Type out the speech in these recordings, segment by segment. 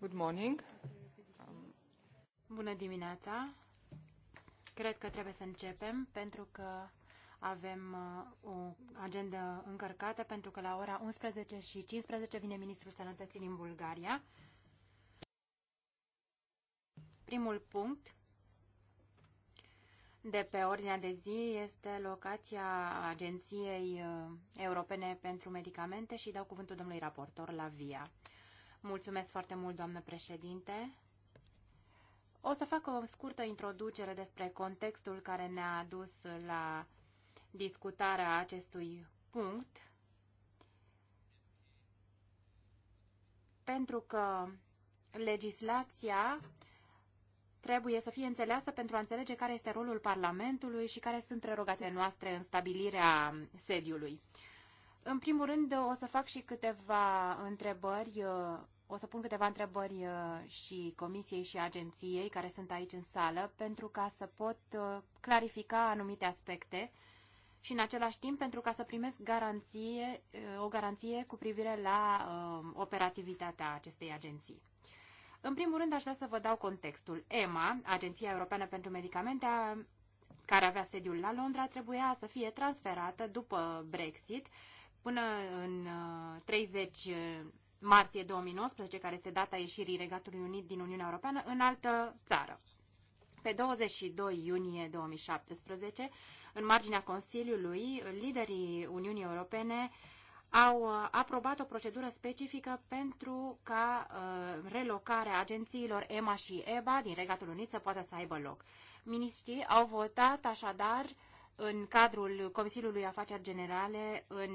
Good morning. Bună dimineața. Cred că trebuie să începem pentru că avem uh, o agendă încărcată pentru că la ora 11 și 15 vine Ministrul Sănătății din Bulgaria. Primul punct de pe ordinea de zi este locația Agenției uh, Europene pentru Medicamente și dau cuvântul domnului raportor la VIA. Mulțumesc foarte mult, doamnă președinte. O să fac o scurtă introducere despre contextul care ne-a adus la discutarea acestui punct, pentru că legislația trebuie să fie înțeleasă pentru a înțelege care este rolul Parlamentului și care sunt prerogatele noastre în stabilirea sediului. În primul rând, o să fac și câteva întrebări, o să pun câteva întrebări uh, și comisiei și agenției care sunt aici în sală, pentru ca să pot uh, clarifica anumite aspecte și în același timp pentru ca să primesc garanție, uh, o garanție cu privire la operativitatea acestei agenții. În primul rând, aș vrea să vă dau contextul. EMA, Agenția Europeană pentru Medicamente, a, care avea sediul la Londra, trebuia să fie transferată după Brexit până în 30 uh, uh, martie 2019, care este data ieșirii Regatului Unit din Uniunea Europeană, în altă țară. Pe 22 iunie 2017, în marginea Consiliului, liderii Uniunii Europene uh, au uh, aprobat o procedură specifică pentru ca uh, relocarea agențiilor EMA și EBA din Regatul Unit să poată să aibă loc. Ministrii au votat așadar în cadrul Consiliului Afaceri Generale în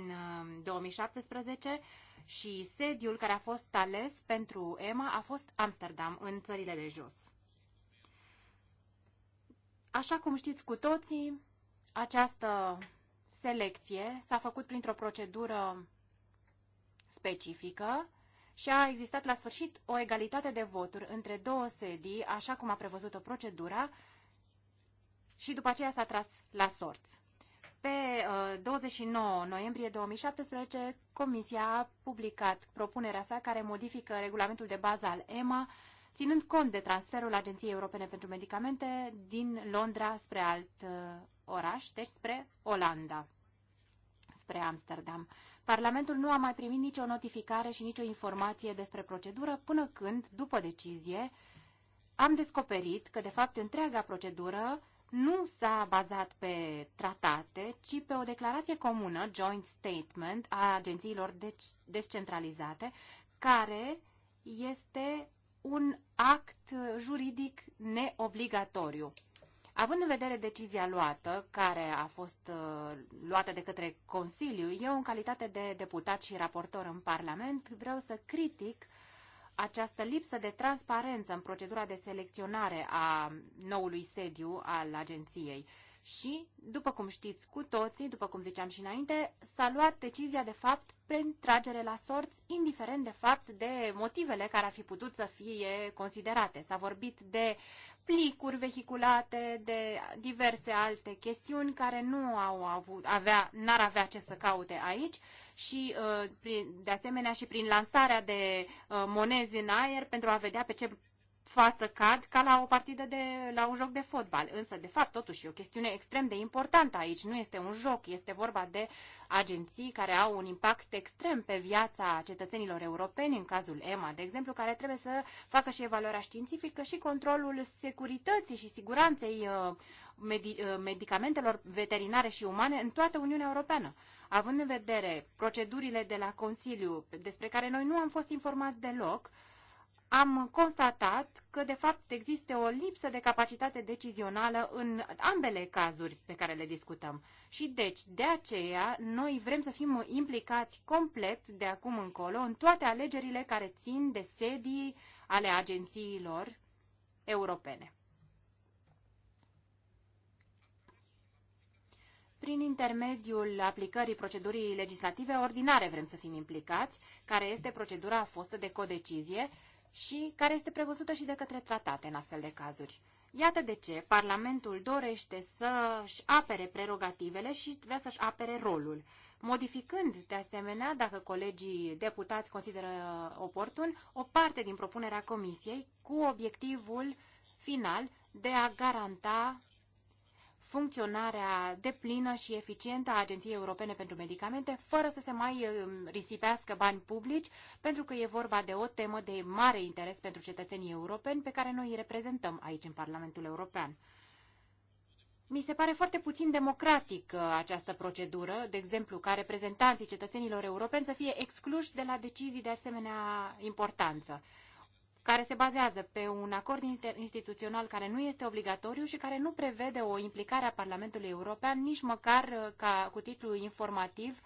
2017 uh, și sediul care a fost ales pentru EMA a fost Amsterdam, în țările de jos. Așa cum știți cu toții, această selecție s-a făcut printr-o procedură specifică și a existat la sfârșit o egalitate de voturi între două sedii, așa cum a prevăzut-o procedura, și după aceea s-a tras la sorți. Pe uh, 29 noiembrie 2017, Comisia a publicat propunerea sa care modifică regulamentul de bază al EMA, ținând cont de transferul Agenției Europene pentru Medicamente din Londra spre alt uh, oraș, deci spre Olanda spre Amsterdam. Parlamentul nu a mai primit nicio notificare și nicio informație despre procedură până când, după decizie, am descoperit că, de fapt, întreaga procedură nu s-a bazat pe tratate, ci pe o declarație comună, joint statement, a agențiilor deci, descentralizate, care este un act juridic neobligatoriu. Având în vedere decizia luată, care a fost uh, luată de către Consiliu, eu, în calitate de deputat și raportor în Parlament, vreau să critic această lipsă de transparență în procedura de selecționare a noului sediu al agenției. Și, după cum știți cu toții, după cum ziceam și înainte, s-a luat decizia, de fapt, prin tragere la sorți, indiferent, de fapt, de motivele care ar fi putut să fie considerate. S-a vorbit de plicuri vehiculate de diverse alte chestiuni care nu au avut, avea, n-ar avea ce să caute aici și uh, de asemenea și prin lansarea de uh, monezi în aer pentru a vedea pe ce față cad ca la o partidă de, la un joc de fotbal. Însă, de fapt, totuși, e o chestiune extrem de importantă aici. Nu este un joc, este vorba de agenții care au un impact extrem pe viața cetățenilor europeni, în cazul EMA, de exemplu, care trebuie să facă și evaluarea științifică și controlul securității și siguranței uh, medi- uh, medicamentelor veterinare și umane în toată Uniunea Europeană. Având în vedere procedurile de la Consiliu, despre care noi nu am fost informați deloc, am constatat că, de fapt, există o lipsă de capacitate decizională în ambele cazuri pe care le discutăm. Și, deci, de aceea, noi vrem să fim implicați complet de acum încolo în toate alegerile care țin de sedii ale agențiilor europene. prin intermediul aplicării procedurii legislative ordinare vrem să fim implicați, care este procedura fostă de codecizie, și care este prevăzută și de către tratate în astfel de cazuri. Iată de ce Parlamentul dorește să-și apere prerogativele și vrea să-și apere rolul, modificând, de asemenea, dacă colegii deputați consideră oportun, o parte din propunerea Comisiei cu obiectivul final de a garanta funcționarea deplină și eficientă a Agenției Europene pentru Medicamente, fără să se mai uh, risipească bani publici, pentru că e vorba de o temă de mare interes pentru cetățenii europeni pe care noi îi reprezentăm aici în Parlamentul European. Mi se pare foarte puțin democratic uh, această procedură, de exemplu, ca reprezentanții cetățenilor europeni să fie excluși de la decizii de asemenea importanță care se bazează pe un acord instituțional care nu este obligatoriu și care nu prevede o implicare a Parlamentului European nici măcar uh, ca cu titlu informativ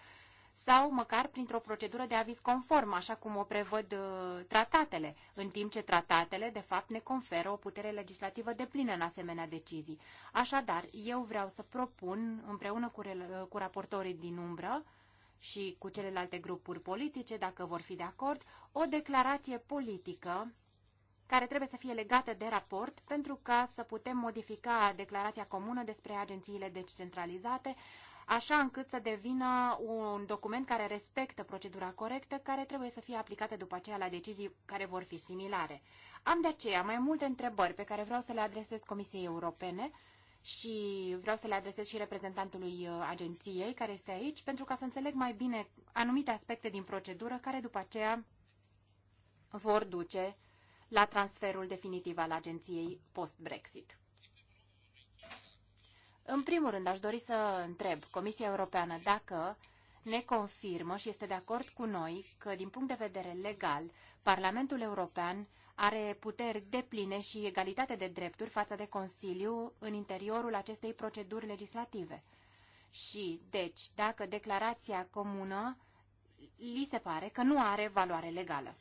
sau măcar printr-o procedură de aviz conform, așa cum o prevăd uh, tratatele, în timp ce tratatele, de fapt, ne conferă o putere legislativă de plină în asemenea decizii. Așadar, eu vreau să propun, împreună cu, uh, cu raportorii din umbră și cu celelalte grupuri politice, dacă vor fi de acord, o declarație politică care trebuie să fie legată de raport pentru ca să putem modifica declarația comună despre agențiile descentralizate, așa încât să devină un document care respectă procedura corectă, care trebuie să fie aplicată după aceea la decizii care vor fi similare. Am de aceea mai multe întrebări pe care vreau să le adresez Comisiei Europene și vreau să le adresez și reprezentantului uh, agenției care este aici, pentru ca să înțeleg mai bine anumite aspecte din procedură care după aceea vor duce la transferul definitiv al agenției post-Brexit. În primul rând, aș dori să întreb Comisia Europeană dacă ne confirmă și este de acord cu noi că, din punct de vedere legal, Parlamentul European are puteri depline și egalitate de drepturi față de Consiliu în interiorul acestei proceduri legislative. Și, deci, dacă declarația comună li se pare că nu are valoare legală.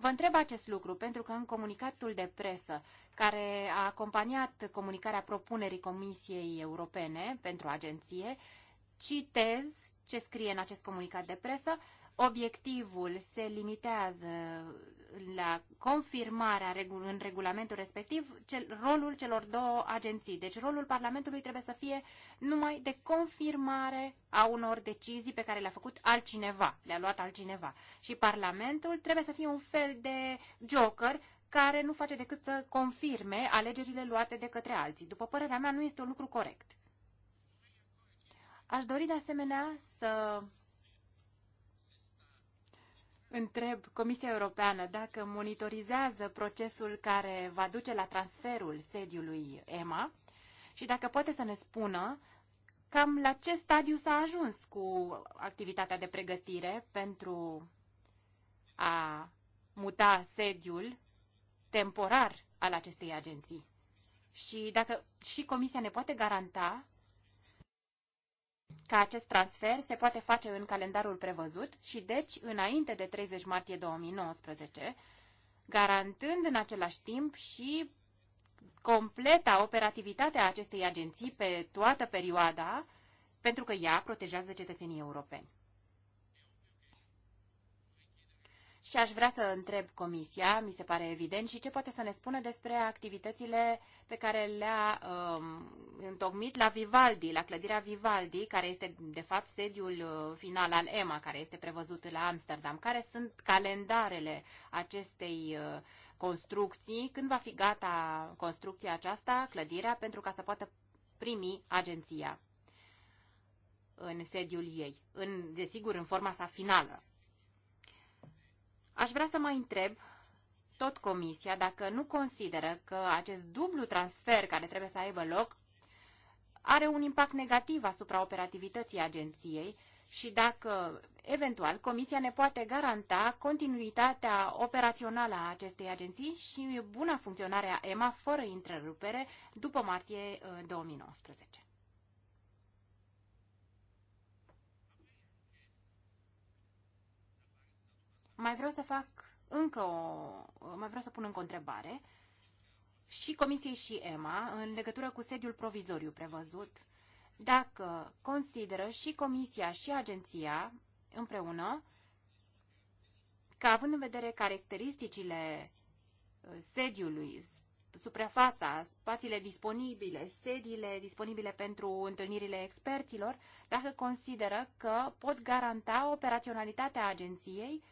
Vă întreb acest lucru pentru că în comunicatul de presă care a acompaniat comunicarea propunerii Comisiei Europene pentru agenție, citez ce scrie în acest comunicat de presă, obiectivul se limitează la confirmarea în regulamentul respectiv cel, rolul celor două agenții. Deci rolul Parlamentului trebuie să fie numai de confirmare a unor decizii pe care le-a făcut altcineva, le-a luat altcineva. Și Parlamentul trebuie să fie un fel de joker care nu face decât să confirme alegerile luate de către alții. După părerea mea, nu este un lucru corect. Aș dori de asemenea să întreb Comisia Europeană dacă monitorizează procesul care va duce la transferul sediului EMA și dacă poate să ne spună cam la ce stadiu s-a ajuns cu activitatea de pregătire pentru a muta sediul temporar al acestei agenții. Și dacă și Comisia ne poate garanta că acest transfer se poate face în calendarul prevăzut și deci înainte de 30 martie 2019, garantând în același timp și completa operativitatea acestei agenții pe toată perioada, pentru că ea protejează cetățenii europeni. Și aș vrea să întreb Comisia, mi se pare evident, și ce poate să ne spună despre activitățile pe care le-a um, întocmit la Vivaldi, la clădirea Vivaldi, care este de fapt sediul uh, final al EMA, care este prevăzut la Amsterdam. Care sunt calendarele acestei uh, construcții? Când va fi gata construcția aceasta, clădirea, pentru ca să poată primi agenția în sediul ei, în, desigur în forma sa finală. Aș vrea să mai întreb tot Comisia dacă nu consideră că acest dublu transfer care trebuie să aibă loc are un impact negativ asupra operativității agenției și dacă, eventual, Comisia ne poate garanta continuitatea operațională a acestei agenții și buna funcționare a EMA fără întrerupere după martie 2019. Uh, Mai vreau să fac încă o... mai vreau să pun încă o întrebare și Comisiei și EMA în legătură cu sediul provizoriu prevăzut, dacă consideră și Comisia și Agenția împreună că având în vedere caracteristicile uh, sediului, suprafața, spațiile disponibile, sediile disponibile pentru întâlnirile experților, dacă consideră că pot garanta operaționalitatea agenției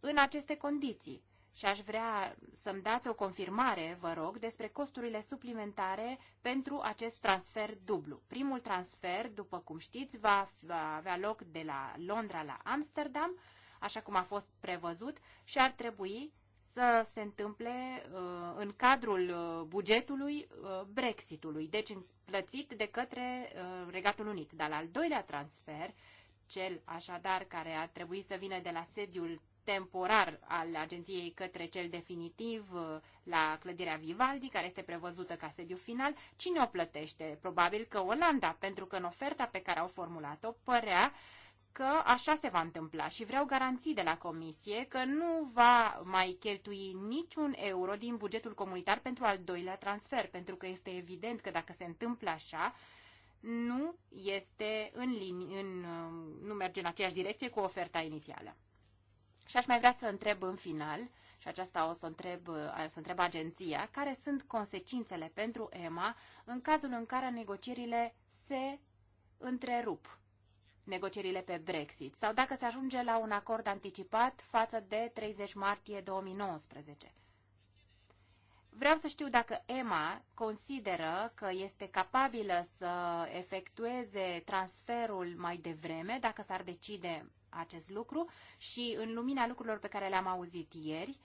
în aceste condiții. Și aș vrea să-mi dați o confirmare, vă rog, despre costurile suplimentare pentru acest transfer dublu. Primul transfer, după cum știți, va, va avea loc de la Londra la Amsterdam, așa cum a fost prevăzut, și ar trebui să se întâmple uh, în cadrul uh, bugetului uh, Brexitului, deci plătit de către uh, Regatul Unit. Dar al doilea transfer, cel așadar care ar trebui să vină de la sediul temporar al agenției către cel definitiv uh, la clădirea Vivaldi, care este prevăzută ca sediu final, cine o plătește? Probabil că Olanda, pentru că în oferta pe care au formulat-o părea că așa se va întâmpla și vreau garanții de la Comisie că nu va mai cheltui niciun euro din bugetul comunitar pentru al doilea transfer, pentru că este evident că dacă se întâmplă așa, nu este în linie, în, uh, nu merge în aceeași direcție cu oferta inițială. Și aș mai vrea să întreb în final, și aceasta o să întreb, o să întreb agenția, care sunt consecințele pentru EMA în cazul în care negocierile se întrerup, negocierile pe Brexit, sau dacă se ajunge la un acord anticipat față de 30 martie 2019. Vreau să știu dacă EMA consideră că este capabilă să efectueze transferul mai devreme, dacă s-ar decide acest lucru și în lumina lucrurilor pe care le-am auzit ieri,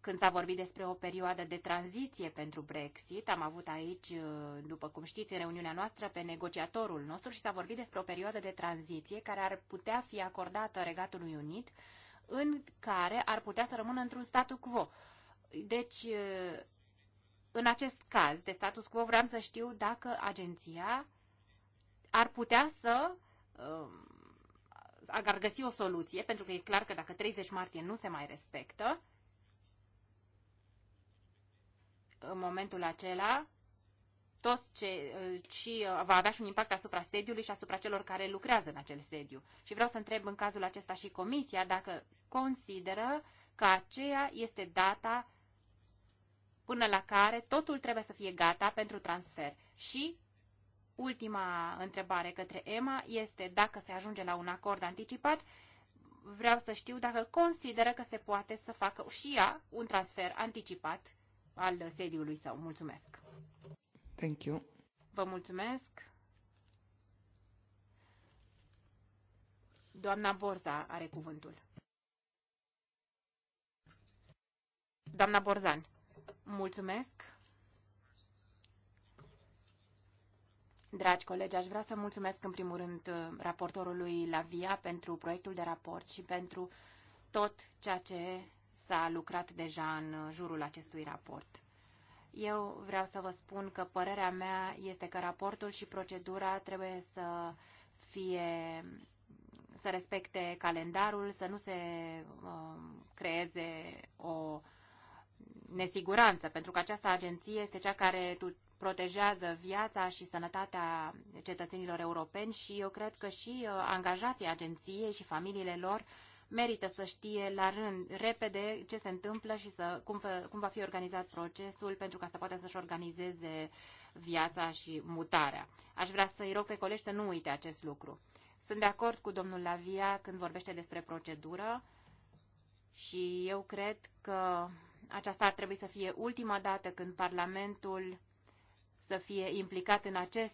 când s-a vorbit despre o perioadă de tranziție pentru Brexit, am avut aici, uh, după cum știți, în reuniunea noastră pe negociatorul nostru și s-a vorbit despre o perioadă de tranziție care ar putea fi acordată Regatului Unit, în care ar putea să rămână într-un statu quo. Deci, uh, în acest caz de status quo, vreau să știu dacă agenția ar putea să um, ar găsi o soluție, pentru că e clar că dacă 30 martie nu se mai respectă, în momentul acela, tot ce uh, și uh, va avea și un impact asupra sediului și asupra celor care lucrează în acel sediu. Și vreau să întreb în cazul acesta și comisia dacă consideră că aceea este data până la care totul trebuie să fie gata pentru transfer și ultima întrebare către Emma este dacă se ajunge la un acord anticipat, vreau să știu dacă consideră că se poate să facă și ea un transfer anticipat al sediului său. Mulțumesc! Thank you! Vă mulțumesc! Doamna Borza are cuvântul. Doamna Borzan, mulțumesc! Dragi colegi, aș vrea să mulțumesc în primul rând uh, raportorului Lavia pentru proiectul de raport și pentru tot ceea ce s-a lucrat deja în uh, jurul acestui raport. Eu vreau să vă spun că părerea mea este că raportul și procedura trebuie să fie să respecte calendarul, să nu se uh, creeze o nesiguranță, pentru că această agenție este cea care protejează viața și sănătatea cetățenilor europeni și eu cred că și uh, angajații agenției și familiile lor merită să știe la rând, repede, ce se întâmplă și să, cum, fă, cum va fi organizat procesul pentru ca să poată să-și organizeze viața și mutarea. Aș vrea să-i rog pe colegi să nu uite acest lucru. Sunt de acord cu domnul Lavia când vorbește despre procedură și eu cred că aceasta ar trebui să fie ultima dată când Parlamentul să fie implicat în acest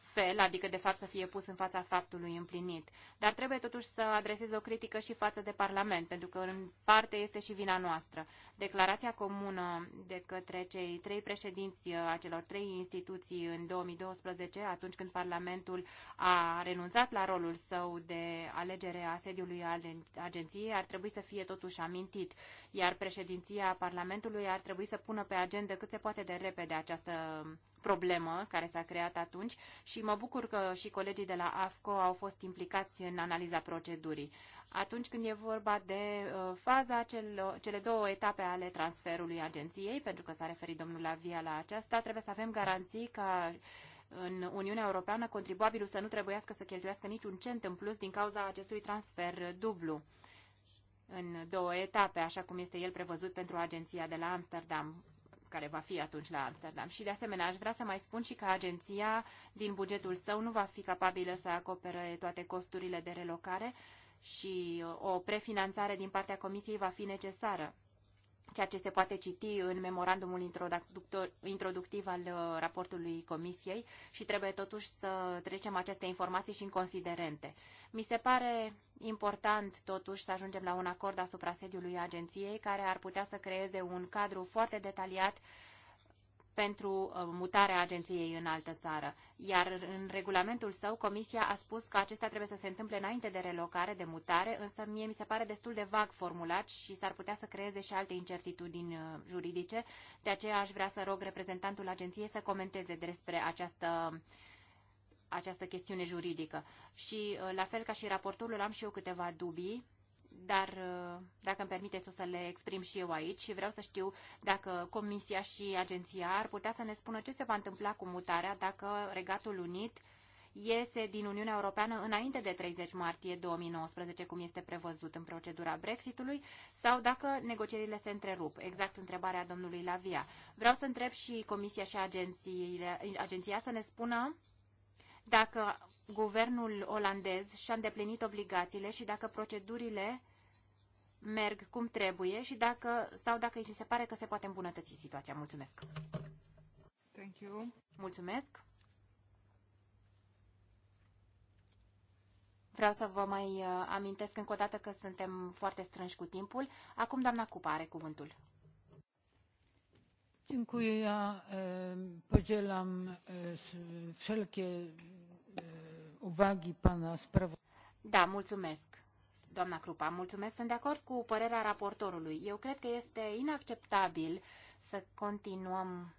fel, adică de fapt să fie pus în fața faptului împlinit. Dar trebuie totuși să adresez o critică și față de Parlament, pentru că în parte este și vina noastră. Declarația comună de către cei trei președinți uh, a celor trei instituții în 2012, atunci când Parlamentul a renunțat la rolul său de alegere a sediului agenției, ar trebui să fie totuși amintit, iar președinția Parlamentului ar trebui să pună pe agenda cât se poate de repede această problemă care s-a creat atunci și mă bucur că și colegii de la AFCO au fost implicați în analiza procedurii. Atunci când e vorba de uh, faza, cel, cele două etape ale transferului agenției, pentru că s-a referit domnul Lavia la aceasta, trebuie să avem garanții ca în Uniunea Europeană contribuabilul să nu trebuiască să cheltuiască niciun cent în plus din cauza acestui transfer dublu în două etape, așa cum este el prevăzut pentru agenția de la Amsterdam care va fi atunci la Amsterdam. Și de asemenea, aș vrea să mai spun și că agenția din bugetul său nu va fi capabilă să acopere toate costurile de relocare și uh, o prefinanțare din partea Comisiei va fi necesară ceea ce se poate citi în memorandumul introductiv al uh, raportului Comisiei și trebuie totuși să trecem aceste informații și în considerente. Mi se pare important totuși să ajungem la un acord asupra sediului agenției care ar putea să creeze un cadru foarte detaliat pentru uh, mutarea agenției în altă țară. Iar în regulamentul său, Comisia a spus că acesta trebuie să se întâmple înainte de relocare, de mutare, însă mie mi se pare destul de vag formulat și s-ar putea să creeze și alte incertitudini uh, juridice. De aceea aș vrea să rog reprezentantul agenției să comenteze despre această uh, această chestiune juridică. Și uh, la fel ca și raportorul am și eu câteva dubii, dar uh, dacă îmi permiteți o să le exprim și eu aici și vreau să știu dacă Comisia și agenția ar putea să ne spună ce se va întâmpla cu mutarea dacă Regatul Unit iese din Uniunea Europeană înainte de 30 martie 2019, cum este prevăzut în procedura Brexitului, sau dacă negocierile se întrerup. Exact întrebarea domnului Lavia. Vreau să întreb și Comisia și agenția, agenția să ne spună dacă guvernul olandez și-a îndeplinit obligațiile și dacă procedurile merg cum trebuie și dacă, sau dacă îi se pare că se poate îmbunătăți situația. Mulțumesc! Thank you. Mulțumesc! Vreau să vă mai uh, amintesc încă o dată că suntem foarte strânși cu timpul. Acum doamna Cupa are cuvântul ja podzielam wszelkie uwagi pana Da, mulțumesc. Doamna Crupa, mulțumesc. Sunt de acord cu părerea raportorului. Eu cred că este inacceptabil să continuăm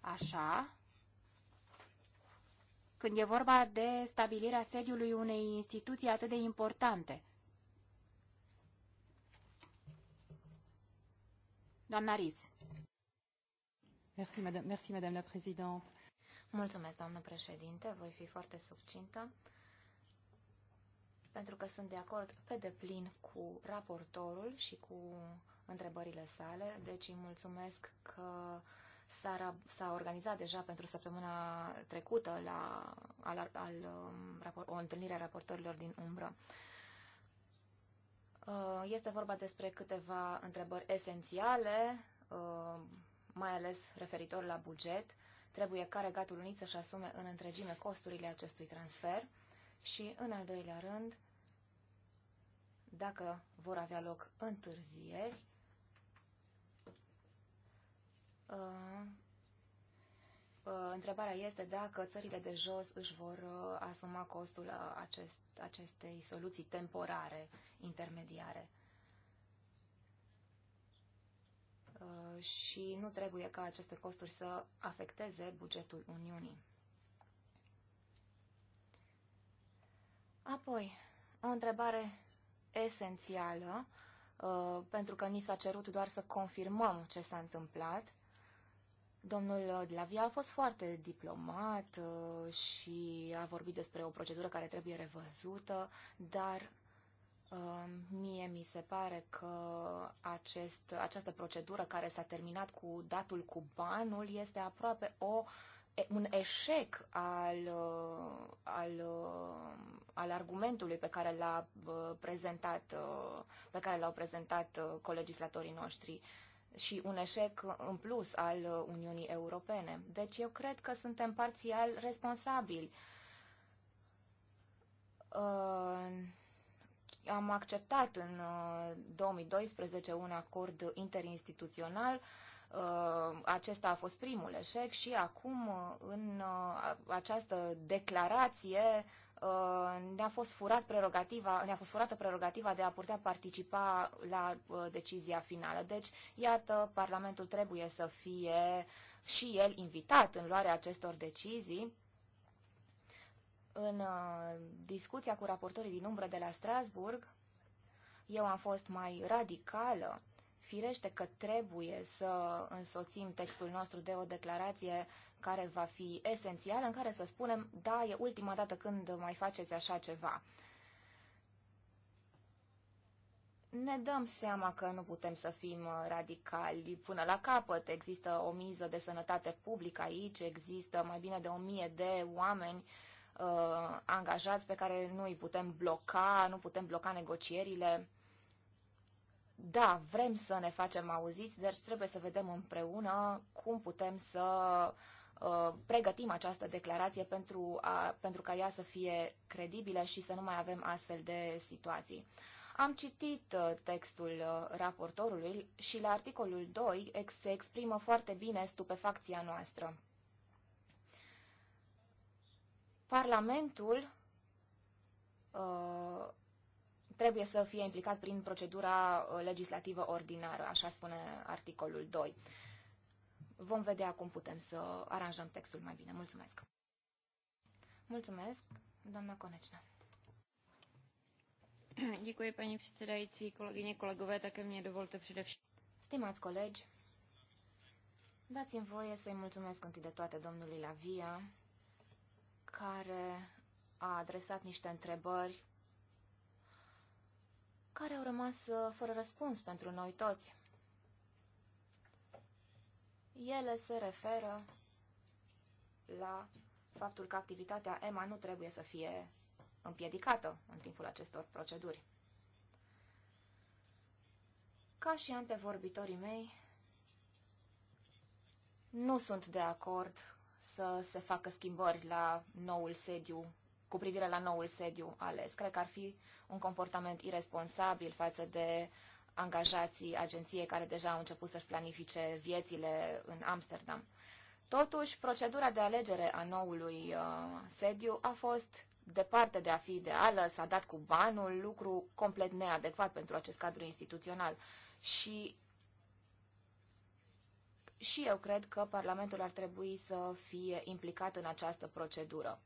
așa când e vorba de stabilirea sediului unei instituții atât de importante. Doamna Riz. Merci, madame, merci, madame la présidente. Mulțumesc, doamnă președinte, voi fi foarte subcintă, pentru că sunt de acord pe deplin cu raportorul și cu întrebările sale, deci îi mulțumesc că s-a, organizat deja pentru săptămâna trecută la, al, al, um, rapor, o întâlnire a raportorilor din umbră. Uh, este vorba despre câteva întrebări esențiale uh, mai ales referitor la buget, trebuie ca Regatul Unit să-și asume în întregime costurile acestui transfer și, în al doilea rând, dacă vor avea loc întârzieri, uh, uh, întrebarea este dacă țările de jos își vor uh, asuma costul acest, acestei soluții temporare, intermediare. Uh, și nu trebuie ca aceste costuri să afecteze bugetul Uniunii. Apoi, o întrebare esențială, uh, pentru că ni s-a cerut doar să confirmăm ce s-a întâmplat. Domnul Dlavia a fost foarte diplomat uh, și a vorbit despre o procedură care trebuie revăzută, dar Um, mie mi se pare că acest, această procedură care s-a terminat cu datul cu banul este aproape o, un eșec al, uh, al, uh, al argumentului pe care l-a uh, prezentat, pe care l-au prezentat colegislatorii noștri și un eșec în plus al Uniunii Europene. Deci eu cred că suntem parțial responsabili. Uh am acceptat în 2012 uh, un acord interinstituțional. Uh, acesta a fost primul eșec și acum uh, în această declarație ne-a fost, furat prerogativa, ne-a fost furată prerogativa de a putea participa la decizia finală. Deci, iată, Parlamentul trebuie să fie și el invitat în luarea acestor decizii în uh, discuția cu raportorii din umbră de la Strasburg, eu am fost mai radicală. Firește că trebuie să însoțim textul nostru de o declarație care va fi esențială, în care să spunem, da, e ultima dată când mai faceți așa ceva. Ne dăm seama că nu putem să fim radicali până la capăt. Există o miză de sănătate publică aici, există mai bine de o mie de oameni uh, uh, angajați pe care nu îi putem bloca, nu putem bloca negocierile. Da, vrem să ne facem auziți, deci trebuie să vedem împreună cum putem să uh, pregătim această declarație pentru, a, pentru ca ea să fie credibilă și să nu mai avem astfel de situații. Am citit uh, textul uh, raportorului și la articolul 2 se exprimă foarte bine stupefacția noastră. Parlamentul uh, trebuie să fie implicat prin procedura uh, legislativă ordinară, așa spune articolul 2. Vom vedea cum putem să aranjăm textul mai bine. Mulțumesc! Mulțumesc, doamna Conecna. Děkuji, paní předsedající, kolegyně, kolegové, také mě dovolte především. Stimați colegi, dați-mi voie să-i mulțumesc întâi de toate domnului Lavia care a adresat niște întrebări care au rămas uh, fără răspuns pentru noi toți. Ele se referă la faptul că activitatea EMA nu trebuie să fie împiedicată în timpul acestor proceduri. Ca și antevorbitorii mei, nu sunt de acord să se facă schimbări la noul sediu, cu privire la noul sediu ales. Cred că ar fi un comportament irresponsabil față de angajații agenției care deja au început să-și planifice viețile în Amsterdam. Totuși, procedura de alegere a noului uh, sediu a fost departe de a fi ideală, s-a dat cu banul, lucru complet neadecvat pentru acest cadru instituțional. Și și eu cred că Parlamentul ar trebui să fie implicat în această procedură.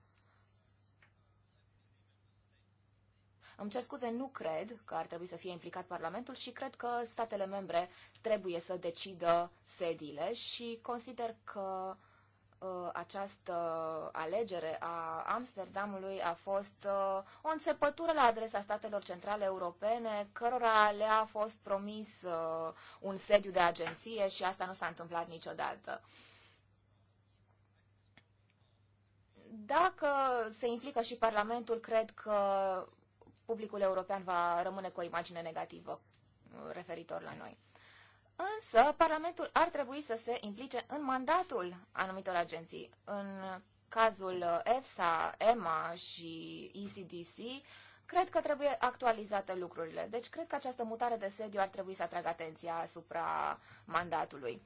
Îmi cer scuze, nu cred că ar trebui să fie implicat Parlamentul și cred că statele membre trebuie să decidă sediile și consider că uh, Uh, această alegere a Amsterdamului a fost uh, o înțepătură la adresa statelor centrale europene, cărora le-a fost promis uh, un sediu de agenție și asta nu s-a întâmplat niciodată. Dacă se implică și Parlamentul, cred că publicul european va rămâne cu o imagine negativă referitor la noi. Însă, Parlamentul ar trebui să se implice în mandatul anumitor agenții. În cazul uh, EFSA, EMA și ECDC, cred că trebuie actualizate lucrurile. Deci, cred că această mutare de sediu ar trebui să atragă atenția asupra mandatului.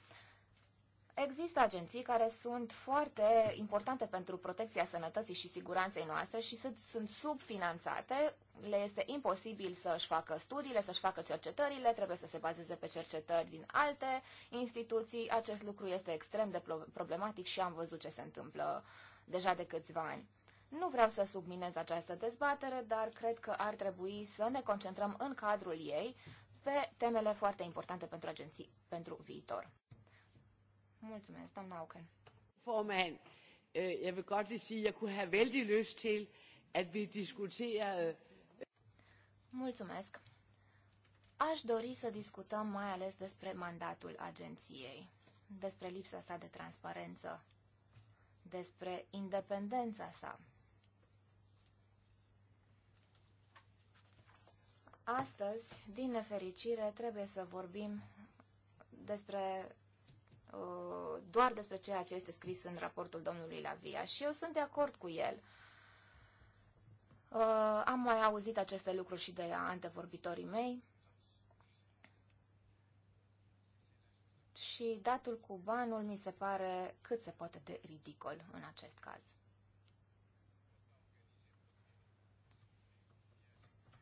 Există agenții care sunt foarte importante pentru protecția sănătății și siguranței noastre și sunt, sunt subfinanțate, le este imposibil să-și facă studiile, să-și facă cercetările, trebuie să se bazeze pe cercetări din alte instituții. Acest lucru este extrem de problematic și am văzut ce se întâmplă deja de câțiva ani. Nu vreau să subminez această dezbatere, dar cred că ar trebui să ne concentrăm în cadrul ei pe temele foarte importante pentru agenții pentru viitor. Mulțumesc, doamna Auken. Formand, øh, jeg vil godt lige sige, jeg kunne have vældig lyst til, at vi diskuterede... Mulțumesc. Aș dori să discutăm mai ales despre mandatul agenției, despre lipsa sa de transparență, despre independența sa. Astăzi, din nefericire, trebuie să vorbim despre Uh, doar despre ceea ce este scris în raportul domnului Lavia și eu sunt de acord cu el. Uh, am mai auzit aceste lucruri și de antevorbitorii mei. Și datul cu banul mi se pare cât se poate de ridicol în acest caz.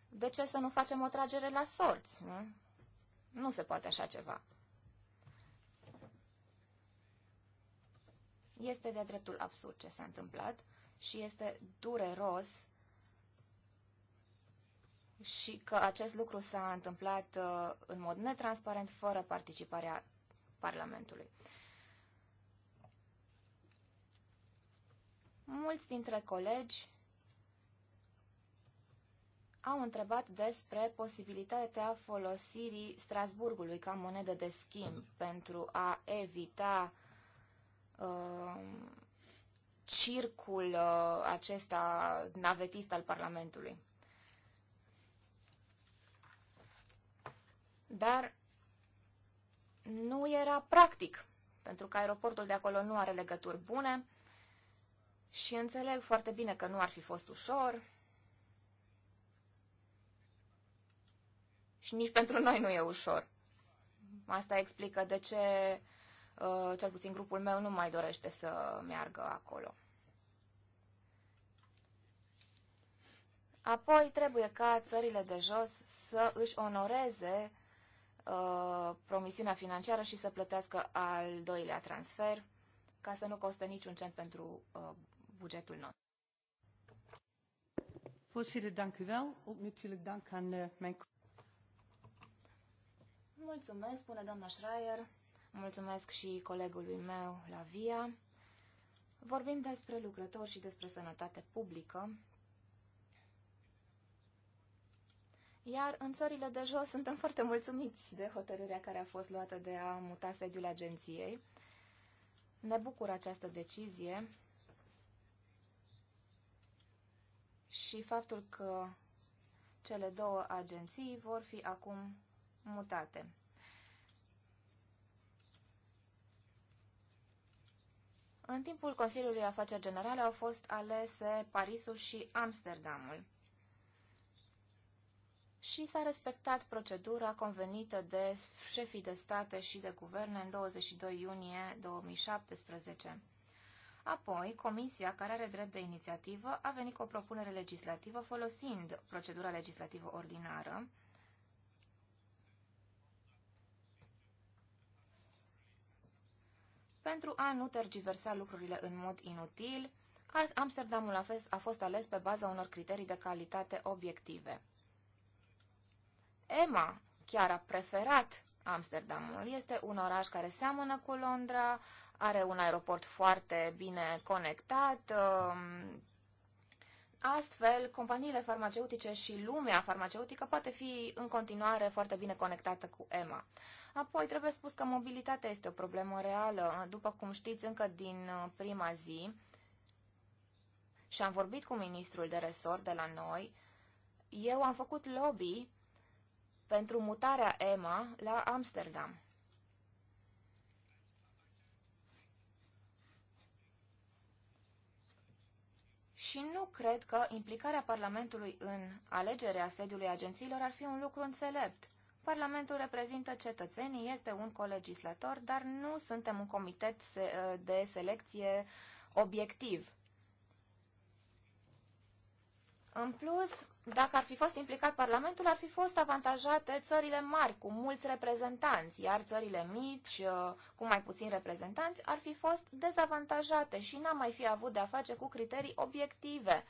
De ce să nu facem o tragere la sorți, nu? Nu se poate așa ceva. Este de dreptul absurd ce s-a întâmplat și este dureros și că acest lucru s-a întâmplat uh, în mod netransparent, fără participarea Parlamentului. Mulți dintre colegi au întrebat despre posibilitatea folosirii Strasburgului ca monedă de schimb pentru a evita Uh, circul uh, acesta navetist al Parlamentului. Dar nu era practic, pentru că aeroportul de acolo nu are legături bune și înțeleg foarte bine că nu ar fi fost ușor și nici pentru noi nu e ușor. Asta explică de ce Uh, cel puțin grupul meu nu mai dorește să meargă acolo. Apoi trebuie ca țările de jos să își onoreze uh, promisiunea financiară și să plătească al doilea transfer ca să nu costă niciun cent pentru uh, bugetul nostru. Voorzitter, dank u wel. Ook natuurlijk dank aan uh, mijn... Mulțumesc, spune doamna Schreier. Mulțumesc și colegului meu, Lavia. Vorbim despre lucrători și despre sănătate publică. Iar în țările de jos suntem foarte mulțumiți de hotărârea care a fost luată de a muta sediul agenției. Ne bucură această decizie și faptul că cele două agenții vor fi acum mutate. În timpul Consiliului Afaceri Generale au fost alese Parisul și Amsterdamul și s-a respectat procedura convenită de șefii de state și de guverne în 22 iunie 2017. Apoi, Comisia, care are drept de inițiativă, a venit cu o propunere legislativă folosind procedura legislativă ordinară pentru a nu tergiversa lucrurile în mod inutil, Amsterdamul a fost ales pe baza unor criterii de calitate obiective. Emma chiar a preferat Amsterdamul. Este un oraș care seamănă cu Londra, are un aeroport foarte bine conectat, um, Astfel, companiile farmaceutice și lumea farmaceutică poate fi în continuare foarte bine conectată cu EMA. Apoi, trebuie spus că mobilitatea este o problemă reală. După cum știți, încă din uh, prima zi, și am vorbit cu ministrul de resort de la noi, eu am făcut lobby pentru mutarea EMA la Amsterdam. și nu cred că implicarea Parlamentului în alegerea sediului agențiilor ar fi un lucru înțelept. Parlamentul reprezintă cetățenii, este un colegislator, dar nu suntem un comitet de selecție obiectiv. În plus, dacă ar fi fost implicat Parlamentul, ar fi fost avantajate țările mari cu mulți reprezentanți, iar țările mici uh, cu mai puțini reprezentanți ar fi fost dezavantajate și n-am mai fi avut de-a face cu criterii obiective.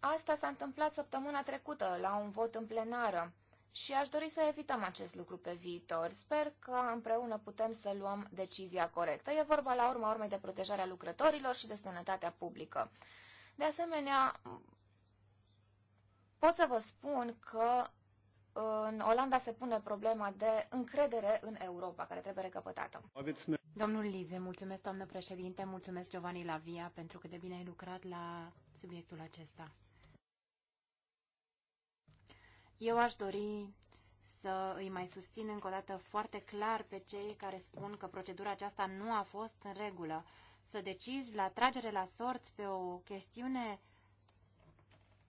Asta s-a întâmplat săptămâna trecută la un vot în plenară și aș dori să evităm acest lucru pe viitor. Sper că împreună putem să luăm decizia corectă. E vorba la urma urmei de protejarea lucrătorilor și de sănătatea publică. De asemenea, Pot să vă spun că în Olanda se pune problema de încredere în Europa, care trebuie recăpătată. Domnul Lize, mulțumesc, doamnă președinte, mulțumesc Giovanni Lavia pentru că de bine ai lucrat la subiectul acesta. Eu aș dori să îi mai susțin încă o dată foarte clar pe cei care spun că procedura aceasta nu a fost în regulă. Să decizi la tragere la sorți pe o chestiune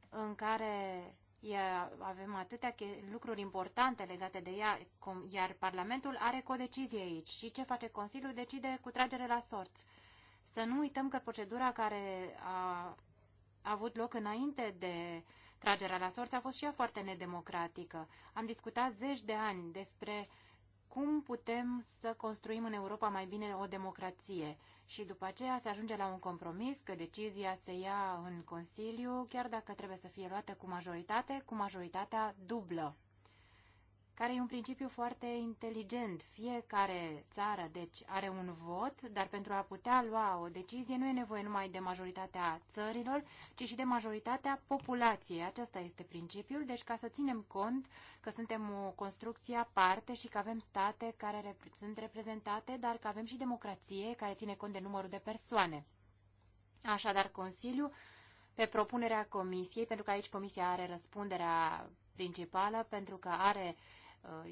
în care avem atâtea lucruri importante legate de ea, iar Parlamentul are codecizie aici. Și ce face Consiliul? Decide cu tragere la sorți. Să nu uităm că procedura care a avut loc înainte de tragerea la sorți a fost și ea foarte nedemocratică. Am discutat zeci de ani despre cum putem să construim în Europa mai bine o democrație și după aceea se ajunge la un compromis că decizia se ia în Consiliu, chiar dacă trebuie să fie luată cu majoritate, cu majoritatea dublă care e un principiu foarte inteligent. Fiecare țară, deci, are un vot, dar pentru a putea lua o decizie nu e nevoie numai de majoritatea țărilor, ci și de majoritatea populației. Acesta este principiul, deci ca să ținem cont că suntem o construcție aparte și că avem state care rep- sunt reprezentate, dar că avem și democrație care ține cont de numărul de persoane. Așadar, Consiliu pe propunerea Comisiei, pentru că aici Comisia are răspunderea principală, pentru că are uh,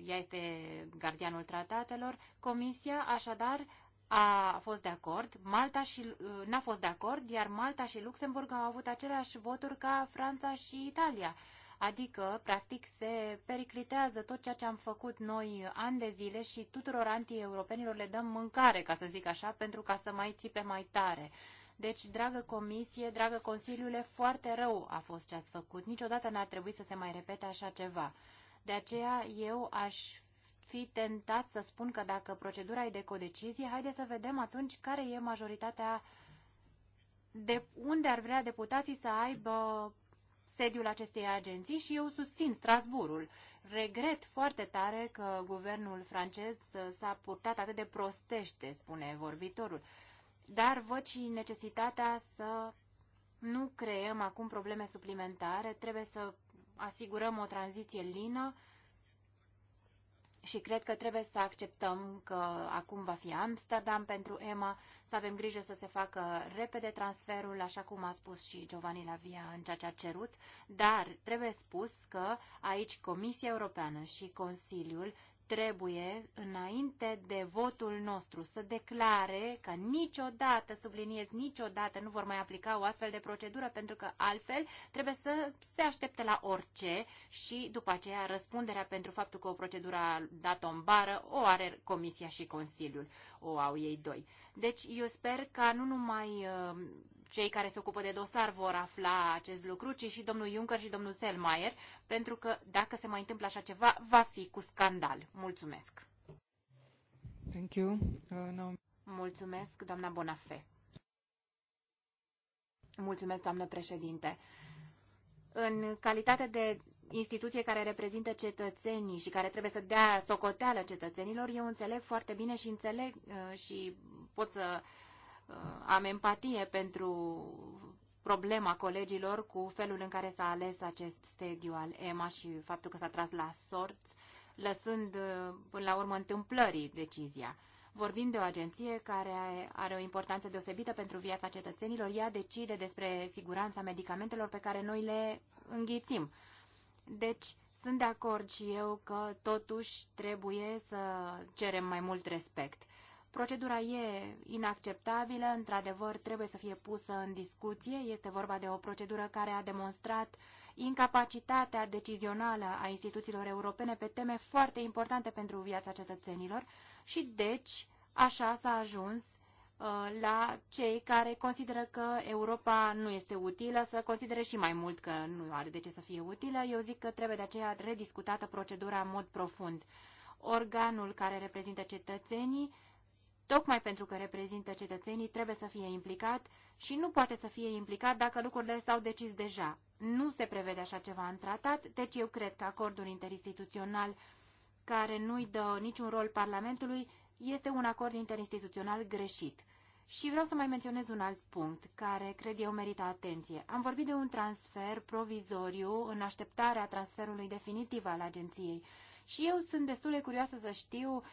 ea este gardianul tratatelor. Comisia, așadar, a fost de acord, Malta și uh, n-a fost de acord, iar Malta și Luxemburg au avut aceleași voturi ca Franța și Italia. Adică, practic, se periclitează tot ceea ce am făcut noi ani de zile și tuturor anti-europenilor le dăm mâncare, ca să zic așa, pentru ca să mai țipe mai tare. Deci, dragă comisie, dragă consiliule, foarte rău a fost ce ați făcut. Niciodată n-ar trebui să se mai repete așa ceva. De aceea eu aș fi tentat să spun că dacă procedura e de codecizie, haide să vedem atunci care e majoritatea de unde ar vrea deputații să aibă sediul acestei agenții și eu susțin Strasburul. Regret foarte tare că guvernul francez uh, s-a purtat atât de prostește, spune vorbitorul, dar văd și necesitatea să nu creăm acum probleme suplimentare, trebuie să asigurăm o tranziție lină și cred că trebuie să acceptăm că acum va fi Amsterdam pentru Emma. să avem grijă să se facă repede transferul, așa cum a spus și Giovanni Lavia în ceea ce a cerut, dar trebuie spus că aici Comisia Europeană și Consiliul trebuie, înainte de votul nostru, să declare că niciodată, subliniez, niciodată nu vor mai aplica o astfel de procedură, pentru că altfel trebuie să se aștepte la orice și după aceea răspunderea pentru faptul că o procedură a dat o bară o are Comisia și Consiliul, o au ei doi. Deci eu sper ca nu numai uh, cei care se ocupă de dosar vor afla acest lucru, ci și domnul Juncker și domnul Selmayr, pentru că dacă se mai întâmplă așa ceva, va fi cu scandal. Mulțumesc! Thank you. Uh, no. Mulțumesc, doamna Bonafe. Mulțumesc, doamnă președinte. În calitate de instituție care reprezintă cetățenii și care trebuie să dea socoteală cetățenilor, eu înțeleg foarte bine și înțeleg uh, și pot să Uh, am empatie pentru problema colegilor cu felul în care s-a ales acest stediu al EMA și faptul că s-a tras la sorți, lăsând uh, până la urmă întâmplării decizia. Vorbim de o agenție care are o importanță deosebită pentru viața cetățenilor. Ea decide despre siguranța medicamentelor pe care noi le înghițim. Deci, sunt de acord și eu că totuși trebuie să cerem mai mult respect. Procedura e inacceptabilă, într-adevăr trebuie să fie pusă în discuție. Este vorba de o procedură care a demonstrat incapacitatea decizională a instituțiilor europene pe teme foarte importante pentru viața cetățenilor și deci așa s-a ajuns uh, la cei care consideră că Europa nu este utilă, să considere și mai mult că nu are de ce să fie utilă. Eu zic că trebuie de aceea rediscutată procedura în mod profund. Organul care reprezintă cetățenii Tocmai pentru că reprezintă cetățenii, trebuie să fie implicat și nu poate să fie implicat dacă lucrurile s-au decis deja. Nu se prevede așa ceva în tratat, deci eu cred că acordul interinstituțional care nu-i dă niciun rol Parlamentului este un acord interinstituțional greșit. Și vreau să mai menționez un alt punct care cred eu merită atenție. Am vorbit de un transfer provizoriu în așteptarea transferului definitiv al agenției. Și eu sunt destul de curioasă să știu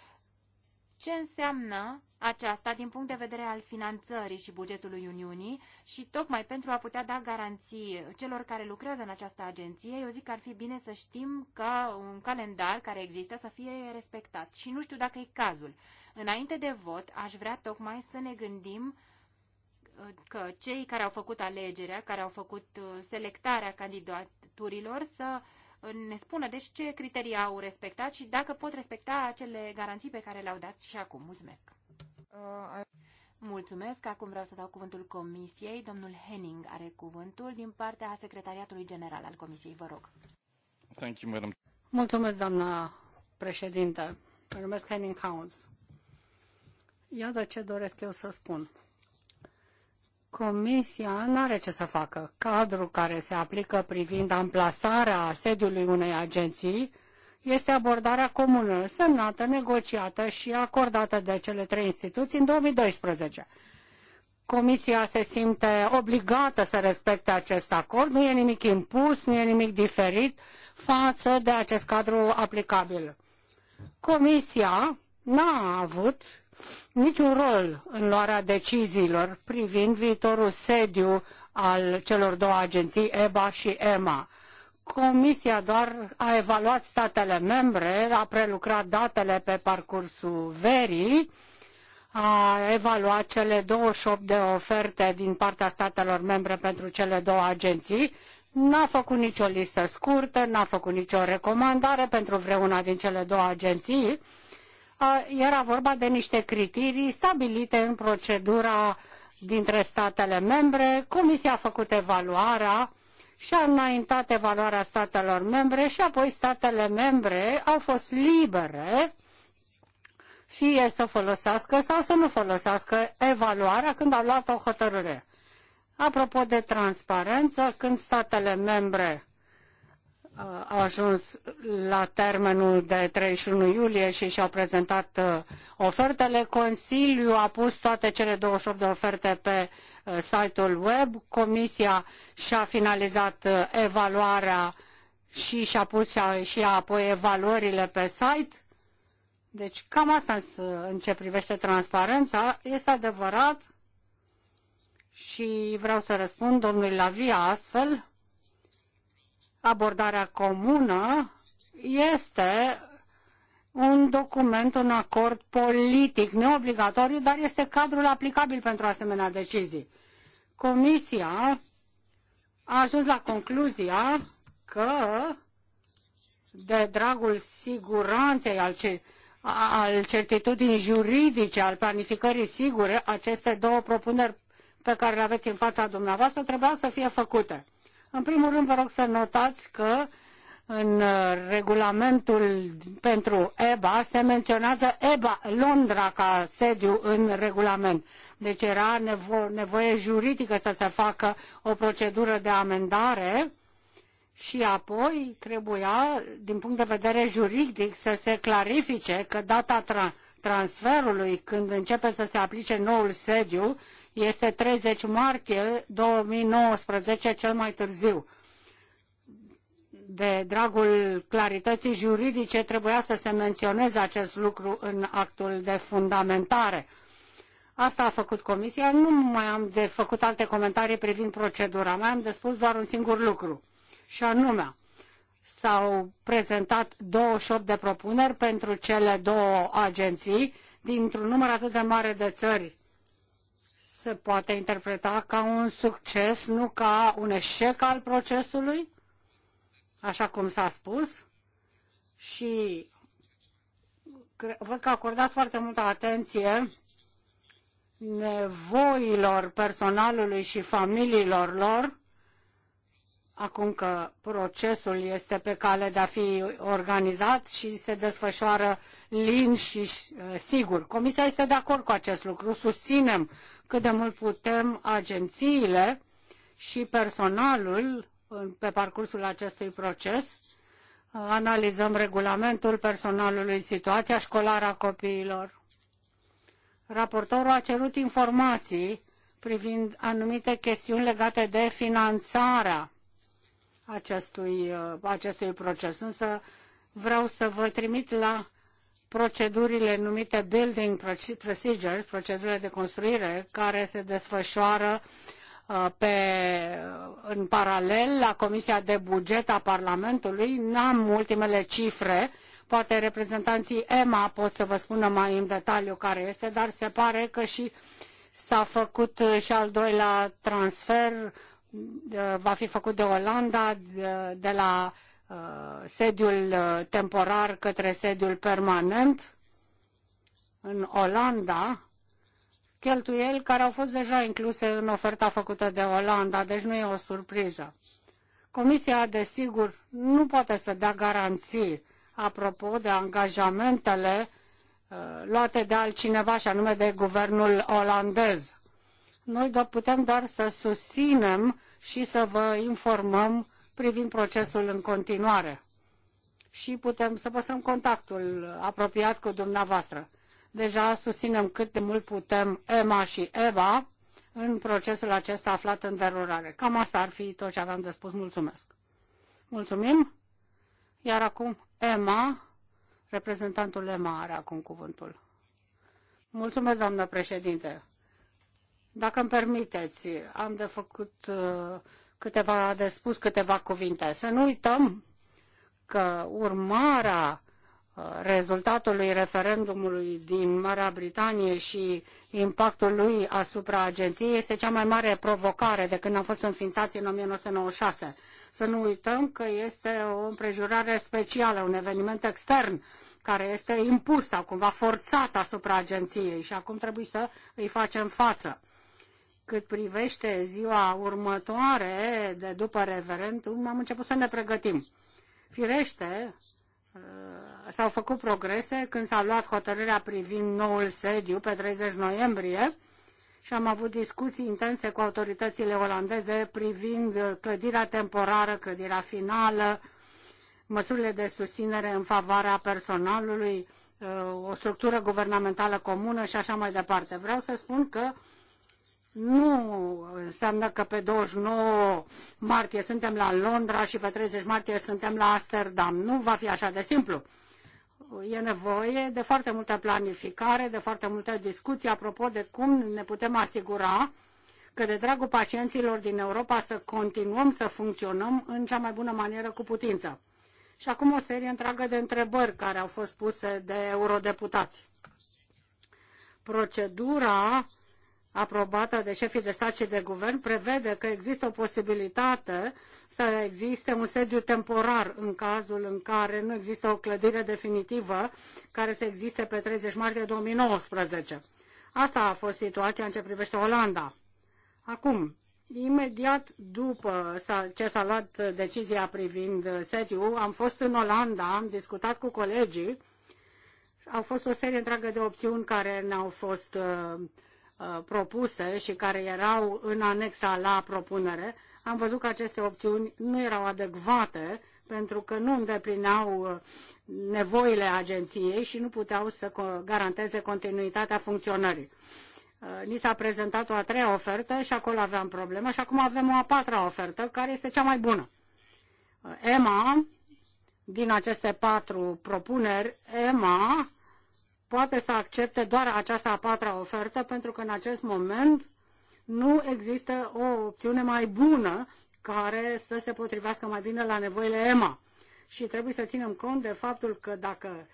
ce înseamnă aceasta din punct de vedere al finanțării și bugetului Uniunii și tocmai pentru a putea da garanții celor care lucrează în această agenție, eu zic că ar fi bine să știm că un calendar care există să fie respectat și nu știu dacă e cazul. Înainte de vot, aș vrea tocmai să ne gândim uh, că cei care au făcut alegerea, care au făcut uh, selectarea candidaturilor să uh, ne spună deci ce criterii au respectat și dacă pot respecta acele garanții pe care le-au dat și acum. Mulțumesc! Uh, I... Mulțumesc! Acum vreau să dau cuvântul Comisiei. Domnul Henning are cuvântul din partea Secretariatului General al Comisiei. Vă rog! Thank you, madam. Mulțumesc, doamna președintă. Mă numesc Henning Hounds. Iată ce doresc eu să spun. Comisia nu are ce să facă. Cadrul care se aplică privind amplasarea sediului unei agenții este abordarea comună, semnată, negociată și acordată de cele trei instituții în 2012. Comisia se simte obligată să respecte acest acord, nu e nimic impus, nu e nimic diferit față de acest cadru aplicabil. Comisia n-a avut niciun rol în luarea deciziilor privind viitorul sediu al celor două agenții, EBA și EMA. Comisia doar a evaluat statele membre, a prelucrat datele pe parcursul verii, a evaluat cele 28 de oferte din partea statelor membre pentru cele două agenții, n-a făcut nicio listă scurtă, n-a făcut nicio recomandare pentru vreuna din cele două agenții, era vorba de niște criterii stabilite în procedura dintre statele membre. Comisia a făcut evaluarea și a înaintat evaluarea statelor membre și apoi statele membre au fost libere fie să folosească sau să nu folosească evaluarea când au luat o hotărâre. Apropo de transparență, când statele membre Uh, au ajuns la termenul de 31 iulie și și-au prezentat uh, ofertele. Consiliul a pus toate cele 28 de oferte pe uh, site-ul web. Comisia și-a finalizat evaluarea și și-a pus și apoi evaluările pe site. Deci cam asta în ce privește transparența. Este adevărat și vreau să răspund domnului Lavia astfel abordarea comună este un document, un acord politic neobligatoriu, dar este cadrul aplicabil pentru asemenea decizii. Comisia a ajuns la concluzia că de dragul siguranței al, ce, al certitudinii juridice, al planificării sigure, aceste două propuneri pe care le aveți în fața dumneavoastră trebuiau să fie făcute. În primul rând, vă rog să notați că în uh, regulamentul pentru EBA se menționează EBA Londra ca sediu în regulament. Deci era nevo- nevoie juridică să se facă o procedură de amendare și apoi trebuia, din punct de vedere juridic, să se clarifice că data tra- transferului, când începe să se aplice noul sediu, este 30 martie 2019 cel mai târziu. De dragul clarității juridice trebuia să se menționeze acest lucru în actul de fundamentare. Asta a făcut comisia. Nu mai am de făcut alte comentarii privind procedura. Mai am de spus doar un singur lucru. Și anume, s-au prezentat 28 de propuneri pentru cele două agenții dintr-un număr atât de mare de țări se poate interpreta ca un succes, nu ca un eșec al procesului, așa cum s-a spus. Și văd că acordați foarte multă atenție nevoilor personalului și familiilor lor acum că procesul este pe cale de a fi organizat și se desfășoară lin și uh, sigur. Comisia este de acord cu acest lucru. Susținem cât de mult putem agențiile și personalul pe parcursul acestui proces. Analizăm regulamentul personalului, situația școlară a copiilor. Raportorul a cerut informații privind anumite chestiuni legate de finanțarea acestui, uh, acestui proces. Însă vreau să vă trimit la procedurile numite Building Procedures, procedurile de construire, care se desfășoară uh, pe, uh, în paralel la Comisia de Buget a Parlamentului. N-am ultimele cifre, poate reprezentanții EMA pot să vă spună mai în detaliu care este, dar se pare că și s-a făcut și al doilea transfer Eh, va fi făcut de Olanda, de, de la eh, sediul eh, temporar către sediul permanent. În Olanda, cheltuieli care au fost deja incluse în oferta făcută de Olanda, deci nu e o surpriză. Comisia, desigur, nu poate să dea garanții apropo de angajamentele uh, luate de altcineva, și anume de guvernul olandez. Noi do- putem doar să susținem și să vă informăm privind procesul în continuare și putem să păstrăm contactul apropiat cu dumneavoastră. Deja susținem cât de mult putem Emma și EVA în procesul acesta aflat în derurare. Cam asta ar fi tot ce aveam de spus. Mulțumesc! Mulțumim! Iar acum Emma, reprezentantul Emma are acum cuvântul. Mulțumesc, doamnă președinte! Dacă îmi permiteți, am de făcut uh, câteva, de spus câteva cuvinte. Să nu uităm că urmarea uh, rezultatului referendumului din Marea Britanie și impactul lui asupra agenției este cea mai mare provocare de când a fost înființați în 1996. Să nu uităm că este o împrejurare specială, un eveniment extern care este impus sau cumva forțat asupra agenției și acum trebuie să îi facem față cât privește ziua următoare de după referendum, am început să ne pregătim. Firește, uh, s-au făcut progrese când s-a luat hotărârea privind noul sediu pe 30 noiembrie și am avut discuții intense cu autoritățile olandeze privind clădirea temporară, clădirea finală, măsurile de susținere în favoarea personalului, uh, o structură guvernamentală comună și așa mai departe. Vreau să spun că nu înseamnă că pe 29 martie suntem la Londra și pe 30 martie suntem la Amsterdam. Nu va fi așa de simplu. E nevoie de foarte multă planificare, de foarte multă discuție apropo de cum ne putem asigura că de dragul pacienților din Europa să continuăm să funcționăm în cea mai bună manieră cu putință. Și acum o serie întreagă de întrebări care au fost puse de eurodeputați. Procedura aprobată de șefii de stat și de guvern prevede că există o posibilitate să existe un sediu temporar în cazul în care nu există o clădire definitivă care să existe pe 30 martie 2019. Asta a fost situația în ce privește Olanda. Acum, imediat după ce s-a luat decizia privind sediu, am fost în Olanda, am discutat cu colegii, au fost o serie întreagă de opțiuni care ne-au fost uh, Uh, propuse și care erau în anexa la propunere, am văzut că aceste opțiuni nu erau adecvate pentru că nu îndeplineau uh, nevoile agenției și nu puteau să garanteze continuitatea funcționării. Uh, ni s-a prezentat o a treia ofertă și acolo aveam problemă și acum avem o a patra ofertă care este cea mai bună. EMA, din aceste patru propuneri, EMA poate să accepte doar această a patra ofertă, pentru că în acest moment nu există o opțiune mai bună care să se potrivească mai bine la nevoile EMA. Și trebuie să ținem cont de faptul că dacă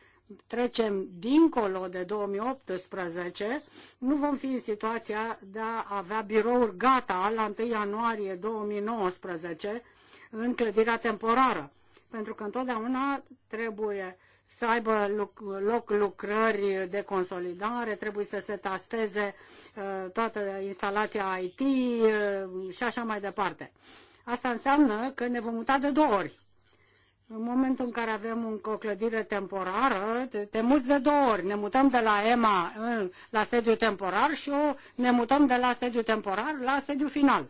trecem dincolo de 2018, nu vom fi în situația de a avea birouri gata la 1 ianuarie 2019 în clădirea temporară. Pentru că întotdeauna trebuie să aibă loc lucrări de consolidare, trebuie să se tasteze uh, toată instalația IT uh, și așa mai departe. Asta înseamnă că ne vom muta de două ori. În momentul în care avem o clădire temporară, te, te muți de două ori. Ne mutăm de la EMA la sediu temporar și o, ne mutăm de la sediu temporar la sediu final.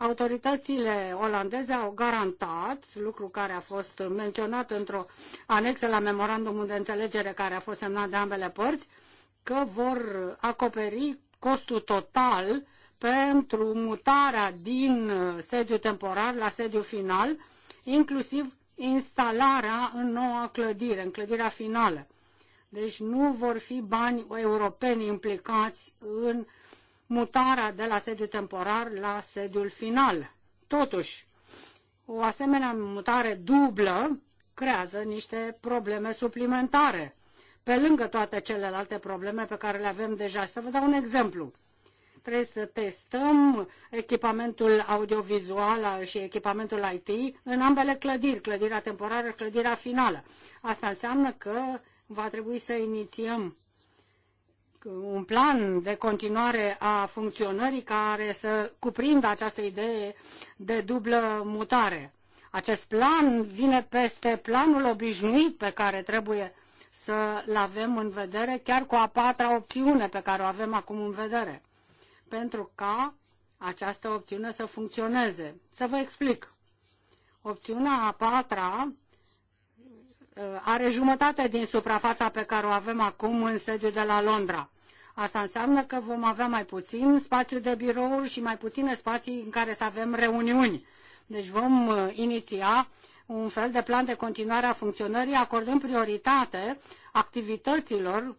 Autoritățile olandeze au garantat, lucru care a fost menționat într-o anexă la memorandumul de înțelegere care a fost semnat de ambele părți, că vor acoperi costul total pentru mutarea din sediu temporar la sediu final, inclusiv instalarea în noua clădire, în clădirea finală. Deci nu vor fi bani europeni implicați în mutarea de la sediul temporar la sediul final. Totuși, o asemenea mutare dublă creează niște probleme suplimentare, pe lângă toate celelalte probleme pe care le avem deja. Să vă dau un exemplu trebuie să testăm echipamentul audiovizual și echipamentul IT în ambele clădiri, clădirea temporară, clădirea finală. Asta înseamnă că va trebui să inițiem un plan de continuare a funcționării care să cuprindă această idee de dublă mutare. Acest plan vine peste planul obișnuit pe care trebuie să-l avem în vedere, chiar cu a patra opțiune pe care o avem acum în vedere, pentru ca această opțiune să funcționeze. Să vă explic. Opțiunea a patra uh, are jumătate din suprafața pe care o avem acum în sediul de la Londra. Asta înseamnă că vom avea mai puțin spațiu de birouri și mai puține spații în care să avem reuniuni. Deci vom uh, iniția un fel de plan de continuare a funcționării, acordând prioritate activităților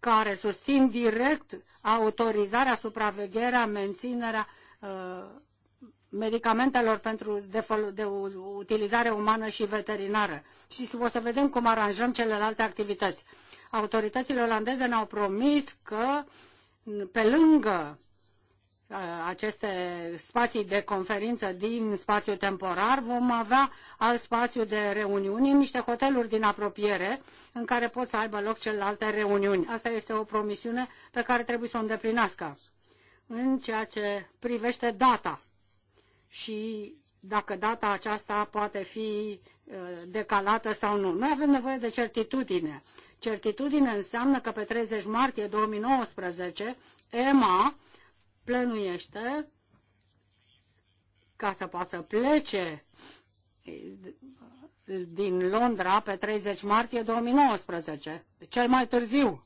care susțin direct autorizarea, supravegherea, menținerea uh, medicamentelor pentru de, de utilizare umană și veterinară. Și o să vedem cum aranjăm celelalte activități. Autoritățile olandeze ne-au promis că pe lângă uh, aceste spații de conferință din spațiu temporar, vom avea alt spațiu de reuniuni, niște hoteluri din apropiere în care pot să aibă loc celelalte reuniuni. Asta este o promisiune pe care trebuie să o îndeplinească în ceea ce privește data și dacă data aceasta poate fi uh, decalată sau nu. Noi avem nevoie de certitudine Certitudine înseamnă că pe 30 martie 2019 EMA plănuiește ca să poată să plece din Londra pe 30 martie 2019, cel mai târziu.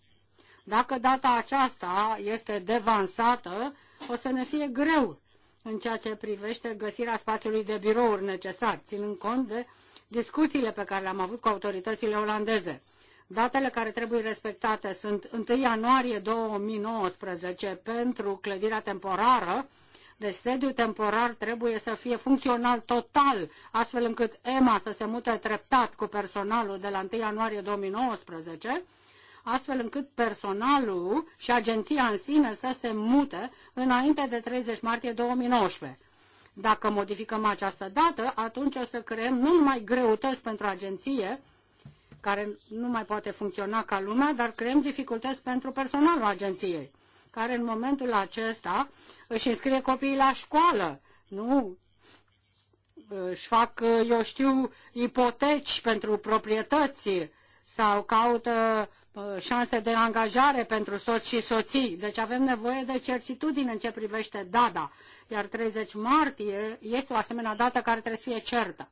Dacă data aceasta este devansată, o să ne fie greu în ceea ce privește găsirea spațiului de birouri necesar, ținând cont de discuțiile pe care le-am avut cu autoritățile olandeze. Datele care trebuie respectate sunt 1 ianuarie 2019 pentru clădirea temporară, deci sediul temporar trebuie să fie funcțional total, astfel încât EMA să se mute treptat cu personalul de la 1 ianuarie 2019, astfel încât personalul și agenția în sine să se mute înainte de 30 martie 2019. Dacă modificăm această dată, atunci o să creăm nu numai greutăți pentru agenție, care nu mai poate funcționa ca lumea, dar creăm dificultăți pentru personalul agenției, care în momentul acesta își înscrie copiii la școală, nu își fac, eu știu, ipoteci pentru proprietăți sau caută uh, șanse de angajare pentru soți și soții. Deci avem nevoie de certitudine în ce privește DADA, iar 30 martie este o asemenea dată care trebuie să fie certă.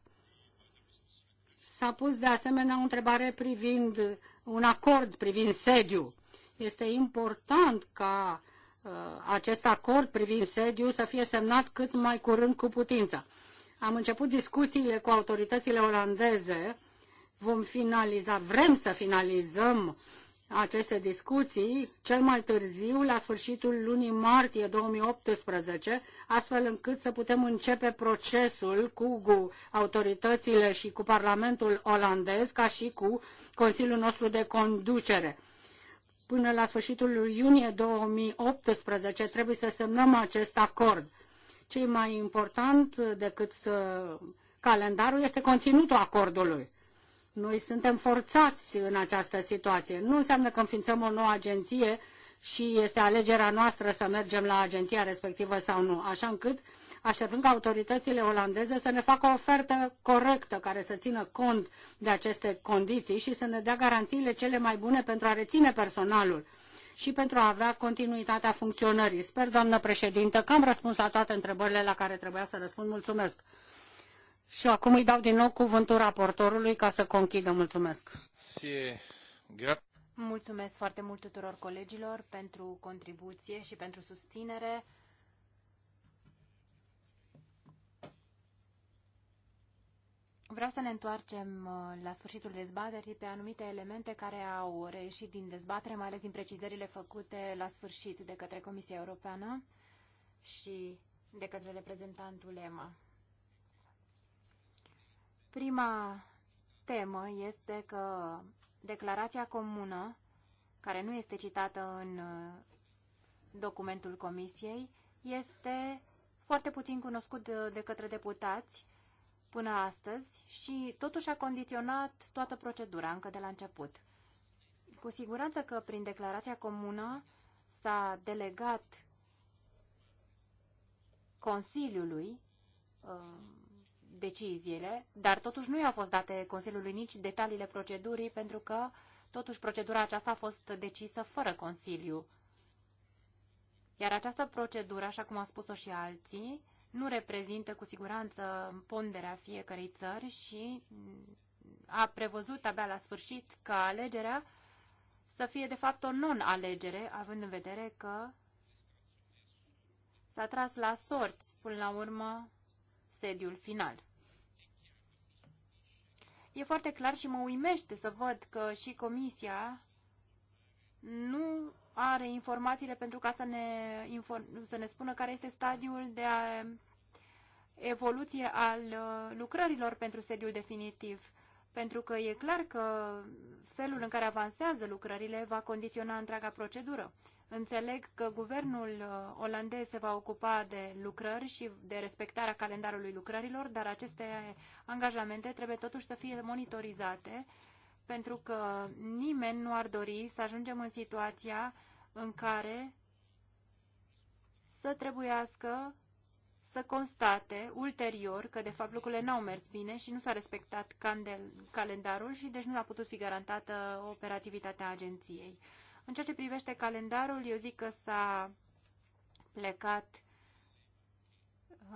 S-a pus de asemenea o întrebare privind un acord privind sediu. Este important ca uh, acest acord privind sediu să fie semnat cât mai curând cu putință. Am început discuțiile cu autoritățile olandeze, vom finaliza, vrem să finalizăm aceste discuții cel mai târziu la sfârșitul lunii martie 2018, astfel încât să putem începe procesul cu autoritățile și cu Parlamentul olandez, ca și cu Consiliul nostru de conducere. Până la sfârșitul lui iunie 2018 trebuie să semnăm acest acord. Ce mai important decât să... calendarul este conținutul acordului noi suntem forțați în această situație. Nu înseamnă că înființăm o nouă agenție și este alegerea noastră să mergem la agenția respectivă sau nu. Așa încât așteptăm ca autoritățile olandeze să ne facă o ofertă corectă care să țină cont de aceste condiții și să ne dea garanțiile cele mai bune pentru a reține personalul și pentru a avea continuitatea funcționării. Sper, doamnă președintă, că am răspuns la toate întrebările la care trebuia să răspund. Mulțumesc! Și acum îi dau din nou cuvântul raportorului ca să conchidă. Mulțumesc. Mulțumesc foarte mult tuturor colegilor pentru contribuție și pentru susținere. Vreau să ne întoarcem uh, la sfârșitul dezbaterii pe anumite elemente care au reieșit din dezbatere, mai ales din precizările făcute la sfârșit de către Comisia Europeană și de către reprezentantul EMA. Prima temă este că declarația comună, care nu este citată în uh, documentul comisiei, este foarte puțin cunoscut uh, de către deputați până astăzi și totuși a condiționat toată procedura încă de la început. Cu siguranță că prin declarația comună s-a delegat Consiliului uh, deciziile, dar totuși nu i-au fost date Consiliului nici detaliile procedurii, pentru că totuși procedura aceasta a fost decisă fără Consiliu. Iar această procedură, așa cum a spus-o și alții, nu reprezintă cu siguranță ponderea fiecarei țări și a prevăzut abia la sfârșit că alegerea să fie de fapt o non-alegere, având în vedere că s-a tras la sorți, până la urmă, sediul final. E foarte clar și mă uimește să văd că și Comisia nu are informațiile pentru ca să ne, să ne spună care este stadiul de evoluție al uh, lucrărilor pentru sediul definitiv pentru că e clar că felul în care avansează lucrările va condiționa întreaga procedură. Înțeleg că guvernul uh, olandez se va ocupa de lucrări și de respectarea calendarului lucrărilor, dar aceste angajamente trebuie totuși să fie monitorizate, pentru că nimeni nu ar dori să ajungem în situația în care să trebuiască să constate ulterior că de fapt lucrurile n-au mers bine și nu s-a respectat calendarul și deci nu a putut fi garantată operativitatea agenției. În ceea ce privește calendarul, eu zic că s-a plecat,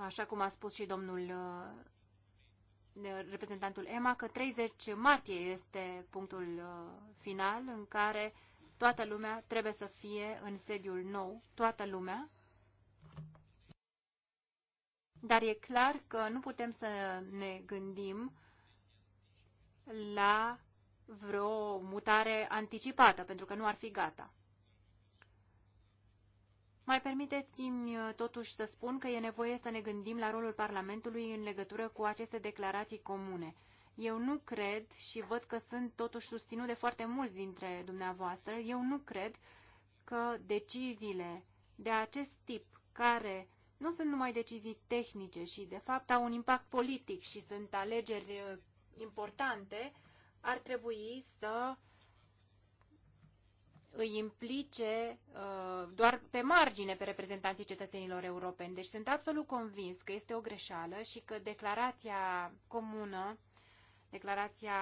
așa cum a spus și domnul uh, reprezentantul EMA, că 30 martie este punctul uh, final în care toată lumea trebuie să fie în sediul nou, toată lumea, dar e clar că nu putem să ne gândim la vreo mutare anticipată, pentru că nu ar fi gata. Mai permiteți-mi uh, totuși să spun că e nevoie să ne gândim la rolul Parlamentului în legătură cu aceste declarații comune. Eu nu cred și văd că sunt totuși susținut de foarte mulți dintre dumneavoastră, eu nu cred că deciziile de acest tip care nu sunt numai decizii tehnice și, de fapt, au un impact politic și sunt alegeri uh, importante, ar trebui să îi implice uh, doar pe margine pe reprezentanții cetățenilor europeni. Deci sunt absolut convins că este o greșeală și că declarația comună, declarația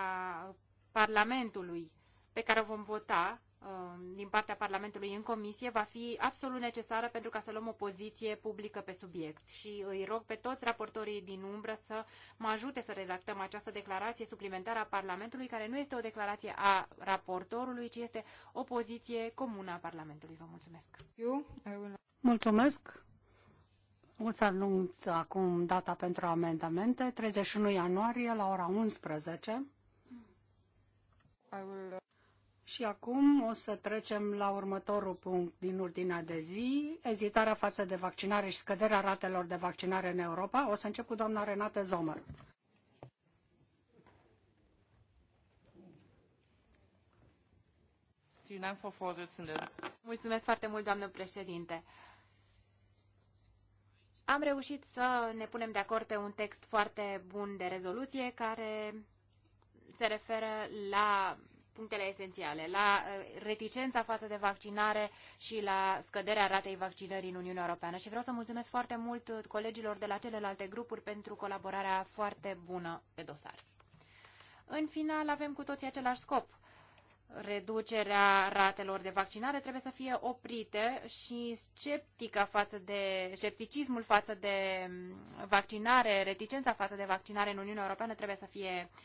Parlamentului pe care o vom vota uh, din partea Parlamentului în comisie va fi absolut necesară pentru ca să luăm o poziție publică pe subiect și îi rog pe toți raportorii din umbră să mă ajute să redactăm această declarație suplimentară a Parlamentului, care nu este o declarație a raportorului, ci este o poziție comună a Parlamentului. Vă mulțumesc! Mulțumesc! O să anunț acum data pentru amendamente, 31 ianuarie la ora 11. I will... Și acum o să trecem la următorul punct din ordinea de zi, ezitarea față de vaccinare și scăderea ratelor de vaccinare în Europa. O să încep cu doamna Renate Zomăr. Mulțumesc foarte mult, doamnă președinte. Am reușit să ne punem de acord pe un text foarte bun de rezoluție care se referă la punctele esențiale, la uh, reticența față de vaccinare și la scăderea ratei vaccinării în Uniunea Europeană. Și vreau să mulțumesc foarte mult uh, colegilor de la celelalte grupuri pentru colaborarea foarte bună pe dosar. În final, avem cu toții același scop. Reducerea ratelor de vaccinare trebuie să fie oprite și sceptica față de, scepticismul față de mm, vaccinare, reticența față de vaccinare în Uniunea Europeană trebuie să fie uh,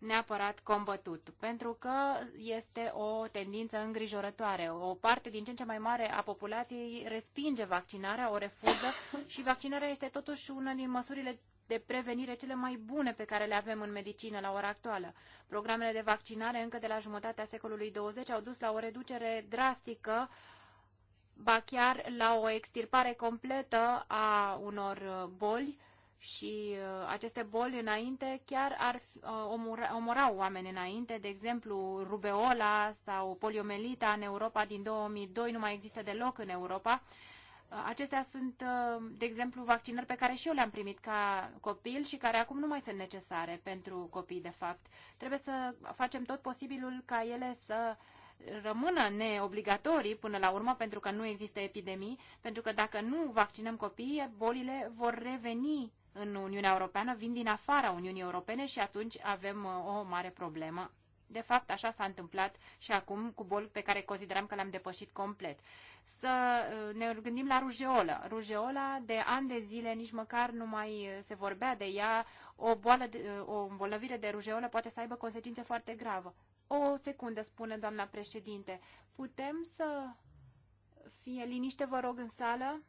neapărat combătut, pentru că este o tendință îngrijorătoare. O parte din ce în ce mai mare a populației respinge vaccinarea, o refuză și vaccinarea este totuși una din măsurile de prevenire cele mai bune pe care le avem în medicină la ora actuală. Programele de vaccinare încă de la jumătatea secolului 20 au dus la o reducere drastică ba chiar la o extirpare completă a unor boli și uh, aceste boli înainte chiar ar fi, uh, omura, omorau oameni înainte, de exemplu rubeola sau poliomelita în Europa din 2002 nu mai există deloc în Europa. Uh, acestea sunt, uh, de exemplu, vaccinări pe care și eu le-am primit ca copil și care acum nu mai sunt necesare pentru copii, de fapt. Trebuie să facem tot posibilul ca ele să rămână neobligatorii până la urmă pentru că nu există epidemii, pentru că dacă nu vaccinăm copiii, bolile vor reveni în Uniunea Europeană vin din afara Uniunii Europene și atunci avem uh, o mare problemă. De fapt, așa s-a întâmplat și acum cu boli pe care consideram că le-am depășit complet. Să uh, ne gândim la rujeolă. Rujeola de ani de zile nici măcar nu mai uh, se vorbea de ea. O, boală de, o îmbolnăvire de rujeolă poate să aibă consecințe foarte grave. O secundă, spune doamna președinte. Putem să fie liniște, vă rog, în sală?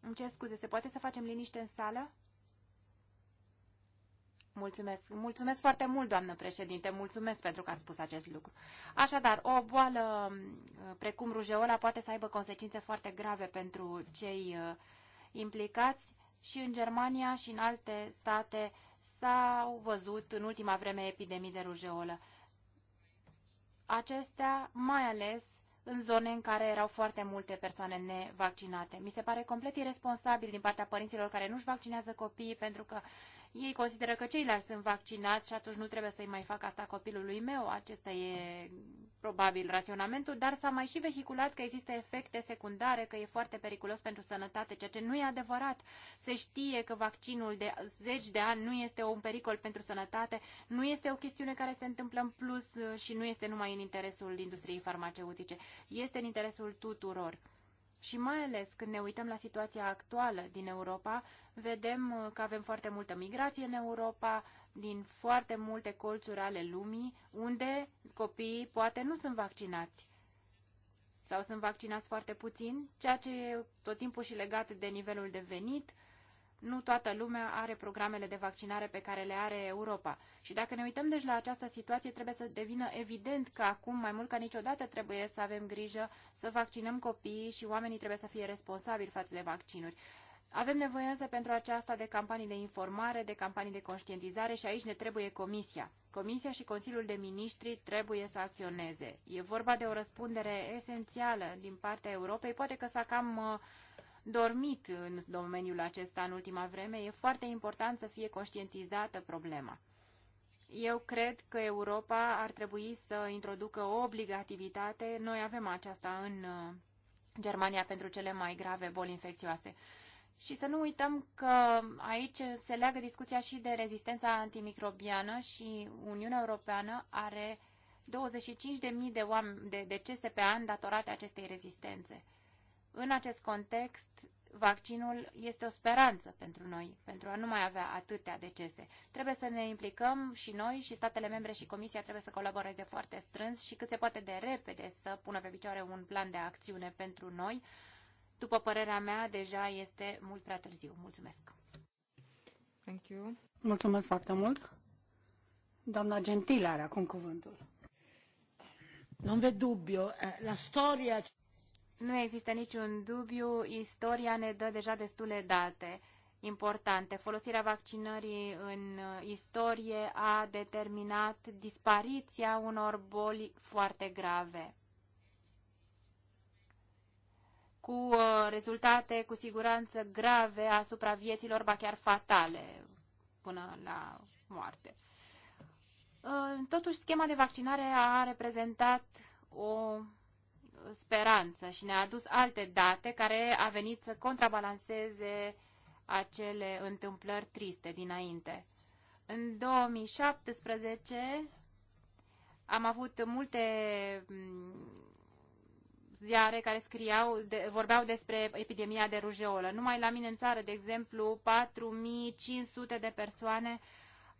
Îmi cer scuze, se poate să facem liniște în sală? Mulțumesc. Mulțumesc foarte mult, doamnă președinte. Mulțumesc pentru că ați spus acest lucru. Așadar, o boală uh, precum rujeola poate să aibă consecințe foarte grave pentru cei uh, implicați și în Germania și în alte state s-au văzut în ultima vreme epidemii de rujeolă. Acestea mai ales în zone în care erau foarte multe persoane nevaccinate. Mi se pare complet irresponsabil din partea părinților care nu-și vaccinează copiii pentru că uh, ei consideră că ceilalți sunt vaccinați și atunci nu trebuie să-i mai fac asta copilului meu. Acesta e probabil raționamentul, dar s-a mai și vehiculat că există efecte secundare, că e foarte periculos pentru sănătate, ceea ce nu e adevărat. Se știe că vaccinul de zeci de ani nu este un pericol pentru sănătate, nu este o chestiune care se întâmplă în plus și nu este numai în interesul industriei farmaceutice. Este în interesul tuturor. Și mai ales când ne uităm la situația actuală din Europa, vedem uh, că avem foarte multă migrație în Europa, din foarte multe colțuri ale lumii, unde copiii poate nu sunt vaccinați sau sunt vaccinați foarte puțin, ceea ce e tot timpul și legat de nivelul de venit, nu toată lumea are programele de vaccinare pe care le are Europa. Și dacă ne uităm deci la această situație, trebuie să devină evident că acum, mai mult ca niciodată, trebuie să avem grijă să vaccinăm copiii și oamenii trebuie să fie responsabili față de vaccinuri. Avem nevoie însă pentru aceasta de campanii de informare, de campanii de conștientizare și aici ne trebuie Comisia. Comisia și Consiliul de Ministri trebuie să acționeze. E vorba de o răspundere esențială din partea Europei. Poate că s-a cam uh, dormit în domeniul acesta în ultima vreme, e foarte important să fie conștientizată problema. Eu cred că Europa ar trebui să introducă o obligativitate. Noi avem aceasta în uh, Germania pentru cele mai grave boli infecțioase. Și să nu uităm că aici se leagă discuția și de rezistența antimicrobiană și Uniunea Europeană are 25.000 de, oameni, de decese pe an datorate acestei rezistențe. În acest context, vaccinul este o speranță pentru noi, pentru a nu mai avea atâtea decese. Trebuie să ne implicăm și noi și statele membre și Comisia trebuie să colaboreze foarte strâns și cât se poate de repede să pună pe picioare un plan de acțiune pentru noi. După părerea mea, deja este mult prea târziu. Mulțumesc! Thank you. Mulțumesc foarte mult! Doamna Gentile are acum cuvântul. Non v'è dubbio, eh, la storia nu există niciun dubiu, istoria ne dă deja destule date importante. Folosirea vaccinării în uh, istorie a determinat dispariția unor boli foarte grave. Cu uh, rezultate cu siguranță grave asupra vieților, ba chiar fatale, până la moarte. Uh, totuși, schema de vaccinare a reprezentat o speranță și ne-a adus alte date care a venit să contrabalanceze acele întâmplări triste dinainte. În 2017 am avut multe mm, ziare care scriau, de, vorbeau despre epidemia de rujeolă. Numai la mine în țară, de exemplu, 4500 de persoane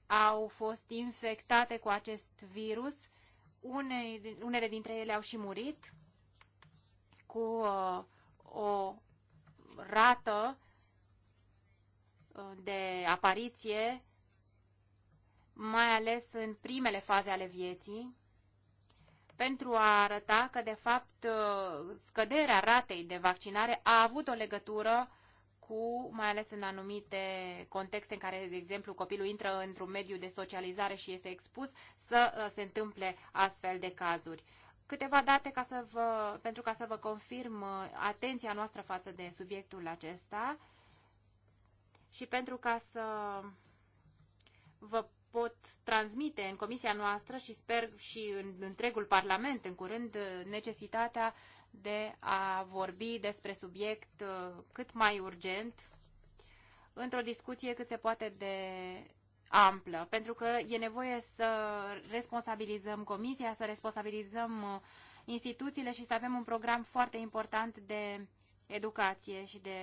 au fost infectate cu acest virus. unele dintre ele au și murit cu uh, o rată uh, de apariție, mai ales în primele faze ale vieții, pentru a arăta că, de fapt, uh, scăderea ratei de vaccinare a avut o legătură cu, mai ales în anumite contexte în care, de exemplu, copilul intră într-un mediu de socializare și este expus, să se întâmple astfel de cazuri. Câteva date ca să vă, pentru ca să vă confirm uh, atenția noastră față de subiectul acesta și pentru ca să vă pot transmite în comisia noastră și sper și în întregul Parlament în curând uh, necesitatea de a vorbi despre subiect uh, cât mai urgent într-o discuție cât se poate de amplă, pentru că e nevoie să responsabilizăm comisia, să responsabilizăm uh, instituțiile și să avem un program foarte important de educație și de,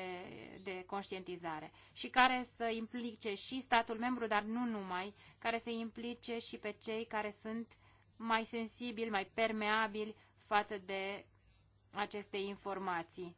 de conștientizare și care să implice și statul membru, dar nu numai, care să implice și pe cei care sunt mai sensibili, mai permeabili față de aceste informații.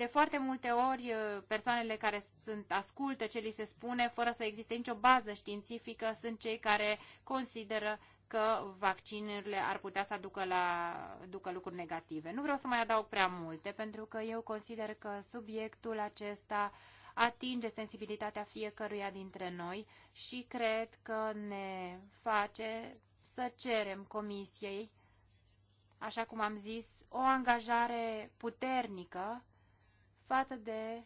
De foarte multe ori, uh, persoanele care sunt ascultă ce li se spune, fără să existe nicio bază științifică, sunt cei care consideră că vaccinurile ar putea să aducă, la, ducă lucruri negative. Nu vreau să mai adaug prea multe, pentru că eu consider că subiectul acesta atinge sensibilitatea fiecăruia dintre noi și cred că ne face să cerem comisiei, așa cum am zis, o angajare puternică față de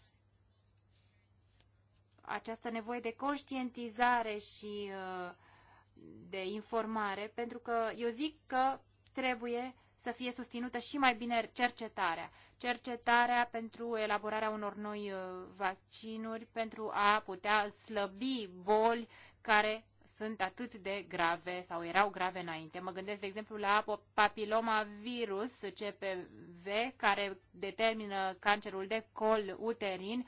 această nevoie de conștientizare și uh, de informare, pentru că eu zic că trebuie să fie susținută și mai bine cercetarea. Cercetarea pentru elaborarea unor noi uh, vaccinuri, pentru a putea slăbi boli care sunt atât de grave sau erau grave înainte. Mă gândesc, de exemplu, la papiloma virus CPV, care determină cancerul de col uterin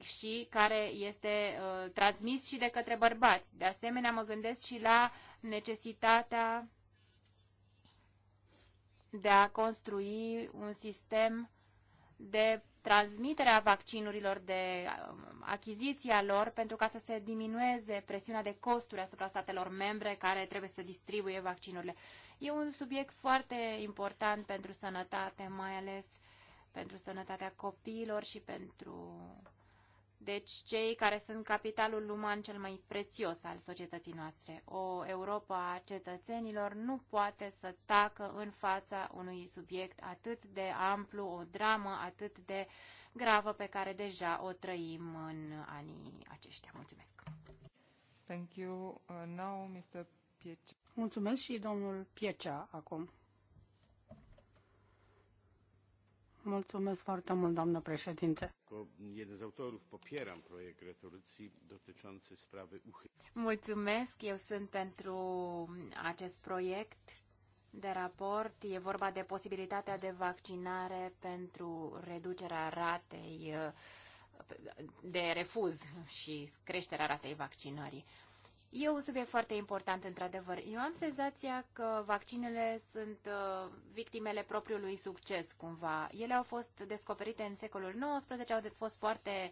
și care este uh, transmis și de către bărbați. De asemenea, mă gândesc și la necesitatea de a construi un sistem de transmiterea vaccinurilor, de um, achiziția lor, pentru ca să se diminueze presiunea de costuri asupra statelor membre care trebuie să distribuie vaccinurile. E un subiect foarte important pentru sănătate, mai ales pentru sănătatea copiilor și pentru deci cei care sunt capitalul uman cel mai prețios al societății noastre. O Europa a cetățenilor nu poate să tacă în fața unui subiect atât de amplu, o dramă atât de gravă pe care deja o trăim în anii aceștia. Mulțumesc! Thank you. Uh, now, Mr. Piece. Mulțumesc și domnul Piecea acum. Mulțumesc foarte mult, doamnă președinte. Mulțumesc, eu sunt pentru acest proiect de raport. E vorba de posibilitatea de vaccinare pentru reducerea ratei de refuz și creșterea ratei vaccinării. E un subiect foarte important, într-adevăr. Eu am senzația că vaccinele sunt uh, victimele propriului succes, cumva. Ele au fost descoperite în secolul XIX, au fost foarte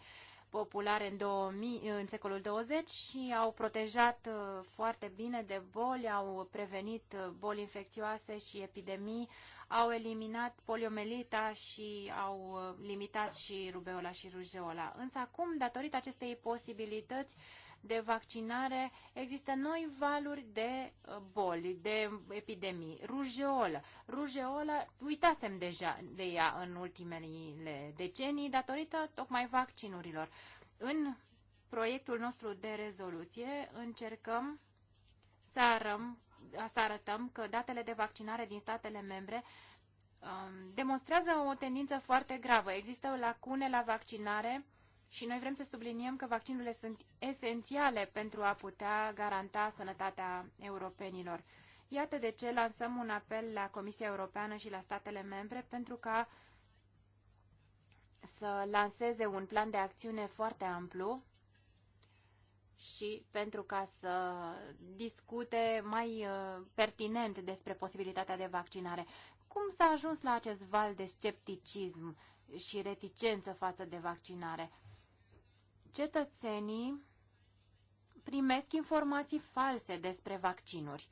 populare în, 2000, în secolul 20 și au protejat uh, foarte bine de boli, au prevenit uh, boli infecțioase și epidemii, au eliminat poliomelita și au uh, limitat și rubeola și rujeola. Însă acum, datorită acestei posibilități, uh, de vaccinare, există noi valuri de uh, boli, de epidemii. Rujeolă. Rujeolă, uitasem deja de ea în ultimele decenii, datorită tocmai vaccinurilor. În proiectul nostru de rezoluție încercăm să, arăm, să arătăm că datele de vaccinare din statele membre um, demonstrează o tendință foarte gravă. Există lacune la vaccinare și noi vrem să subliniem că vaccinurile sunt esențiale pentru a putea garanta sănătatea europenilor. Iată de ce lansăm un apel la Comisia Europeană și la statele membre pentru ca să lanseze un plan de acțiune foarte amplu și pentru ca să discute mai uh, pertinent despre posibilitatea de vaccinare. Cum s-a ajuns la acest val de scepticism și reticență față de vaccinare? cetățenii primesc informații false despre vaccinuri.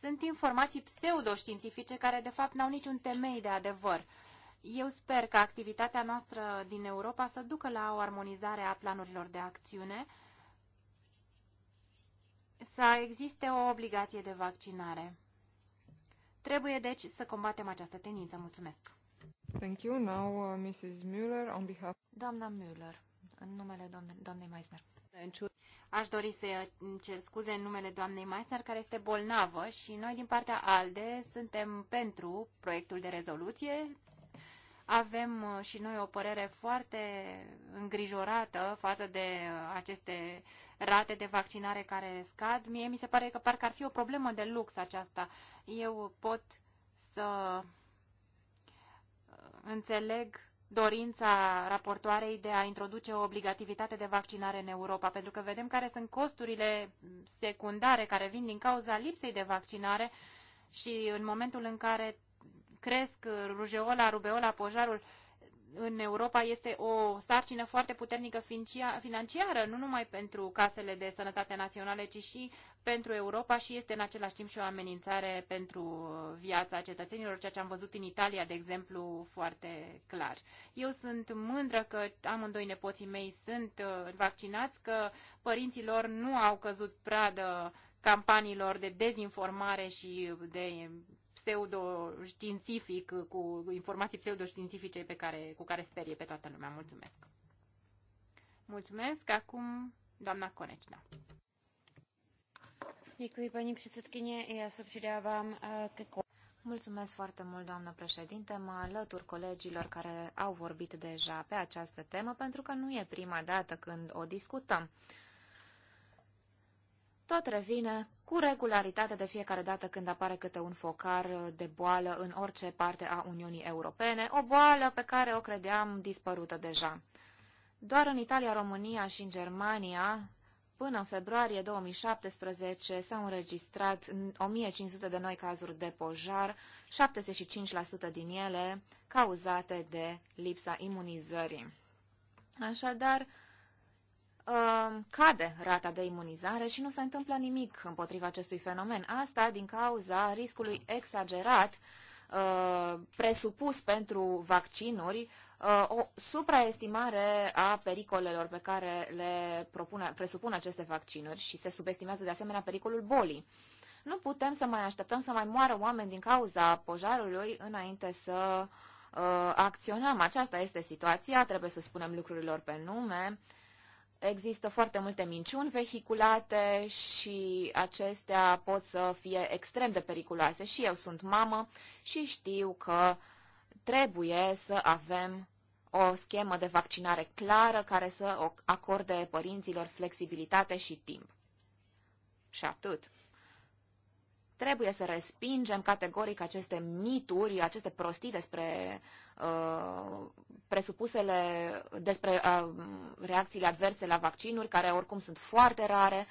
Sunt informații pseudoștiințifice care de fapt n-au niciun temei de adevăr. Eu sper că activitatea noastră din Europa să ducă la o armonizare a planurilor de acțiune, să existe o obligație de vaccinare. Trebuie deci să combatem această tendință. Mulțumesc! Thank you. Now, uh, Mrs. Müller, on behalf... Doamna Müller, în numele doamne, doamnei Meisner. Aș dori să cer scuze în numele doamnei Meisner, care este bolnavă și noi din partea ALDE suntem pentru proiectul de rezoluție. Avem uh, și noi o părere foarte îngrijorată față de uh, aceste rate de vaccinare care scad. Mie mi se pare că parcă ar fi o problemă de lux aceasta. Eu pot să înțeleg dorința raportoarei de a introduce o obligativitate de vaccinare în Europa, pentru că vedem care sunt costurile secundare care vin din cauza lipsei de vaccinare și în momentul în care cresc rujeola, rubeola, pojarul în Europa este o sarcină foarte puternică financiară, nu numai pentru casele de sănătate naționale, ci și pentru Europa și este în același timp și o amenințare pentru viața cetățenilor, ceea ce am văzut în Italia, de exemplu, foarte clar. Eu sunt mândră că amândoi nepoții mei sunt uh, vaccinați, că părinții lor nu au căzut pradă campaniilor de dezinformare și de pseudoștiințific, cu informații pseudoștiințifice pe care, cu care sperie pe toată lumea. Mulțumesc! Mulțumesc! Acum, doamna Conecina. Děkuji, paní předsedkyně. Já se přidávám eh, ke Mulțumesc foarte mult, doamnă președinte. Mă alătur colegilor care au vorbit deja pe această temă, pentru că nu e prima dată când o discutăm tot revine cu regularitate de fiecare dată când apare câte un focar de boală în orice parte a Uniunii Europene, o boală pe care o credeam dispărută deja. Doar în Italia, România și în Germania, până în februarie 2017, s-au înregistrat 1500 de noi cazuri de pojar, 75% din ele cauzate de lipsa imunizării. Așadar, Um, cade rata de imunizare și nu se întâmplă nimic împotriva acestui fenomen. Asta din cauza riscului exagerat uh, presupus pentru vaccinuri uh, o supraestimare a pericolelor pe care le propune, presupun aceste vaccinuri și se subestimează de asemenea pericolul bolii. Nu putem să mai așteptăm să mai moară oameni din cauza pojarului înainte să uh, acționăm. Aceasta este situația, trebuie să spunem lucrurilor pe nume. Uh, Există foarte multe minciuni vehiculate și acestea pot să fie extrem de periculoase. Și eu sunt mamă și știu că trebuie să avem o schemă de vaccinare clară care să acorde părinților flexibilitate și timp. Și atât. Trebuie să respingem categoric aceste mituri, aceste prostii despre uh, presupusele, despre uh, reacțiile adverse la vaccinuri, care oricum sunt foarte rare.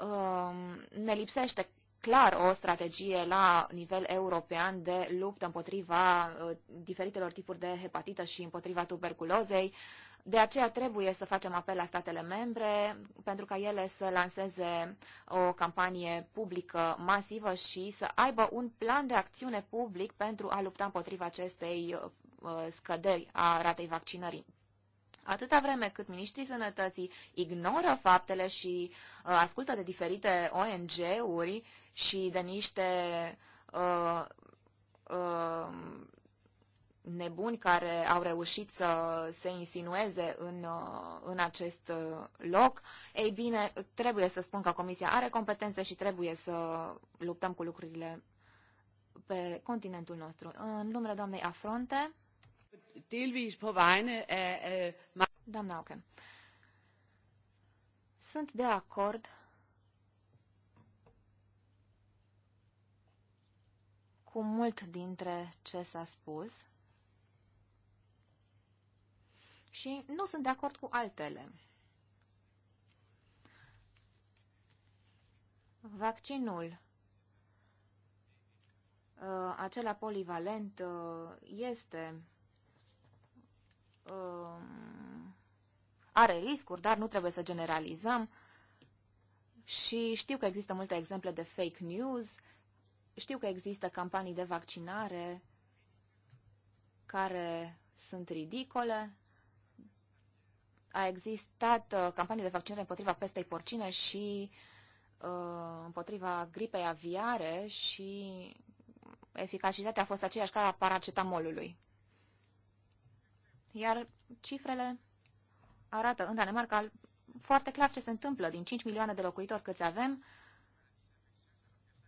Uh, ne lipsește clar o strategie la nivel european de luptă împotriva uh, diferitelor tipuri de hepatită și împotriva tuberculozei. Uh, de aceea trebuie să facem apel la statele membre pentru ca ele să lanseze o campanie publică masivă și să aibă un plan de acțiune public pentru a lupta împotriva acestei uh, scăderi a ratei vaccinării. Atâta vreme cât ministrii sănătății ignoră faptele și uh, ascultă de diferite ONG-uri și de niște uh, uh, nebuni care au reușit să se insinueze în, uh, în acest uh, loc, ei bine, trebuie să spun că Comisia are competențe și trebuie să luptăm cu lucrurile pe continentul nostru. În numele doamnei Afronte. Øh, Doamna Auken. Sunt de acord cu mult dintre ce s-a spus și nu sunt de acord cu altele. Vaccinul uh, acela polivalent uh, este um, are riscuri, dar nu trebuie să generalizăm. Și știu că există multe exemple de fake news, știu că există campanii de vaccinare care sunt ridicole, a existat uh, campanii de vaccinare împotriva pestei porcine și uh, împotriva gripei aviare și eficacitatea a fost aceeași ca a paracetamolului. Iar cifrele arată în Danemarca foarte clar ce se întâmplă. Din 5 milioane de locuitori câți avem,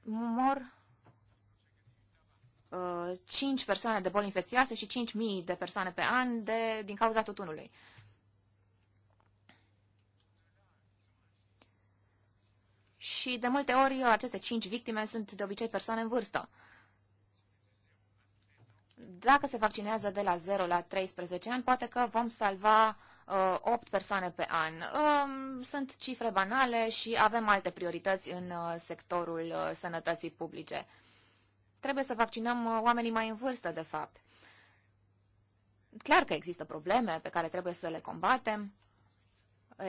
mor uh, 5 persoane de boli infecțioase și 5.000 de persoane pe an de, din cauza tutunului. și de multe ori aceste cinci victime sunt de obicei persoane în vârstă. Dacă se vaccinează de la 0 la 13 ani, poate că vom salva uh, 8 persoane pe an. Uh, sunt cifre banale și avem alte priorități în uh, sectorul uh, sănătății publice. Trebuie să vaccinăm uh, oamenii mai în vârstă, de fapt. Clar că există probleme pe care trebuie să le combatem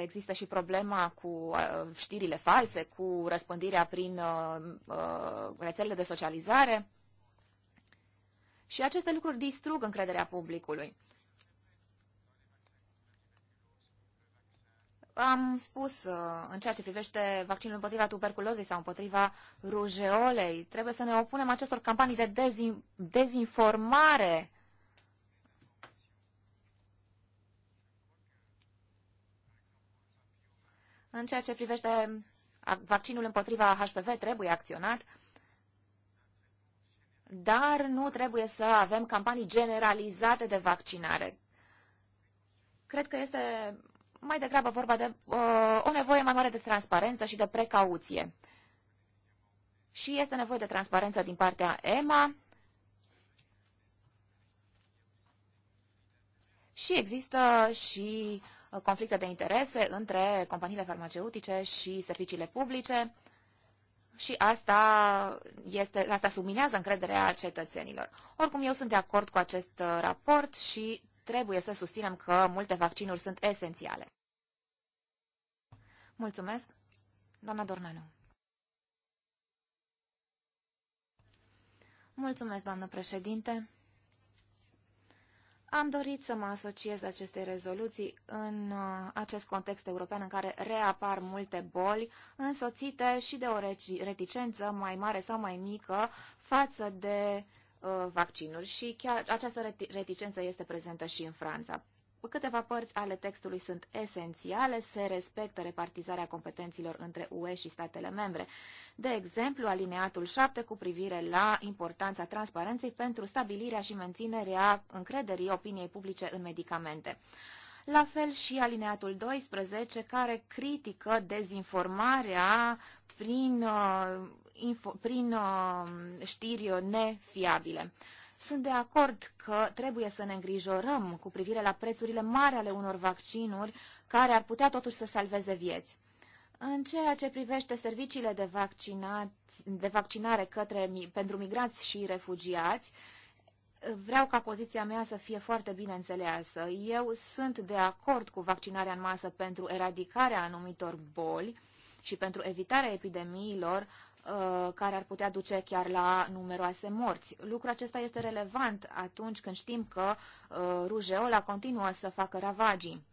Există și problema cu uh, știrile false, cu răspândirea prin uh, uh, rețelele de socializare. Și aceste lucruri distrug încrederea publicului. Am spus în ceea ce privește vaccinul împotriva tuberculozei sau împotriva rujeolei, trebuie să ne opunem acestor campanii de dezinformare În ceea ce privește vaccinul împotriva HPV, trebuie acționat, dar nu trebuie să avem campanii generalizate de vaccinare. Cred că este mai degrabă vorba de uh, o nevoie mai mare de transparență și de precauție. Și este nevoie de transparență din partea EMA și există și conflicte de interese între companiile farmaceutice și serviciile publice și asta, este, asta subminează încrederea cetățenilor. Oricum, eu sunt de acord cu acest uh, raport și trebuie să susținem că multe vaccinuri sunt esențiale. Mulțumesc, doamna Dornanu. Mulțumesc, doamnă președinte. Am dorit să mă asociez acestei rezoluții în uh, acest context european în care reapar multe boli, însoțite și de o reticență mai mare sau mai mică față de uh, vaccinuri și chiar această reticență este prezentă și în Franța. Câteva părți ale textului sunt esențiale, se respectă repartizarea competențiilor între UE și statele membre. De exemplu, alineatul 7 cu privire la importanța transparenței pentru stabilirea și menținerea încrederii opiniei publice în medicamente. La fel și alineatul 12, care critică dezinformarea prin, uh, info, prin uh, știri nefiabile. Sunt de acord că trebuie să ne îngrijorăm cu privire la prețurile mari ale unor vaccinuri care ar putea totuși să salveze vieți. În ceea ce privește serviciile de, de vaccinare către, pentru migranți și refugiați, vreau ca poziția mea să fie foarte bine înțeleasă. Eu sunt de acord cu vaccinarea în masă pentru eradicarea anumitor boli și pentru evitarea epidemiilor, Uh, care ar putea duce chiar la numeroase morți. Lucrul acesta este relevant atunci când știm că uh, rujeola continuă să facă ravagii.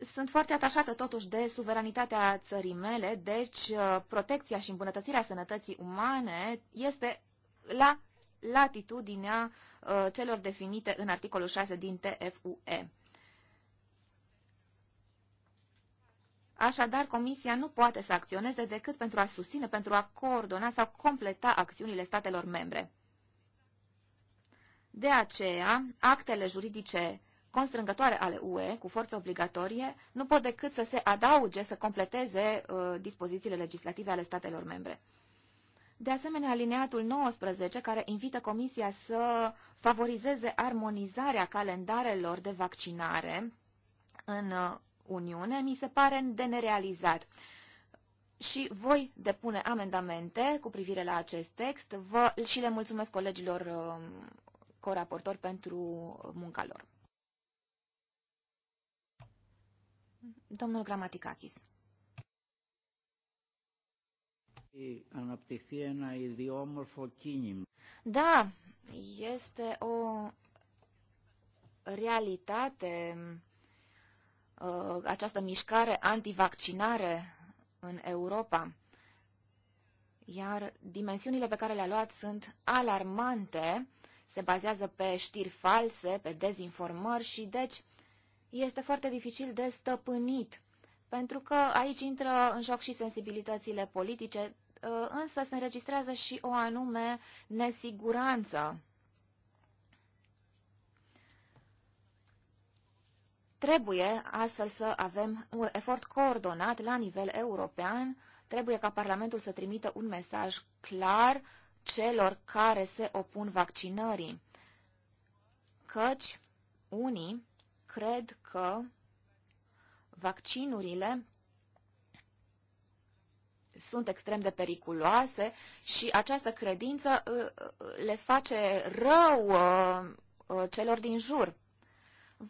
Sunt foarte atașată totuși de suveranitatea țării mele, deci uh, protecția și îmbunătățirea sănătății umane este la latitudinea celor definite în articolul 6 din TFUE. Așadar, Comisia nu poate să acționeze decât pentru a susține, pentru a coordona sau completa acțiunile statelor membre. De aceea, actele juridice constrângătoare ale UE, cu forță obligatorie, nu pot decât să se adauge, să completeze uh, dispozițiile legislative ale statelor membre. De asemenea, alineatul 19, care invită Comisia să favorizeze armonizarea calendarelor de vaccinare în uh, Uniune mi se pare de nerealizat. Și voi depune amendamente cu privire la acest text vă, și le mulțumesc colegilor um, coraportori pentru munca lor. Domnul Gramaticakis. Da, este o realitate Uh, această mișcare antivaccinare în Europa. Iar dimensiunile pe care le-a luat sunt alarmante, se bazează pe știri false, pe dezinformări și deci este foarte dificil de stăpânit, pentru că aici intră în joc și sensibilitățile politice, uh, însă se înregistrează și o anume nesiguranță Trebuie astfel să avem un efort coordonat la nivel european, trebuie ca Parlamentul să trimită un mesaj clar celor care se opun vaccinării, căci unii cred că vaccinurile sunt extrem de periculoase și această credință uh, uh, le face rău uh, celor din jur.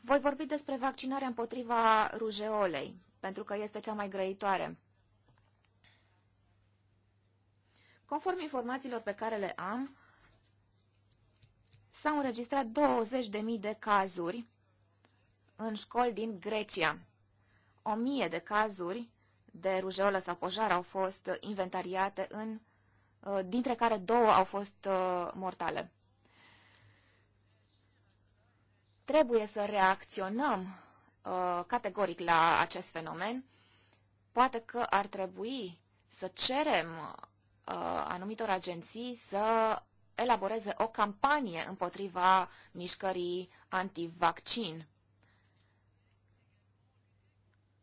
Voi vorbi despre vaccinarea împotriva rujeolei, pentru că este cea mai grăitoare. Conform informațiilor pe care le am, s-au înregistrat 20.000 de cazuri în școli din Grecia. O mie de cazuri de rujeolă sau pojar au fost inventariate, în, uh, dintre care două au fost uh, mortale. Trebuie să reacționăm uh, categoric la acest fenomen. Poate că ar trebui să cerem uh, anumitor agenții să elaboreze o campanie împotriva mișcării antivaccin.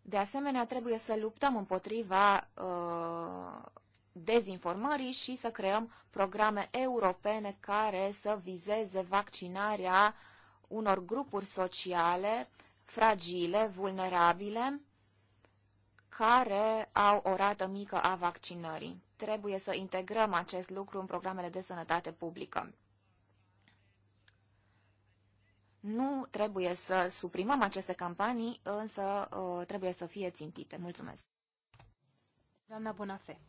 De asemenea, trebuie să luptăm împotriva uh, dezinformării și să creăm programe europene care să vizeze vaccinarea uh, unor grupuri sociale fragile, vulnerabile, care au o rată mică a vaccinării. Trebuie să integrăm acest lucru în programele de sănătate publică. Nu trebuie să suprimăm aceste campanii, însă uh, trebuie să fie țintite. Mulțumesc! Doamna Bonafe.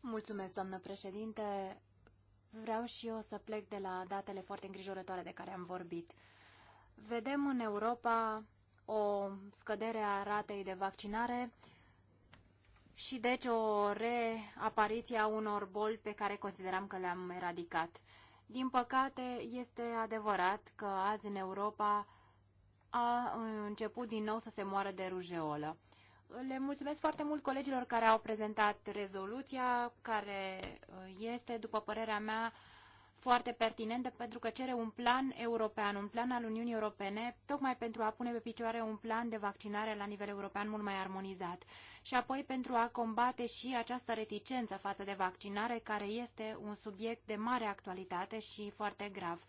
Mulțumesc, doamnă președinte. Vreau și eu să plec de la datele foarte îngrijorătoare de care am vorbit. Vedem în Europa o scădere a ratei de vaccinare și deci o reapariție a unor boli pe care consideram că le-am eradicat. Din păcate, este adevărat că azi în Europa a început din nou să se moară de rujeolă le mulțumesc foarte mult colegilor care au prezentat rezoluția, care uh, este, după părerea mea, foarte pertinentă pentru că cere un plan european, un plan al Uniunii Europene, tocmai pentru a pune pe picioare un plan de vaccinare la nivel european mult mai armonizat și apoi pentru a combate și această reticență față de vaccinare, care este un subiect de mare actualitate și foarte grav.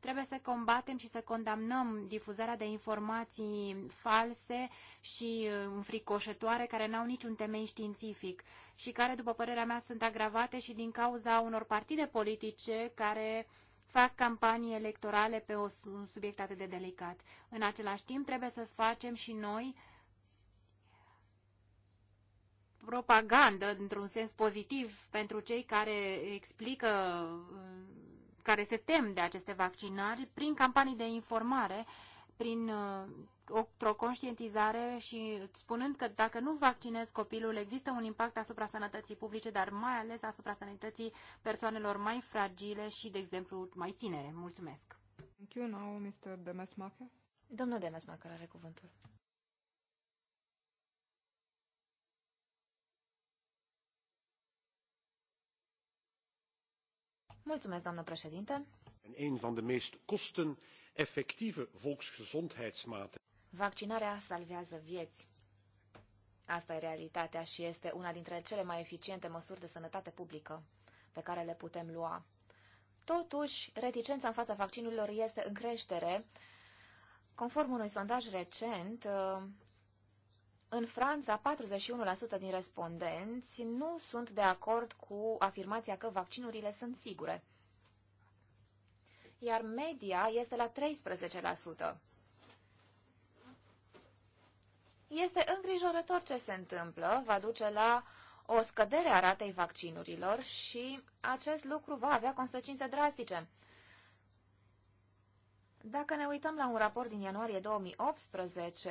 Trebuie să combatem și să condamnăm difuzarea de informații false și uh, înfricoșătoare care n-au niciun temei științific și care, după părerea mea, sunt agravate și din cauza unor partide politice care fac campanii electorale pe o, un subiect atât de delicat. În același timp, trebuie să facem și noi propagandă, într-un sens pozitiv, pentru cei care explică uh, care se tem de aceste vaccinări prin campanii de informare, prin uh, o conștientizare și spunând că dacă nu vaccinezi copilul, există un impact asupra sănătății publice, dar mai ales asupra sănătății persoanelor mai fragile și, de exemplu, mai tinere. Mulțumesc! Thank you now, Mr. Demesmacher. Domnul Demesmacher are cuvântul. Mulțumesc, doamnă președinte. Een van de meest kosteneffectieve volksgezondheidsmaatregelen. Vaccinarea salvează vieți. Asta e realitatea și este una dintre cele mai eficiente măsuri de sănătate publică pe care le putem lua. Totuși, reticența în fața vaccinurilor este în creștere. Conform unui sondaj recent, în Franța, 41% din respondenți nu sunt de acord cu afirmația că vaccinurile sunt sigure, iar media este la 13%. Este îngrijorător ce se întâmplă, va duce la o scădere a ratei vaccinurilor și acest lucru va avea consecințe drastice. Dacă ne uităm la un raport din ianuarie 2018,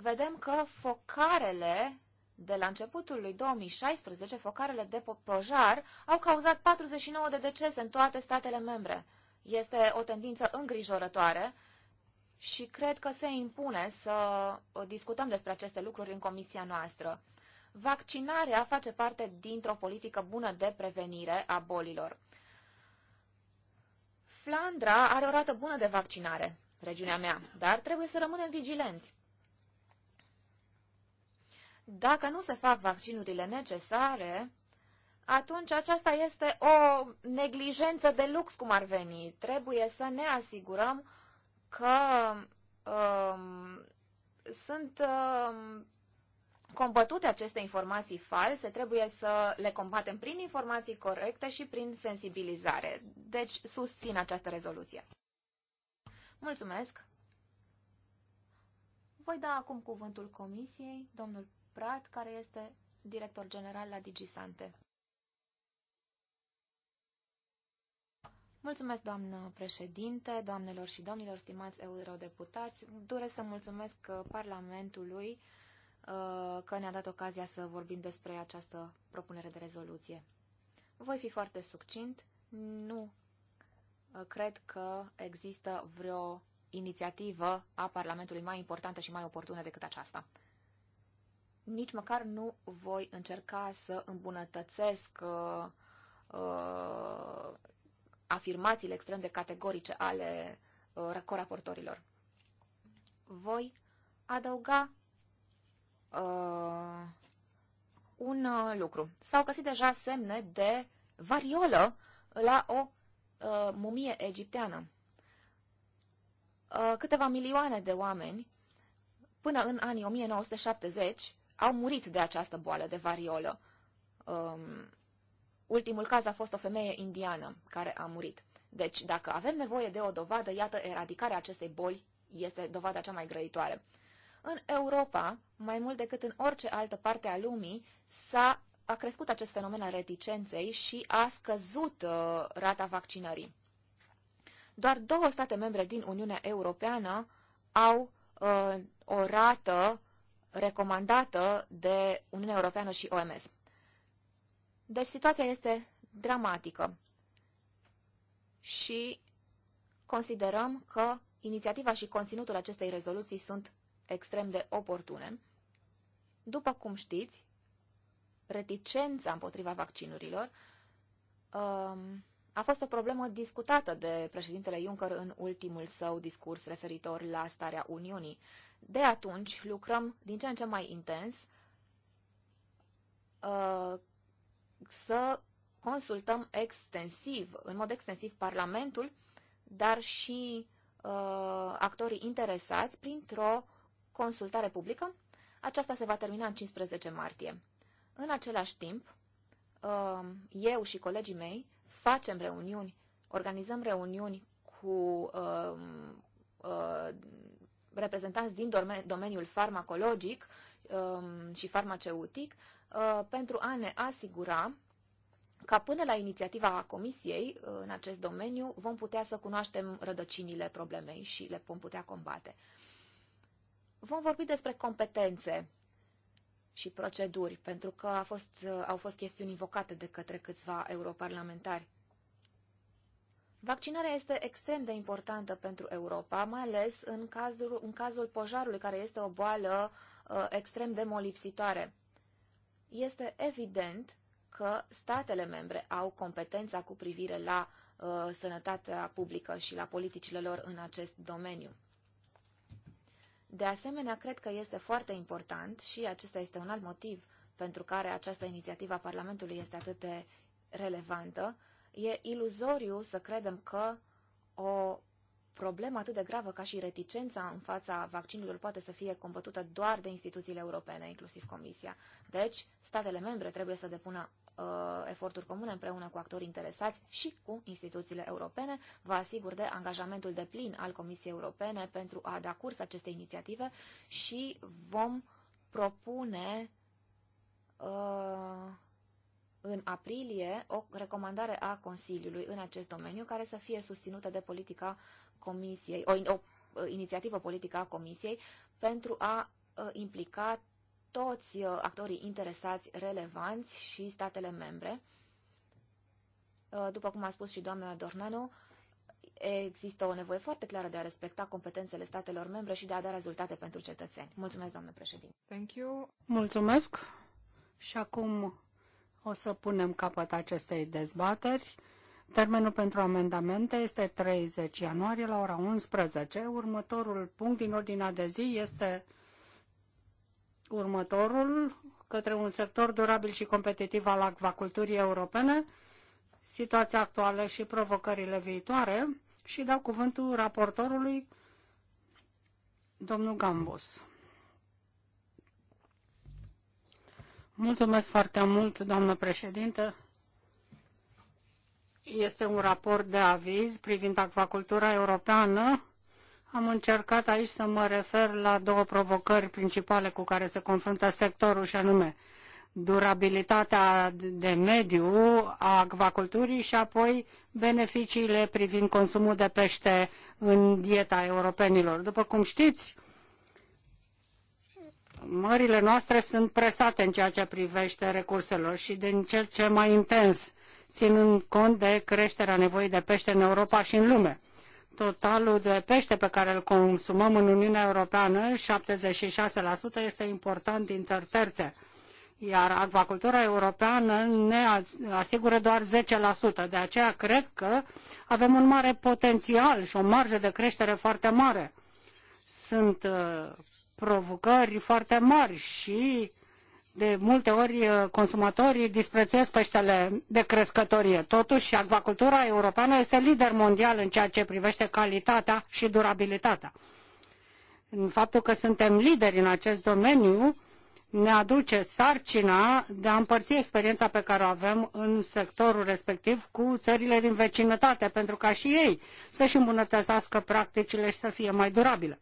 vedem că focarele de la începutul lui 2016, focarele de pojar au cauzat 49 de decese în toate statele membre. Este o tendință îngrijorătoare și cred că se impune să discutăm despre aceste lucruri în comisia noastră. Vaccinarea face parte dintr-o politică bună de prevenire a bolilor. Flandra are o rată bună de vaccinare, regiunea mea, dar trebuie să rămânem vigilenți. Dacă nu se fac vaccinurile necesare, atunci aceasta este o neglijență de lux, cum ar veni. Trebuie să ne asigurăm că um, sunt um, combătute aceste informații false, trebuie să le combatem prin informații corecte și prin sensibilizare. Deci susțin această rezoluție. Mulțumesc! Voi da acum cuvântul comisiei, domnul Prat, care este director general la DigiSante. Mulțumesc, doamnă președinte, doamnelor și domnilor, stimați eurodeputați. Doresc să mulțumesc uh, Parlamentului uh, că ne-a dat ocazia să vorbim despre această propunere de rezoluție. Voi fi foarte succint. Nu uh, cred că există vreo inițiativă a Parlamentului mai importantă și mai oportună decât aceasta nici măcar nu voi încerca să îmbunătățesc uh, uh, afirmațiile extrem de categorice ale uh, coraportorilor. Voi adăuga uh, un uh, lucru. S-au găsit deja semne de variolă la o uh, mumie egipteană. Uh, câteva milioane de oameni, până în anii 1970, au murit de această boală de variolă. Um, ultimul caz a fost o femeie indiană care a murit. Deci, dacă avem nevoie de o dovadă, iată, eradicarea acestei boli este dovada cea mai grăitoare. În Europa, mai mult decât în orice altă parte a lumii, s-a a crescut acest fenomen al reticenței și a scăzut uh, rata vaccinării. Doar două state membre din Uniunea Europeană au uh, o rată recomandată de Uniunea Europeană și OMS. Deci situația este dramatică și considerăm că inițiativa și conținutul acestei rezoluții sunt extrem de oportune. După cum știți, reticența împotriva vaccinurilor um, a fost o problemă discutată de președintele Juncker în ultimul său discurs referitor la starea Uniunii. De atunci lucrăm din ce în ce mai intens uh, să consultăm extensiv, în mod extensiv Parlamentul, dar și uh, actorii interesați printr-o consultare publică. Aceasta se va termina în 15 martie. În același timp, uh, eu și colegii mei facem reuniuni, organizăm reuniuni cu reprezentanți din domeniul farmacologic um, și farmaceutic uh, pentru a ne asigura ca până la inițiativa Comisiei uh, în acest domeniu vom putea să cunoaștem rădăcinile problemei și le vom putea combate. Vom vorbi despre competențe și proceduri, pentru că a fost, uh, au fost chestiuni invocate de către câțiva europarlamentari. Vaccinarea este extrem de importantă pentru Europa, mai ales în cazul, în cazul pojarului, care este o boală uh, extrem de molipsitoare. Este evident că statele membre au competența cu privire la uh, sănătatea publică și la politicile lor în acest domeniu. De asemenea, cred că este foarte important și acesta este un alt motiv pentru care această inițiativă a Parlamentului este atât de relevantă, E iluzoriu să credem că o problemă atât de gravă ca și reticența în fața vaccinului poate să fie combătută doar de instituțiile europene, inclusiv Comisia. Deci, statele membre trebuie să depună uh, eforturi comune împreună cu actorii interesați și cu instituțiile europene. Vă asigur de angajamentul de plin al Comisiei Europene pentru a da curs acestei inițiative și vom propune uh, în aprilie o recomandare a Consiliului în acest domeniu care să fie susținută de politica Comisiei, o, o uh, inițiativă politică a Comisiei pentru a uh, implica toți uh, actorii interesați relevanți și statele membre. După cum a spus și doamna Dornanu, există o nevoie foarte clară de a respecta competențele statelor membre și de a da rezultate pentru cetățeni. Mulțumesc, doamnă președinte. Thank you. Mulțumesc. Și acum o să punem capăt acestei dezbateri. Termenul pentru amendamente este 30 ianuarie la ora 11. Următorul punct din ordinea de zi este următorul către un sector durabil și competitiv al acvaculturii europene, situația actuală și provocările viitoare și dau cuvântul raportorului, domnul Gambus. Mulțumesc foarte mult, doamnă președintă. Este un raport de aviz privind acvacultura europeană. Am încercat aici să mă refer la două provocări principale cu care se confruntă sectorul și anume durabilitatea de mediu a acvaculturii și apoi beneficiile privind consumul de pește în dieta europenilor. După cum știți, Mările noastre sunt presate în ceea ce privește recurselor și din cel ce mai intens, ținând cont de creșterea nevoii de pește în Europa și în lume. Totalul de pește pe care îl consumăm în Uniunea Europeană, 76%, este important din țări terțe iar acvacultura europeană ne asigură doar 10%. De aceea cred că avem un mare potențial și o marjă de creștere foarte mare. Sunt uh, provocări foarte mari și de multe ori consumatorii disprețuiesc peștele de crescătorie. Totuși, acvacultura europeană este lider mondial în ceea ce privește calitatea și durabilitatea. În faptul că suntem lideri în acest domeniu, ne aduce sarcina de a împărți experiența pe care o avem în sectorul respectiv cu țările din vecinătate, pentru ca și ei să-și îmbunătățească practicile și să fie mai durabile.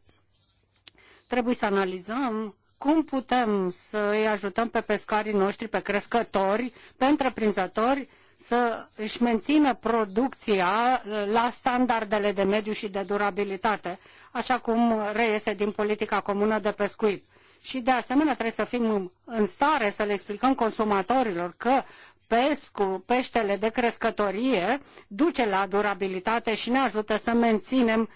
Trebuie să analizăm cum putem să îi ajutăm pe pescarii noștri, pe crescători, pe întreprinzători, să își mențină producția uh, la standardele de mediu și de durabilitate, așa cum reiese din politica comună de pescuit. Și de asemenea trebuie să fim în stare să le explicăm consumatorilor că pescu, peștele de crescătorie duce la durabilitate și ne ajută să menținem uh,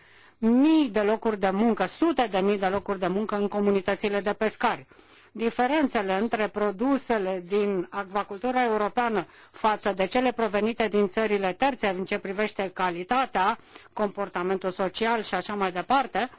mii de locuri de muncă, sute de mii de locuri de muncă în comunitățile de pescari. Diferențele între produsele din acvacultura europeană față de cele provenite din țările terțe în ce privește calitatea, comportamentul social și așa mai departe,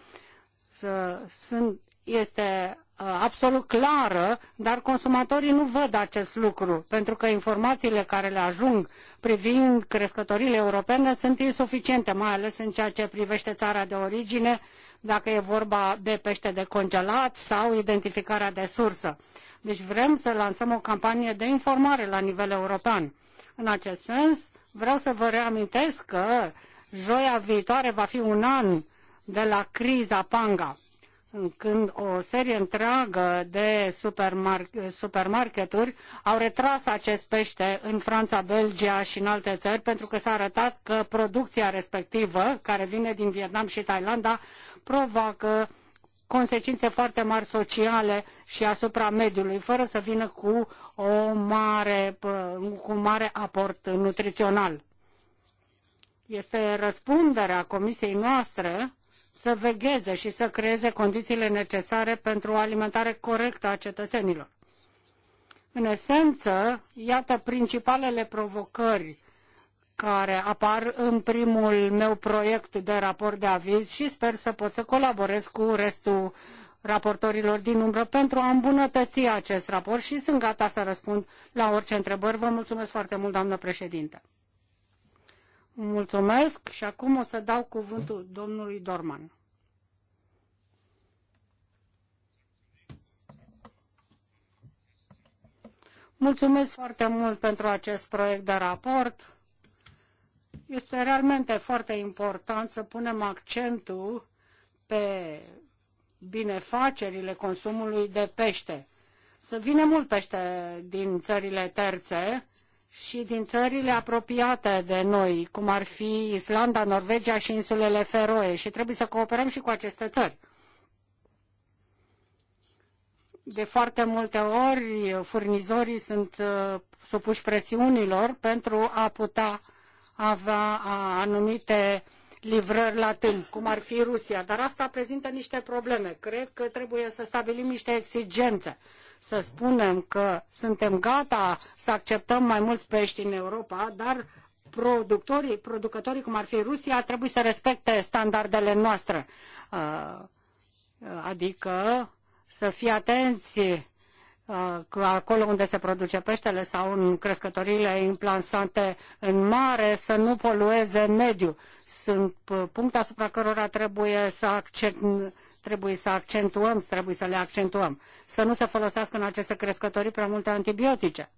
sunt, este Uh, absolut clară, dar consumatorii nu văd acest lucru, pentru că informațiile care le ajung privind crescătorile europene sunt insuficiente, mai ales în ceea ce privește țara de origine, dacă e vorba de pește de congelat sau identificarea de sursă. Deci vrem să lansăm o campanie de informare la nivel european. În acest sens, vreau să vă reamintesc că joia viitoare va fi un an de la criza Panga când o serie întreagă de supermark- supermarketuri au retras acest pește în Franța, Belgia și în alte țări pentru că s-a arătat că producția respectivă, care vine din Vietnam și Thailanda, provoacă consecințe foarte mari sociale și asupra mediului, fără să vină cu, o mare, cu un mare aport nutrițional. Este răspunderea comisiei noastre să vegheze și să creeze condițiile necesare pentru o alimentare corectă a cetățenilor. În esență, iată principalele provocări care apar în primul meu proiect de raport de aviz și sper să pot să colaborez cu restul raportorilor din umbră pentru a îmbunătăți acest raport și sunt gata să răspund la orice întrebări. Vă mulțumesc foarte mult, doamnă președinte. Mulțumesc și acum o să dau cuvântul domnului Dorman. Mulțumesc foarte mult pentru acest proiect de raport. Este realmente foarte important să punem accentul pe binefacerile consumului de pește. Să vine mult pește din țările terțe, și din țările apropiate de noi, cum ar fi Islanda, Norvegia și insulele Feroe și trebuie să cooperăm și cu aceste țări. De foarte multe ori, furnizorii sunt uh, supuși presiunilor pentru a putea avea anumite livrări la timp, cum ar fi Rusia. Dar asta prezintă niște probleme. Cred că trebuie să stabilim niște exigențe să spunem că suntem gata să acceptăm mai mulți pești în Europa, dar producătorii, producătorii cum ar fi Rusia, trebuie să respecte standardele noastre. Uh, uh, adică să fie atenți uh, că acolo unde se produce peștele sau în crescătorile implansante în mare să nu polueze mediul. Sunt puncte asupra cărora trebuie să, accent, trebuie să accentuăm, trebuie să le accentuăm. Să nu se folosească în aceste crescătorii prea multe antibiotice.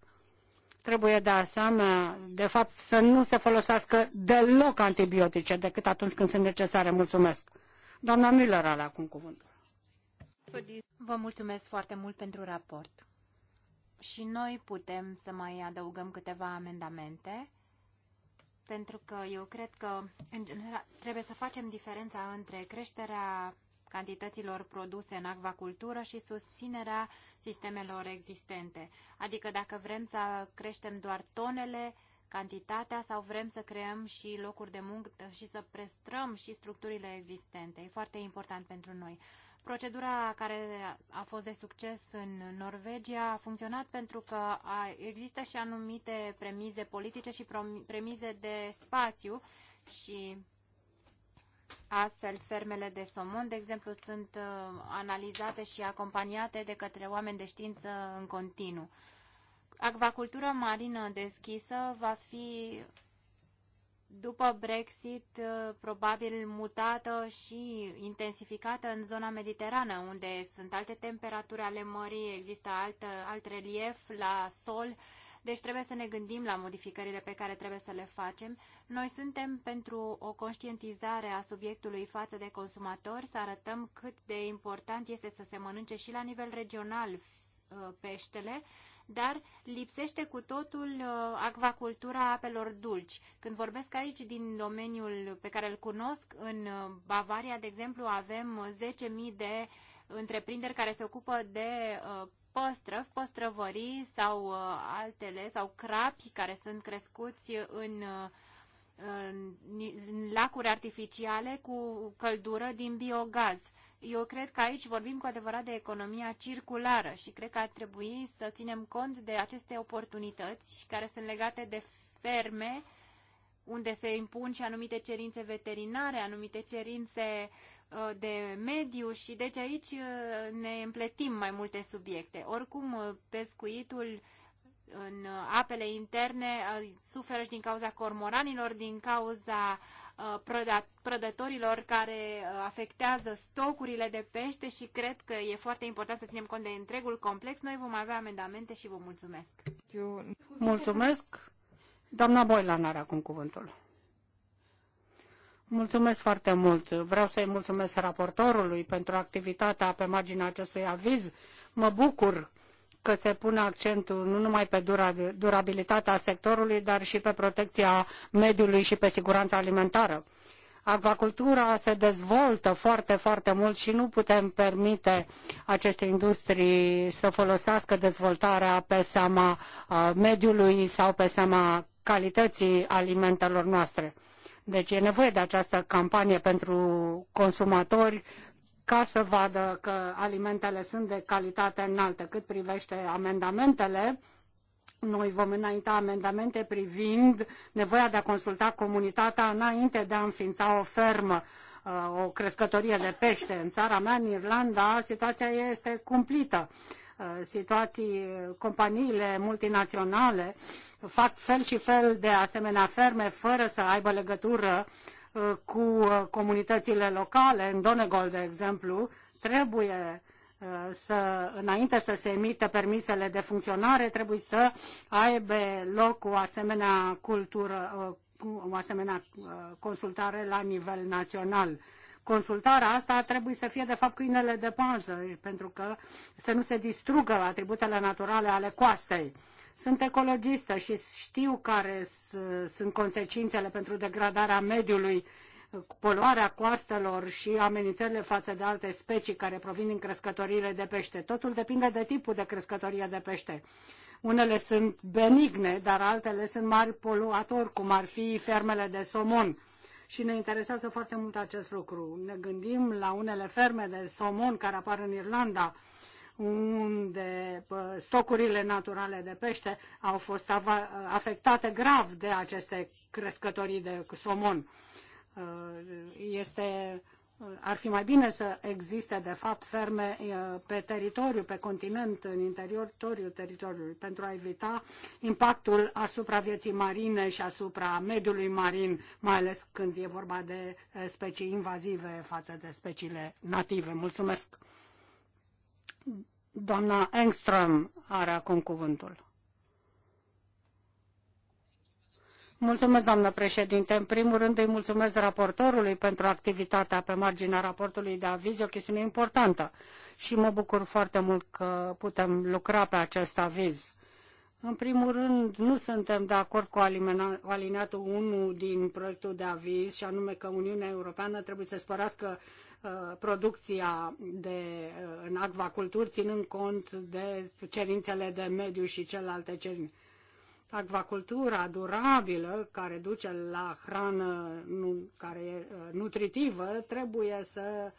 Trebuie de asemenea, de fapt, să nu se folosească deloc antibiotice, decât atunci când sunt necesare. Mulțumesc. Doamna Miller are acum cuvântul. Vă mulțumesc foarte mult pentru raport. Și noi putem să mai adăugăm câteva amendamente, pentru că eu cred că, în general, trebuie să facem diferența între creșterea cantităților produse în acvacultură și susținerea sistemelor existente. Adică dacă vrem să creștem doar tonele, cantitatea sau vrem să creăm și locuri de muncă și să prestrăm și structurile existente. E foarte important pentru noi. Procedura care a fost de succes în Norvegia a funcționat pentru că există și anumite premize politice și premize de spațiu și Astfel, fermele de somon, de exemplu, sunt uh, analizate și acompaniate de către oameni de știință în continuu. Acvacultura marină deschisă va fi după Brexit uh, probabil mutată și intensificată în zona mediterană, unde sunt alte temperaturi ale mării, există alt, alt relief la sol deci trebuie să ne gândim la modificările pe care trebuie să le facem. Noi suntem pentru o conștientizare a subiectului față de consumatori, să arătăm cât de important este să se mănânce și la nivel regional uh, peștele, dar lipsește cu totul uh, acvacultura apelor dulci. Când vorbesc aici din domeniul pe care îl cunosc, în uh, Bavaria, de exemplu, avem 10.000 de întreprinderi care se ocupă de păstrăvi, păstrăvării sau uh, altele, sau crapi care sunt crescuți în, uh, în lacuri artificiale cu căldură din biogaz. Eu cred că aici vorbim cu adevărat de economia circulară și cred că ar trebui să ținem cont de aceste oportunități care sunt legate de ferme unde se impun și anumite cerințe veterinare, anumite cerințe uh, Uh, de mediu și deci aici uh, ne împletim mai multe subiecte. Oricum, uh, pescuitul în apele interne suferă și din cauza cormoranilor, din cauza prădătorilor care afectează stocurile de pește și cred că e foarte important să ținem cont de întregul complex. Noi vom avea amendamente și vă mulțumesc. Eu... Mulțumesc. Doamna Boilan are acum cuvântul. Mulțumesc foarte mult. Vreau să-i mulțumesc raportorului pentru activitatea pe marginea acestui aviz. Mă bucur că se pune accentul nu numai pe durabilitatea sectorului, dar și pe protecția mediului și pe siguranța alimentară. Acvacultura se dezvoltă foarte, foarte mult și nu putem permite acestei industrii să folosească dezvoltarea pe seama mediului sau pe seama calității alimentelor noastre deci e nevoie de această campanie pentru consumatori ca să vadă că alimentele sunt de calitate înaltă. Cât privește amendamentele, noi vom înainta amendamente privind nevoia de a consulta comunitatea înainte de a înființa o fermă, uh, o crescătorie de pește. În țara mea, în Irlanda, situația este cumplită situații, companiile multinaționale fac fel și fel de asemenea ferme fără să aibă legătură uh, cu uh, comunitățile locale. În Donegal, de exemplu, trebuie uh, să, înainte să se emită permisele de funcționare, trebuie să aibă loc o asemenea cultură, o asemenea consultare la nivel național. Consultarea asta trebuie să fie, de fapt, câinele de panză, pentru că să nu se distrugă atributele naturale ale coastei. Sunt ecologistă și știu care sunt consecințele pentru degradarea mediului poluarea coastelor și amenințările față de alte specii care provin din crescătoriile de pește. Totul depinde de tipul de crescătorie de pește. Unele sunt benigne, dar altele sunt mari poluatori, cum ar fi fermele de somon și ne interesează foarte mult acest lucru. Ne gândim la unele ferme de somon care apar în Irlanda, unde stocurile naturale de pește au fost afectate grav de aceste crescătorii de somon. Ă, este ar fi mai bine să existe, de fapt, ferme pe teritoriu, pe continent, în interiorul teritoriului, pentru a evita impactul asupra vieții marine și asupra mediului marin, mai ales când e vorba de specii invazive față de speciile native. Mulțumesc! Doamna Engström are acum cuvântul. Mulțumesc, președinte. În primul rând îi mulțumesc raportorului pentru activitatea pe marginea raportului de aviz, o chestiune importantă și mă bucur foarte mult că putem lucra pe acest aviz. În primul rând, nu suntem de acord cu alineatul 1 din proiectul de aviz, și anume că Uniunea Europeană trebuie să spărească uh, producția de, uh, în acvaculturi, ținând cont de cerințele de mediu și celelalte cerințe acvacultura durabilă care duce la hrană nu, care e uh, nutritivă trebuie să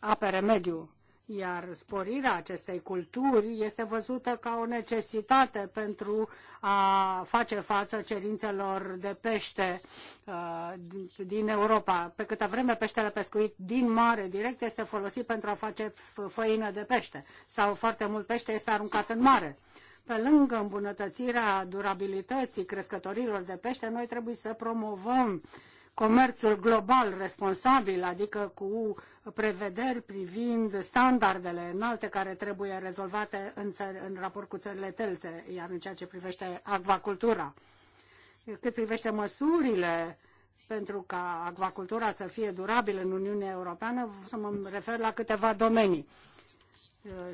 apere mediul. Iar sporirea acestei culturi este văzută ca o necesitate pentru a face față cerințelor de pește uh, din Europa. Pe câtă vreme peștele pescuit din mare direct este folosit pentru a face făină de pește sau foarte mult pește este aruncat în mare. Uh, pe lângă îmbunătățirea durabilității crescătorilor de pește, noi trebuie să promovăm comerțul global responsabil, adică cu prevederi privind standardele înalte care trebuie rezolvate în, țări, în raport cu țările telțe, iar în ceea ce privește acvacultura. Cât privește măsurile pentru ca acvacultura să fie durabilă în Uniunea Europeană, să mă refer la câteva domenii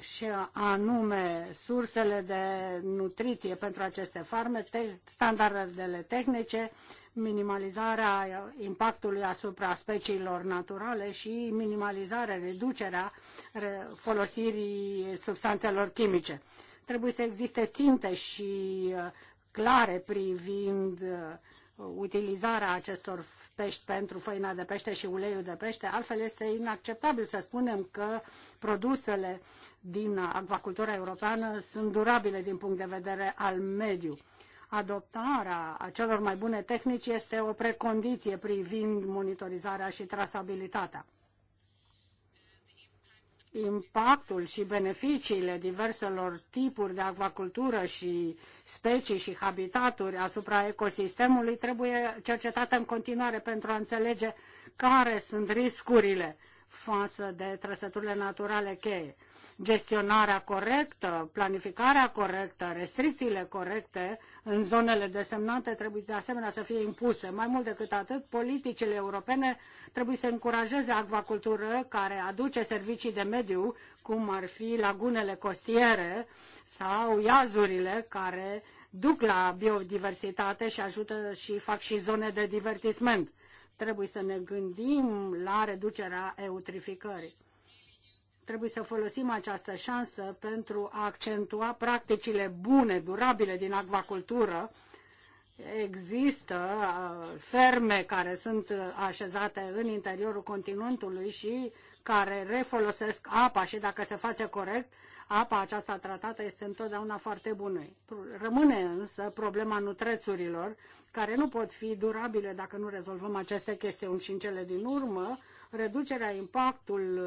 și anume sursele de nutriție pentru aceste farme, standardele tehnice, minimalizarea impactului asupra speciilor naturale și minimalizarea, reducerea folosirii substanțelor chimice. Trebuie să existe ținte și uh, clare privind uh, Uh, utilizarea acestor pești pentru făina de pește și uleiul de pește. Altfel este inacceptabil să spunem că produsele din acvacultura europeană sunt durabile din punct de vedere al mediului adoptarea celor mai bune tehnici este o precondiție privind monitorizarea și trasabilitatea impactul și beneficiile diverselor tipuri de acvacultură și specii și habitaturi asupra ecosistemului trebuie cercetate în continuare pentru a înțelege care sunt riscurile față de trăsăturile naturale cheie. Gestionarea corectă, planificarea corectă, restricțiile corecte în zonele desemnate trebuie de asemenea să fie impuse. Mai mult decât atât, politicile europene trebuie să încurajeze acvacultură care aduce servicii de mediu, cum ar fi lagunele costiere sau iazurile care duc la biodiversitate și ajută și fac și zone de divertisment Trebuie să ne gândim la reducerea eutrificării. Trebuie să folosim această șansă pentru a accentua practicile bune, durabile din acvacultură. Există uh, ferme care sunt uh, așezate în interiorul continentului și care refolosesc apa și dacă se face corect, apa aceasta tratată este întotdeauna foarte bună. Rămâne însă problema nutrețurilor, care nu pot fi durabile dacă nu rezolvăm aceste chestiuni și în cele din urmă, reducerea impactul,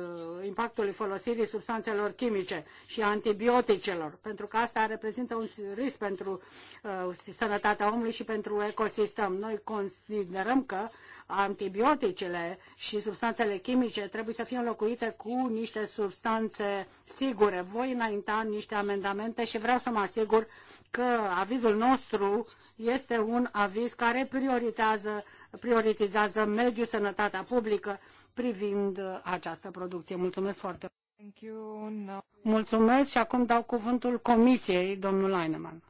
impactului folosirii substanțelor chimice și antibioticelor, pentru că asta reprezintă un risc pentru uh, sănătatea omului și pentru ecosistem. Noi considerăm că antibioticele și substanțele chimice trebuie să fie înlocuite cu niște substanțe sigure. Voi înainta niște amendamente și vreau să mă asigur că avizul nostru este un aviz care prioritează, prioritizează mediul, sănătatea publică privind această producție. Mulțumesc foarte mult! Mulțumesc și acum dau cuvântul Comisiei, domnul Heinemann.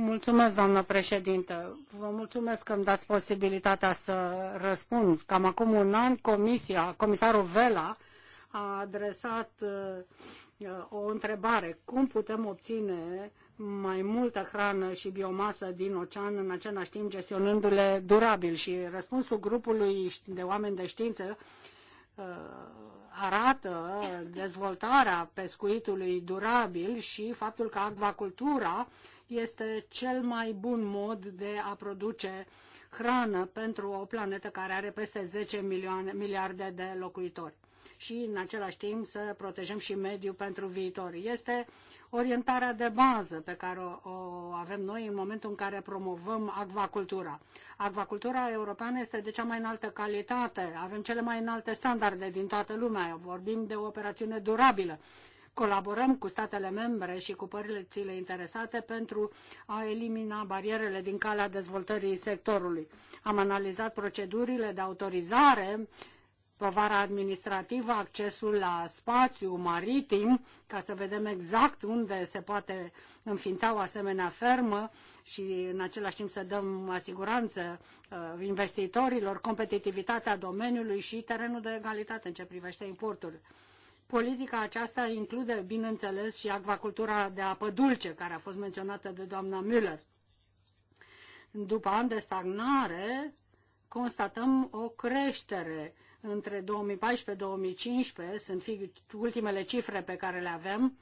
Mulțumesc, doamnă președintă. Vă mulțumesc că îmi dați posibilitatea să răspund. Cam acum un an, comisia, comisarul Vela a adresat uh, o întrebare. Cum putem obține mai multă hrană și biomasă din ocean, în același timp gestionându-le durabil? Și răspunsul grupului de oameni de știință uh, arată dezvoltarea pescuitului durabil și faptul că acvacultura uh, este cel mai bun mod de a produce hrană pentru o planetă care are peste 10 milioane, miliarde de locuitori și în același timp să protejăm și mediul pentru viitor. Este orientarea de bază pe care o, o avem noi în momentul în care promovăm acvacultura. Acvacultura europeană este de cea mai înaltă calitate, avem cele mai înalte standarde din toată lumea, vorbim de o operațiune durabilă Colaborăm cu statele membre și cu părțile interesate pentru a elimina barierele din calea dezvoltării sectorului. Am analizat procedurile de autorizare povara administrativă, accesul la spațiu maritim, ca să vedem exact unde se poate înființa o asemenea fermă și în același timp să dăm asiguranță uh, investitorilor, competitivitatea domeniului și terenul de egalitate în ce privește importurile. Politica aceasta include, bineînțeles, și acvacultura de apă dulce, care a fost menționată de doamna Müller. După ani de stagnare, constatăm o creștere între 2014-2015, sunt ultimele cifre pe care le avem,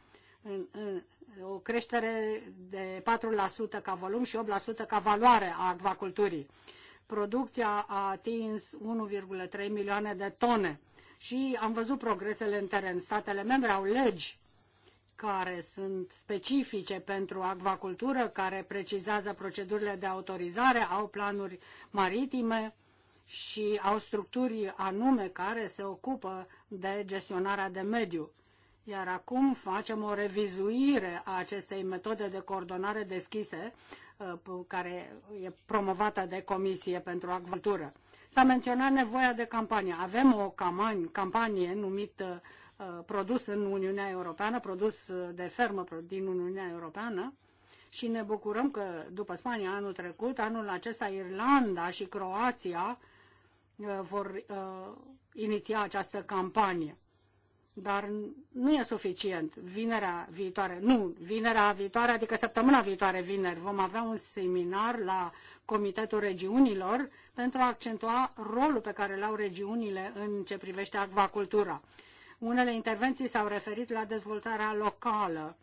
în, în, o creștere de 4% ca volum și 8% ca valoare a acvaculturii. Producția a atins 1,3 milioane de tone și am văzut progresele în teren. Statele membre au legi care sunt specifice pentru acvacultură, care precizează procedurile de autorizare, au planuri maritime și au structuri anume care se ocupă de gestionarea de mediu. Iar acum facem o revizuire a acestei metode de coordonare deschise uh, care e promovată de Comisie pentru Acvacultură. S-a menționat nevoia de campanie. Avem o campanie, campanie numită uh, produs în Uniunea Europeană, produs uh, de fermă din Uniunea Europeană și ne bucurăm că după Spania anul trecut, anul acesta Irlanda și Croația uh, vor uh, iniția această campanie dar nu e suficient. Vinerea viitoare, nu, vinerea viitoare, adică săptămâna viitoare, vineri, vom avea un seminar la Comitetul Regiunilor pentru a accentua rolul pe care îl au regiunile în ce privește acvacultura. Unele intervenții s-au referit la dezvoltarea locală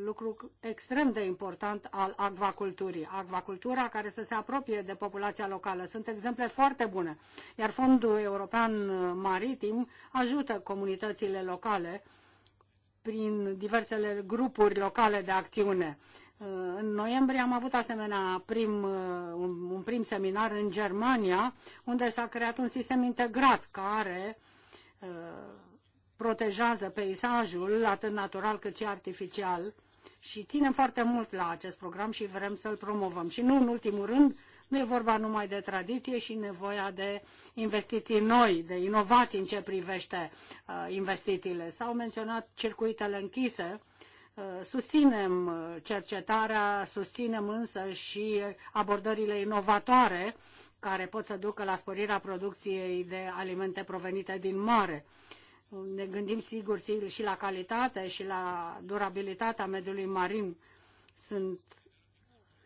lucru extrem de important al acvaculturii. Acvacultura care să se apropie de populația locală. Sunt exemple foarte bune. Iar Fondul European Maritim ajută comunitățile locale prin diversele grupuri locale de acțiune. Uh, în noiembrie am avut asemenea prim, uh, un, un prim seminar în Germania, unde s-a creat un sistem integrat care uh, protejează peisajul, atât natural cât și artificial, și ținem foarte mult la acest program și vrem să-l promovăm. Și nu în ultimul rând, nu e vorba numai de tradiție și nevoia de investiții noi, de inovații în ce privește uh, investițiile. S-au menționat circuitele închise. Uh, susținem uh, cercetarea, susținem însă și abordările inovatoare care pot să ducă la sporirea producției de alimente provenite din mare. Uh, ne gândim sigur și la calitate și la durabilitatea mediului marin. Sunt,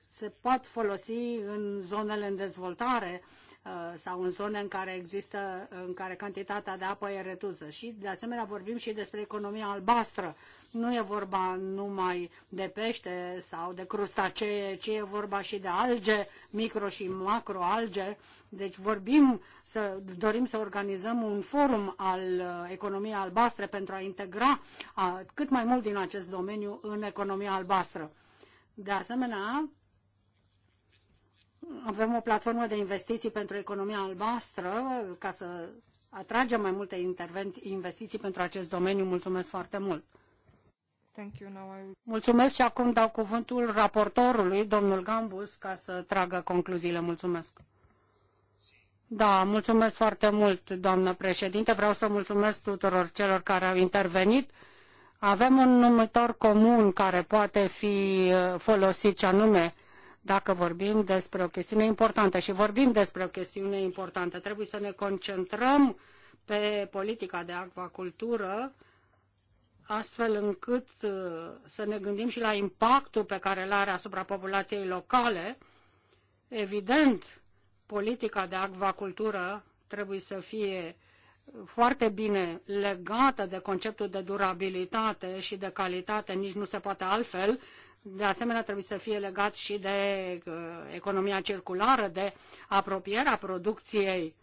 se pot folosi în zonele în dezvoltare Uh, sau în zone în care există, în care cantitatea de apă e redusă. Și de asemenea vorbim și despre economia albastră. Nu e vorba numai de pește sau de crustacee, ci e vorba și de alge, micro și macro alge. Deci vorbim, să, dorim să organizăm un forum al uh, economiei albastre pentru a integra a, uh, cât mai mult din acest domeniu în economia albastră. De asemenea, avem o platformă de investiții pentru economia albastră ca să atragem mai multe intervenții, investiții pentru acest domeniu. Mulțumesc foarte mult! Thank you. Now I... Mulțumesc și acum dau cuvântul raportorului, domnul Gambus, ca să tragă concluziile. Mulțumesc! Da, mulțumesc foarte mult, doamnă președinte. Vreau să mulțumesc tuturor celor care au intervenit. Avem un numitor comun care poate fi uh, folosit, ce anume dacă vorbim despre o chestiune importantă și vorbim despre o chestiune importantă, trebuie să ne concentrăm pe politica de acvacultură astfel încât uh, să ne gândim și la impactul pe care îl are asupra populației locale. Evident, politica de acvacultură trebuie să fie foarte bine legată de conceptul de durabilitate și de calitate, nici nu se poate altfel, de asemenea trebuie să fie legat și de uh, economia circulară, de apropierea producției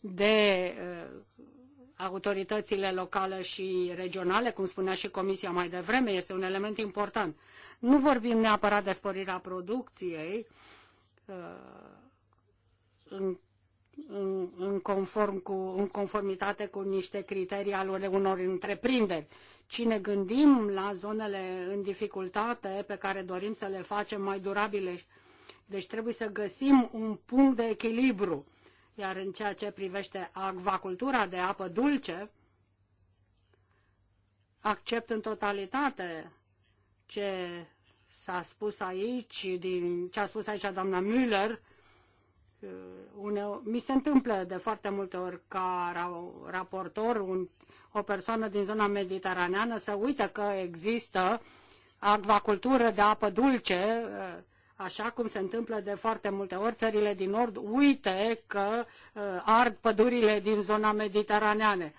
de uh, autoritățile locale și regionale, cum spunea și Comisia mai devreme, este un element important. Nu vorbim neapărat de sporirea producției uh, în, în, în, conform cu, în conformitate cu niște criterii ale unor întreprinderi, ci ne gândim la zonele în dificultate pe care dorim să le facem mai durabile. Deci trebuie să găsim un punct de echilibru. Iar în ceea ce privește acvacultura de apă dulce, accept în totalitate ce s-a spus aici, din ce a spus aici doamna Müller, Uh, uneori, mi se întâmplă de foarte multe ori ca raportor, un, o persoană din zona mediteraneană să uită că există acvacultură de apă dulce, uh, așa cum se întâmplă de foarte multe ori, țările din nord uite că uh, ard pădurile din zona mediteraneană.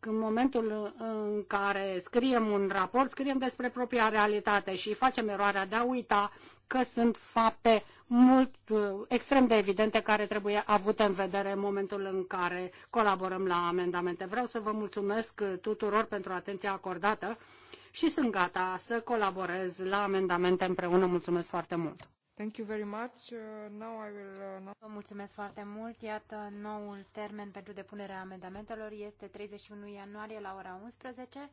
În momentul în care scriem un raport, scriem despre propria realitate și facem eroarea de a uita că sunt fapte mult, uh, extrem de evidente care trebuie avute în vedere în momentul în care colaborăm la amendamente. Vreau să vă mulțumesc uh, tuturor pentru atenția acordată și sunt gata să colaborez la amendamente împreună. Mulțumesc foarte mult! Thank you very much. Uh, now I will Vă mulțumesc foarte mult. Iată, noul termen pentru depunerea amendamentelor este 31 ianuarie la ora 11.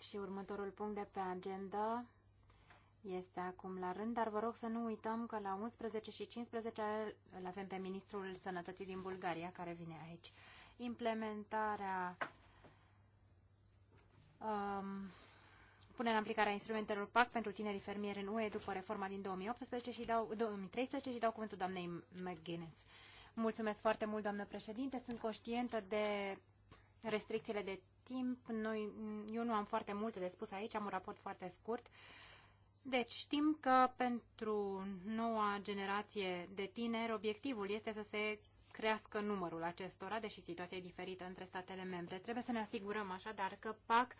Și următorul punct de pe agenda este acum la rând, dar vă rog să nu uităm că la 11 și 15 îl avem pe Ministrul Sănătății din Bulgaria, care vine aici. Implementarea, um, punerea în aplicare a instrumentelor PAC pentru tinerii fermieri în UE după reforma din 2018 și dau, 2013 și dau cuvântul doamnei McGuinness. Mulțumesc foarte mult, doamnă președinte. Sunt conștientă de restricțiile de timp. Noi, eu nu am foarte multe de spus aici, am un raport foarte scurt. Uh, deci știm că pentru noua generație de tineri obiectivul este să se crească numărul acestora, deși situația e diferită între statele membre. Trebuie să ne asigurăm așadar că PAC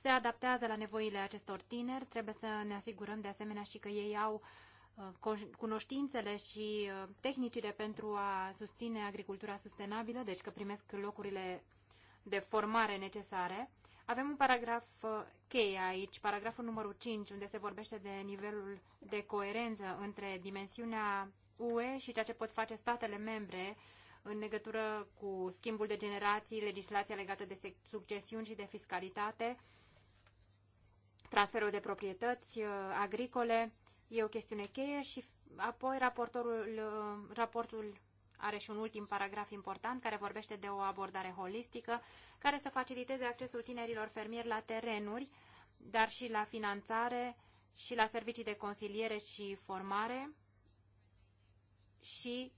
se adaptează la nevoile acestor tineri, trebuie să ne asigurăm de asemenea și că ei au uh, cunoștințele și uh, tehnicile pentru a susține agricultura sustenabilă, deci că primesc locurile de formare necesare avem un paragraf uh, cheie aici, paragraful numărul 5, unde se vorbește de nivelul de coerență între dimensiunea UE și ceea ce pot face statele membre în legătură cu schimbul de generații, legislația legată de succesiuni și de fiscalitate, transferul de proprietăți uh, agricole, e o chestiune cheie și apoi raportorul, uh, raportul are și un ultim paragraf important care vorbește de o abordare holistică care să faciliteze accesul tinerilor fermieri la terenuri, dar și la finanțare și la servicii de consiliere și formare și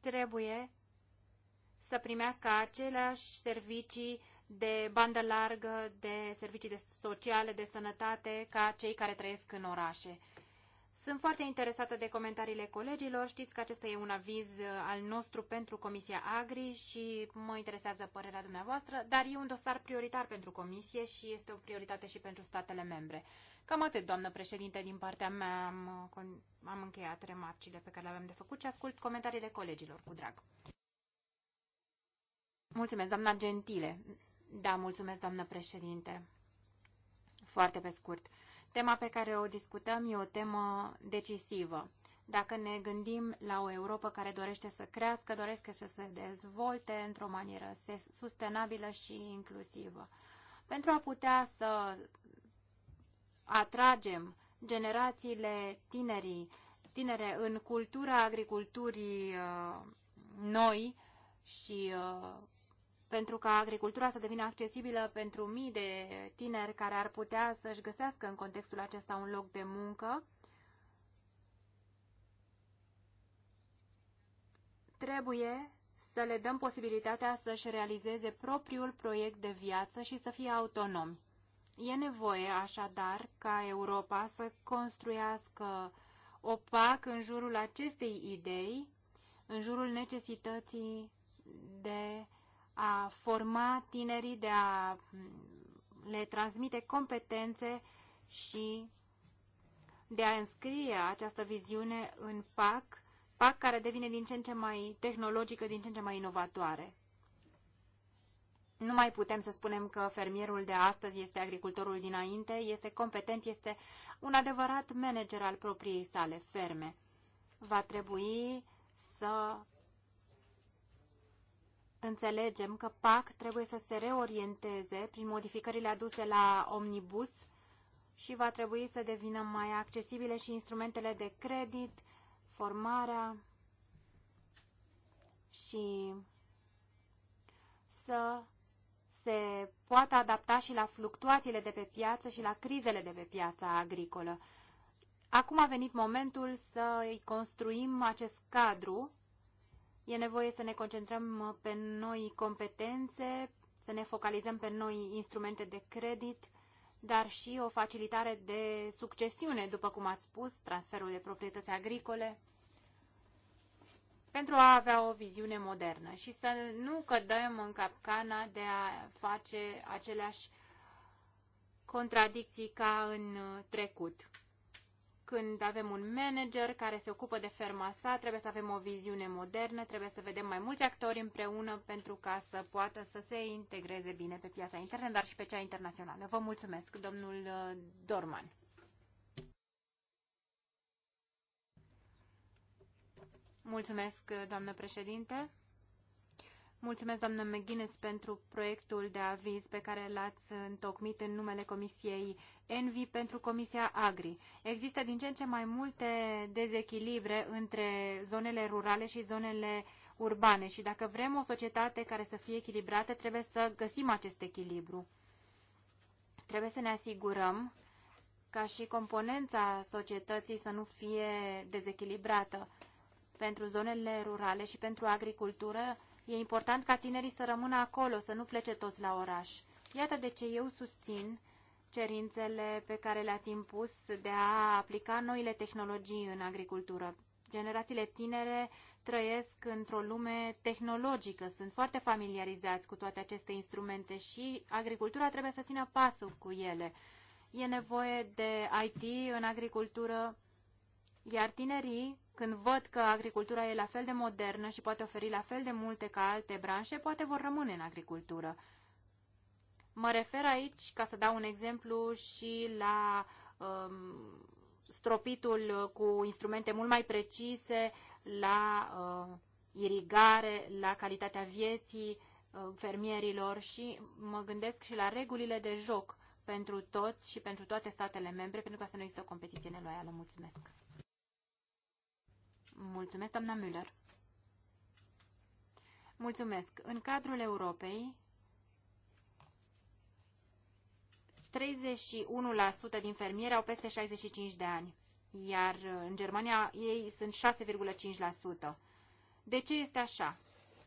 trebuie să primească aceleași servicii de bandă largă, de servicii de sociale, de sănătate, ca cei care trăiesc în orașe. Sunt foarte interesată de comentariile colegilor. Știți că acesta e un aviz uh, al nostru pentru Comisia Agri și mă interesează părerea dumneavoastră, dar e un dosar prioritar pentru Comisie și este o prioritate și pentru statele membre. Cam atât, doamnă președinte, din partea mea am, am încheiat remarcile pe care le avem de făcut și ascult comentariile colegilor cu drag. Mulțumesc, doamna Gentile. Da, mulțumesc, doamnă președinte. Foarte pe scurt. Tema pe care o discutăm e o temă decisivă. Dacă ne gândim la o Europa care dorește să crească, dorește să se dezvolte într-o manieră sustenabilă și inclusivă. Pentru a putea să atragem generațiile tinerii, tinere în cultura agriculturii uh, noi și uh, pentru ca agricultura să devină accesibilă pentru mii de tineri care ar putea să-și găsească în contextul acesta un loc de muncă, trebuie să le dăm posibilitatea să-și realizeze propriul proiect de viață și să fie autonomi. E nevoie, așadar, ca Europa să construiască o PAC în jurul acestei idei, în jurul necesității de a forma tinerii, de a mm, le transmite competențe și de a înscrie această viziune în PAC, PAC care devine din ce în ce mai tehnologică, din ce în ce mai inovatoare. Nu mai putem să spunem că fermierul de astăzi este agricultorul dinainte, este competent, este un adevărat manager al propriei sale ferme. Va trebui să înțelegem că PAC trebuie să se reorienteze prin modificările aduse la Omnibus și va trebui să devină mai accesibile și instrumentele de credit, formarea și să se poată adapta și la fluctuațiile de pe piață și la crizele de pe piața agricolă. Acum a venit momentul să îi construim acest cadru E nevoie să ne concentrăm pe noi competențe, să ne focalizăm pe noi instrumente de credit, dar și o facilitare de succesiune, după cum ați spus, transferul de proprietăți agricole, pentru a avea o viziune modernă și să nu cădăm în capcana de a face aceleași contradicții ca în trecut când avem un manager care se ocupă de ferma sa, trebuie să avem o viziune modernă, trebuie să vedem mai mulți actori împreună pentru ca să poată să se integreze bine pe piața internă, dar și pe cea internațională. Vă mulțumesc, domnul uh, Dorman. Mulțumesc, uh, doamnă președinte. Mulțumesc, doamnă McGuinness, pentru proiectul de aviz pe care l-ați întocmit în numele Comisiei Envi pentru Comisia Agri. Există din ce în ce mai multe dezechilibre între zonele rurale și zonele urbane și dacă vrem o societate care să fie echilibrată, trebuie să găsim acest echilibru. Trebuie să ne asigurăm ca și componența societății să nu fie dezechilibrată. Pentru zonele rurale și pentru agricultură, E important ca tinerii să rămână acolo, să nu plece toți la oraș. Iată de ce eu susțin cerințele pe care le-ați impus de a aplica noile tehnologii în agricultură. Generațiile tinere trăiesc într-o lume tehnologică, sunt foarte familiarizați cu toate aceste instrumente și agricultura trebuie să țină pasul cu ele. E nevoie de IT în agricultură, iar tinerii când văd că agricultura e la fel de modernă și poate oferi la fel de multe ca alte branșe, poate vor rămâne în agricultură. Mă refer aici, ca să dau un exemplu, și la um, stropitul cu instrumente mult mai precise, la uh, irigare, la calitatea vieții uh, fermierilor și mă gândesc și la regulile de joc pentru toți și pentru toate statele membre, pentru că să nu există o competiție neloială. Mulțumesc! Mulțumesc, doamna Müller. Mulțumesc. În cadrul Europei, 31% din fermieri au peste 65 de ani, iar în Germania ei sunt 6,5%. De ce este așa?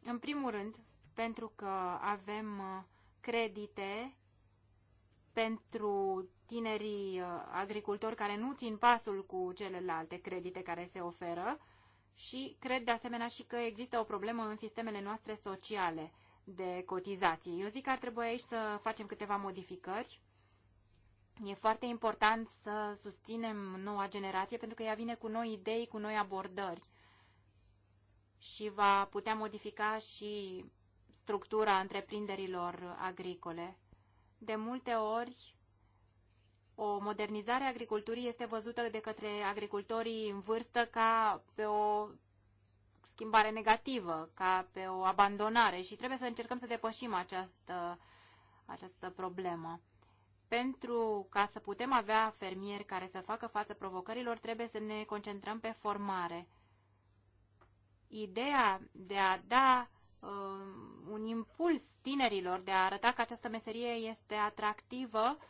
În primul rând, pentru că avem uh, credite pentru tinerii uh, agricultori care nu țin pasul cu celelalte credite care se oferă și cred de asemenea și că există o problemă în sistemele noastre sociale de cotizații. Eu zic că ar trebui aici să facem câteva modificări. E foarte important să susținem noua generație pentru că ea vine cu noi idei, cu noi abordări și va putea modifica și structura întreprinderilor agricole. De multe ori o modernizare a agriculturii este văzută de către agricultorii în vârstă ca pe o schimbare negativă, ca pe o abandonare și trebuie să încercăm să depășim această, această problemă. Pentru ca să putem avea fermieri care să facă față provocărilor, trebuie să ne concentrăm pe formare. Ideea de a da uh, un impuls tinerilor, de a arăta că această meserie este atractivă, uh,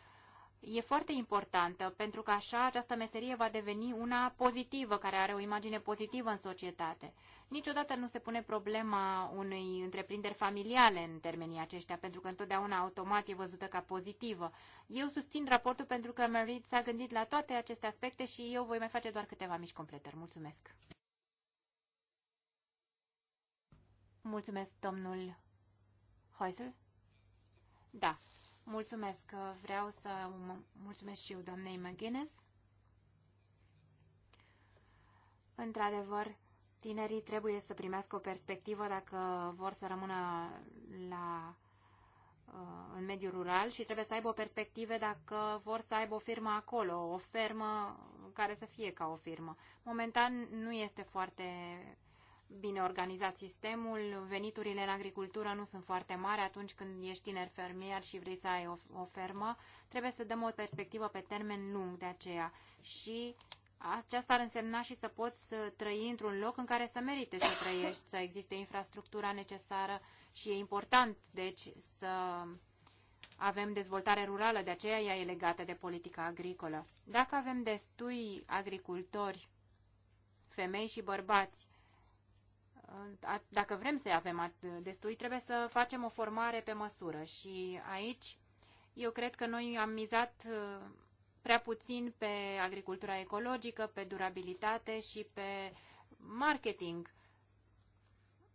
e foarte importantă, pentru că așa această meserie va deveni una pozitivă, care are o imagine pozitivă în societate. Niciodată nu se pune problema unei întreprinderi familiale în termenii aceștia, pentru că întotdeauna automat e văzută ca pozitivă. Eu susțin raportul pentru că Merit s-a gândit la toate aceste aspecte și eu voi mai face doar câteva mici completări. Mulțumesc! Mulțumesc, domnul Heusel. Da, Mulțumesc. Vreau să mulțumesc și eu doamnei McGuinness. Într-adevăr, tinerii trebuie să primească o perspectivă dacă vor să rămână la, uh, în mediul rural și trebuie să aibă o perspectivă dacă vor să aibă o firmă acolo, o fermă care să fie ca o firmă. Momentan nu este foarte bine organizat sistemul, veniturile în agricultură nu sunt foarte mari atunci când ești tiner fermier și vrei să ai o, o fermă, trebuie să dăm o perspectivă pe termen lung de aceea și aceasta ar însemna și să poți trăi într-un loc în care să merite să trăiești, să existe infrastructura necesară și e important, deci, să avem dezvoltare rurală, de aceea ea e legată de politica agricolă. Dacă avem destui agricultori, femei și bărbați, dacă vrem să avem destui, trebuie să facem o formare pe măsură și aici eu cred că noi am mizat uh, prea puțin pe agricultura ecologică, pe durabilitate și pe marketing.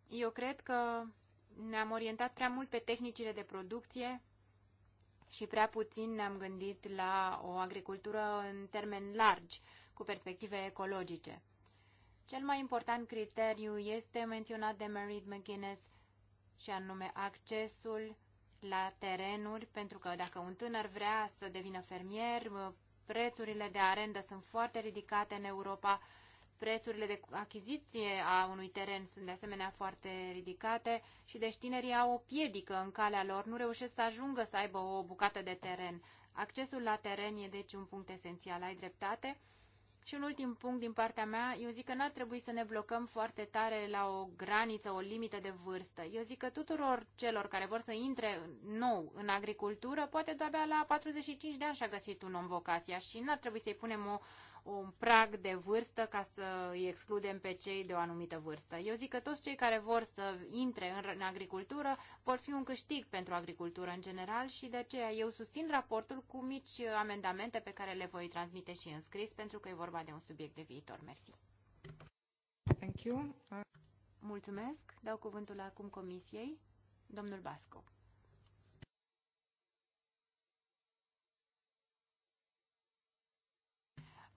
Eu cred că ne-am orientat prea mult pe tehnicile de producție și prea puțin ne-am gândit la o agricultură în termen largi, cu perspective ecologice. Cel mai important criteriu este menționat de Merit McGuinness și anume accesul la terenuri, pentru că dacă un tânăr vrea să devină fermier, prețurile de arendă sunt foarte ridicate în Europa, prețurile de achiziție a unui teren sunt de asemenea foarte ridicate și deci tinerii au o piedică în calea lor, nu reușesc să ajungă să aibă o bucată de teren. Accesul la teren e deci un punct esențial, ai dreptate. Și un ultim punct din partea mea, eu zic că n-ar trebui să ne blocăm foarte tare la o graniță, o limită de vârstă. Eu zic că tuturor celor care vor să intre nou în agricultură, poate de-abia la 45 de ani și-a găsit un om vocația și n-ar trebui să-i punem o un prag de vârstă ca să îi excludem pe cei de o anumită vârstă. Eu zic că toți cei care vor să intre în, în agricultură vor fi un câștig pentru agricultură în general și de aceea eu susțin raportul cu mici amendamente pe care le voi transmite și în scris pentru că e vorba de un subiect de viitor. Mersi. Thank you. Mulțumesc. Dau cuvântul acum Comisiei. Domnul Basco.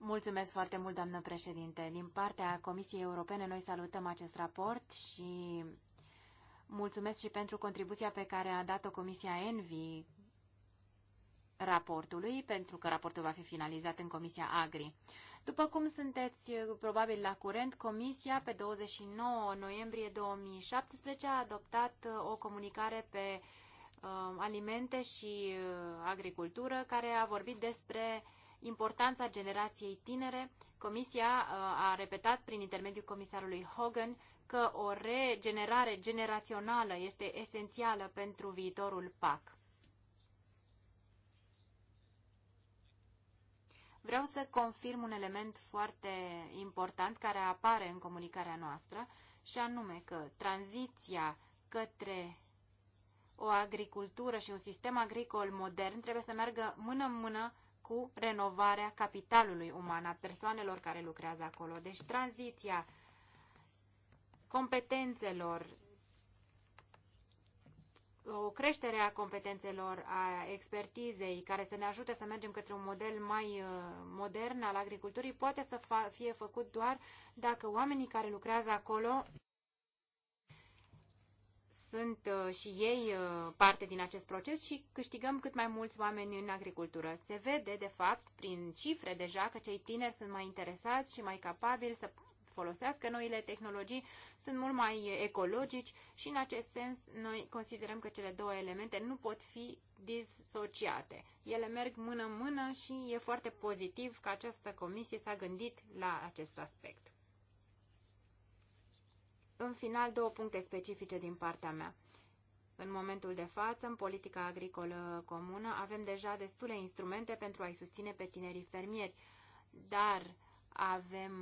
Mulțumesc foarte mult, doamnă președinte. Din partea Comisiei Europene, noi salutăm acest raport și mulțumesc și pentru contribuția pe care a dat-o Comisia Envi raportului, pentru că raportul va fi finalizat în Comisia Agri. După cum sunteți probabil la curent, Comisia pe 29 noiembrie 2017 a adoptat uh, o comunicare pe uh, alimente și uh, agricultură care a vorbit despre uh, importanța generației tinere, Comisia uh, a repetat prin intermediul comisarului Hogan că o regenerare generațională este esențială pentru viitorul PAC. Vreau să confirm un element foarte important care apare în comunicarea noastră și anume că tranziția către o agricultură și un sistem agricol modern trebuie să meargă mână-mână cu renovarea capitalului uman a persoanelor care lucrează acolo. Deci tranziția competențelor, o creștere a competențelor, a expertizei, care să ne ajute să mergem către un model mai uh, modern al agriculturii, poate să fie făcut doar dacă oamenii care lucrează acolo sunt uh, și ei uh, parte din acest proces și câștigăm cât mai mulți oameni în agricultură. Se vede, de fapt, prin cifre deja, că cei tineri sunt mai interesați și mai capabili să folosească noile tehnologii, sunt mult mai ecologici și în acest sens noi considerăm că cele două elemente nu pot fi disociate. Ele merg mână-mână și e foarte pozitiv că această comisie s-a gândit la acest aspect. În final, două puncte specifice din partea mea. În momentul de față, în politica agricolă comună, avem deja destule instrumente pentru a-i susține pe tinerii fermieri, dar avem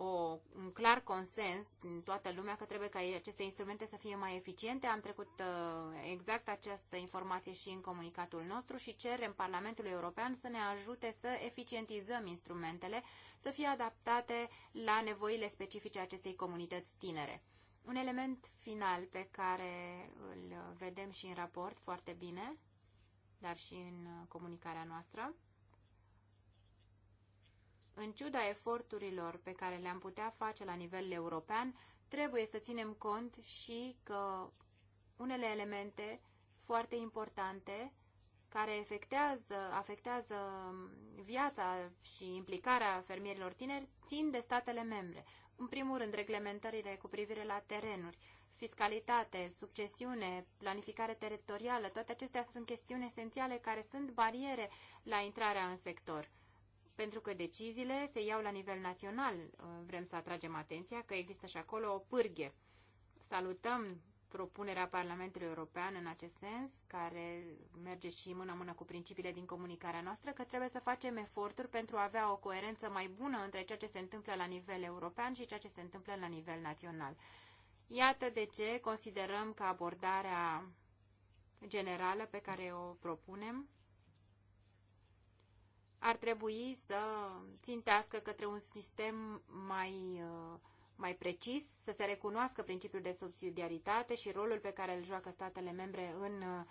o, un clar consens în toată lumea că trebuie ca aceste instrumente să fie mai eficiente. Am trecut uh, exact această informație și în comunicatul nostru și cerem Parlamentului European să ne ajute să eficientizăm instrumentele, să fie adaptate la nevoile specifice acestei comunități tinere. Un element final pe care îl vedem și în raport foarte bine, dar și în comunicarea noastră, în ciuda eforturilor pe care le-am putea face la nivel european, trebuie să ținem cont și că unele elemente foarte importante care afectează, afectează viața și implicarea fermierilor tineri țin de statele membre. În primul rând, reglementările cu privire la terenuri, fiscalitate, succesiune, planificare teritorială, toate acestea sunt chestiuni esențiale care sunt bariere la intrarea în sector pentru că deciziile se iau la nivel național. Uh, vrem să atragem atenția că există și acolo o pârghie. Salutăm propunerea Parlamentului European în acest sens, care merge și mână-mână cu principiile din comunicarea noastră, că trebuie să facem eforturi pentru a avea o coerență mai bună între ceea ce se întâmplă la nivel european și ceea ce se întâmplă la nivel național. Iată de ce considerăm că abordarea generală pe care o propunem ar trebui să țintească către un sistem mai, uh, mai precis, să se recunoască principiul de subsidiaritate și rolul pe care îl joacă statele membre în uh,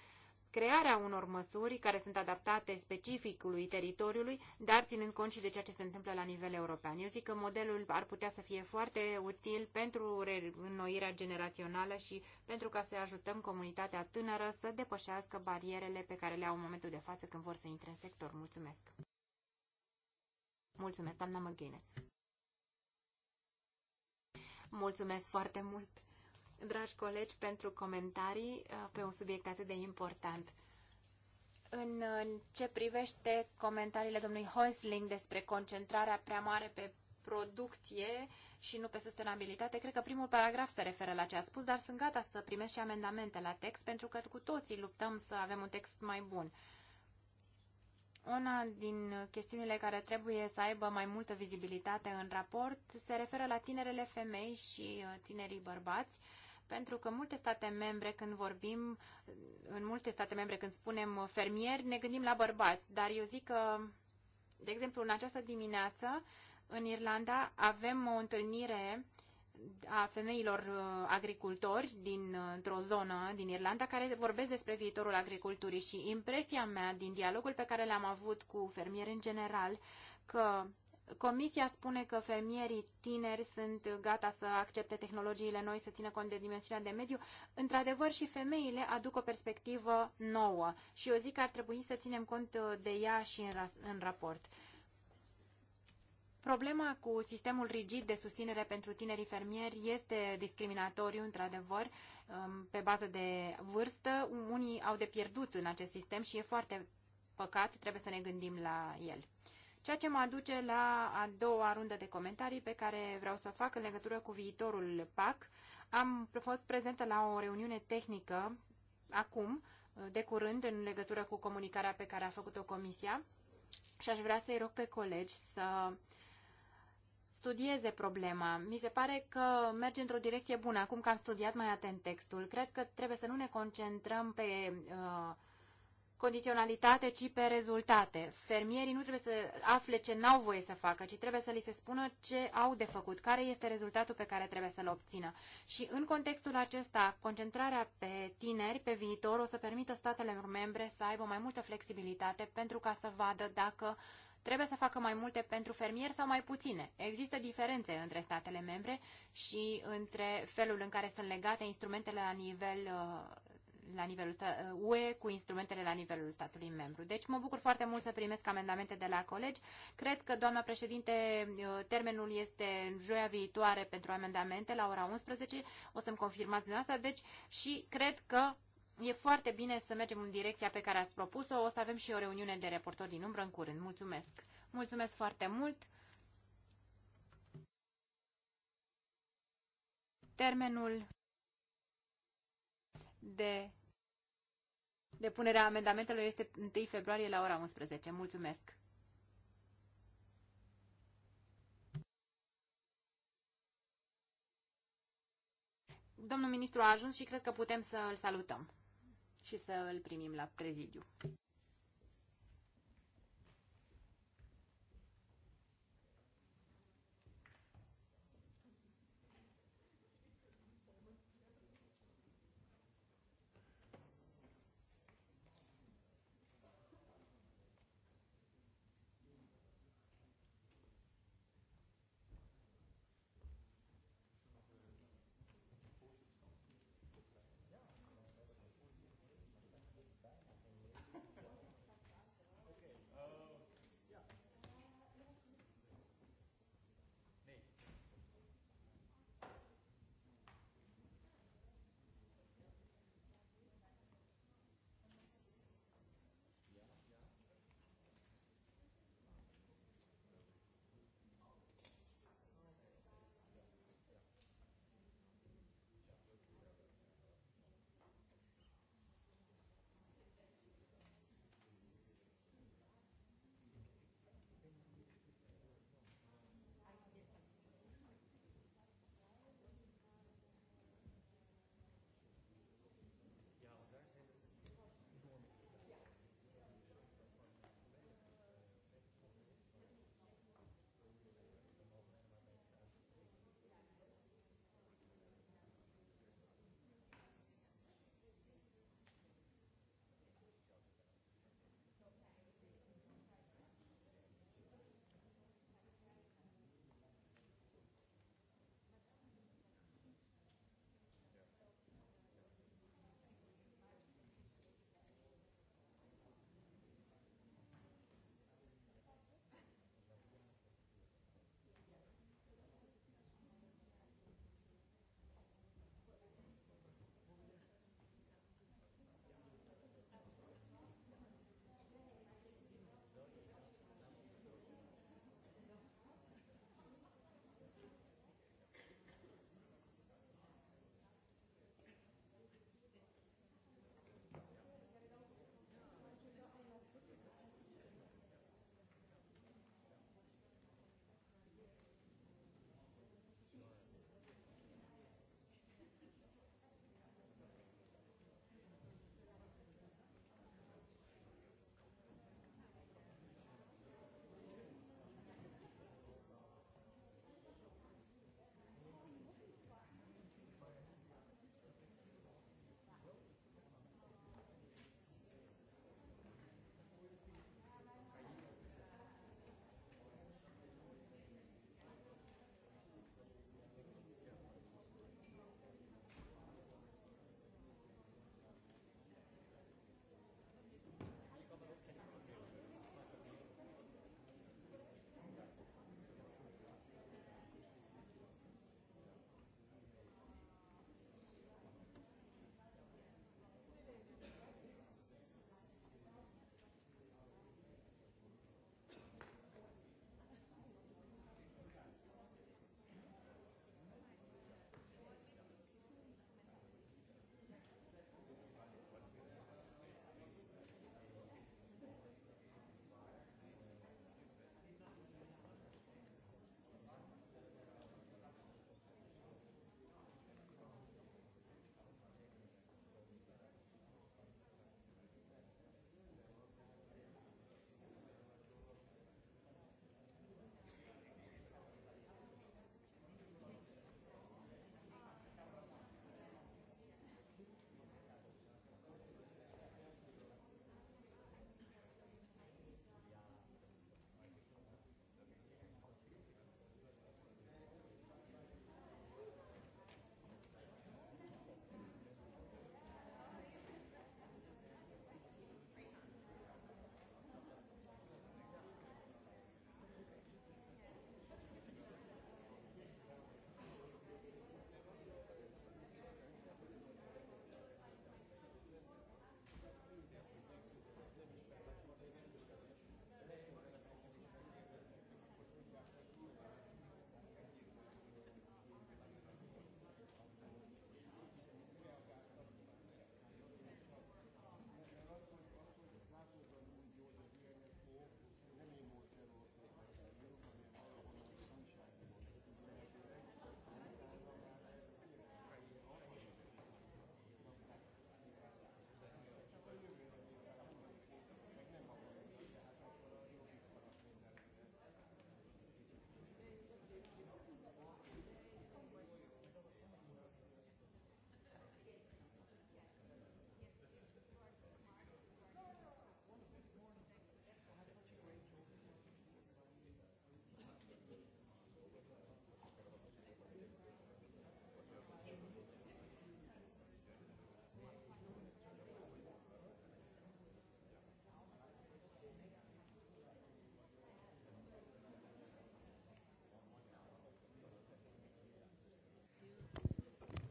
crearea unor măsuri care sunt adaptate specificului teritoriului, dar ținând cont și de ceea ce se întâmplă la nivel european. Eu zic că modelul ar putea să fie foarte util pentru înnoirea generațională și pentru ca să ajutăm comunitatea tânără să depășească barierele pe care le au în momentul de față când vor să intre în sector. Mulțumesc! Mulțumesc, doamna McGuinness. Mulțumesc foarte mult, dragi colegi, pentru comentarii uh, pe un subiect atât de important. În ce privește comentariile domnului Hoisling despre concentrarea prea mare pe producție și nu pe sustenabilitate, cred că primul paragraf se referă la ce a spus, dar sunt gata să primesc și amendamente la text, pentru că cu toții luptăm să avem un text mai bun. Una din chestiunile care trebuie să aibă mai multă vizibilitate în raport se referă la tinerele femei și uh, tinerii bărbați, pentru că multe state membre, când vorbim, în multe state membre, când spunem fermieri, ne gândim la bărbați. Dar eu zic că, de exemplu, în această dimineață, în Irlanda, avem o întâlnire uh, a femeilor uh, agricultori dintr-o uh, zonă din Irlanda care vorbesc despre viitorul agriculturii și impresia mea din dialogul pe care l-am avut cu fermieri în general că Comisia spune că fermierii tineri sunt gata să accepte tehnologiile noi, să țină cont de dimensiunea de mediu. Într-adevăr, și femeile aduc o perspectivă nouă și eu zic că ar trebui să ținem cont uh, de ea și în, ra- în raport. Problema cu sistemul rigid de susținere pentru tinerii fermieri este discriminatoriu, într-adevăr, um, pe bază de vârstă. Unii au de pierdut în acest sistem și e foarte păcat, trebuie să ne gândim la el. Ceea ce mă aduce la a doua rundă de comentarii pe care vreau să o fac în legătură cu viitorul PAC. Am fost prezentă la o reuniune tehnică acum, de curând, în legătură cu comunicarea pe care a făcut-o Comisia și aș vrea să-i rog pe colegi să uh, studieze problema. Mi se pare că merge într-o direcție bună. Acum că am studiat mai atent textul, cred că trebuie să nu ne concentrăm pe uh, condiționalitate, ci pe rezultate. Fermierii nu trebuie să afle ce n-au voie să facă, ci trebuie să li se spună ce au de făcut, care este rezultatul pe care trebuie să-l obțină. Și în contextul acesta, concentrarea pe tineri, pe viitor, o să permită statelor membre să aibă mai multă flexibilitate pentru ca să vadă dacă uh, Trebuie să facă mai multe pentru fermieri sau mai puține? Există diferențe între statele membre și între felul în care sunt legate instrumentele la nivel uh, la nivelul uh, UE cu instrumentele la nivelul statului membru. Deci mă bucur foarte mult să primesc amendamente de la colegi. Cred că, doamna președinte, uh, termenul este joia viitoare pentru amendamente la ora 11. O să-mi confirmați dumneavoastră. Deci și cred că E foarte bine să mergem în direcția pe care ați propus-o. O să avem și o reuniune de reportori din umbră în curând. Mulțumesc! Mulțumesc foarte mult! Termenul de depunerea amendamentelor este 1 februarie la ora 11. Mulțumesc! Domnul ministru a ajuns și cred că putem să îl salutăm și să îl primim la prezidiu.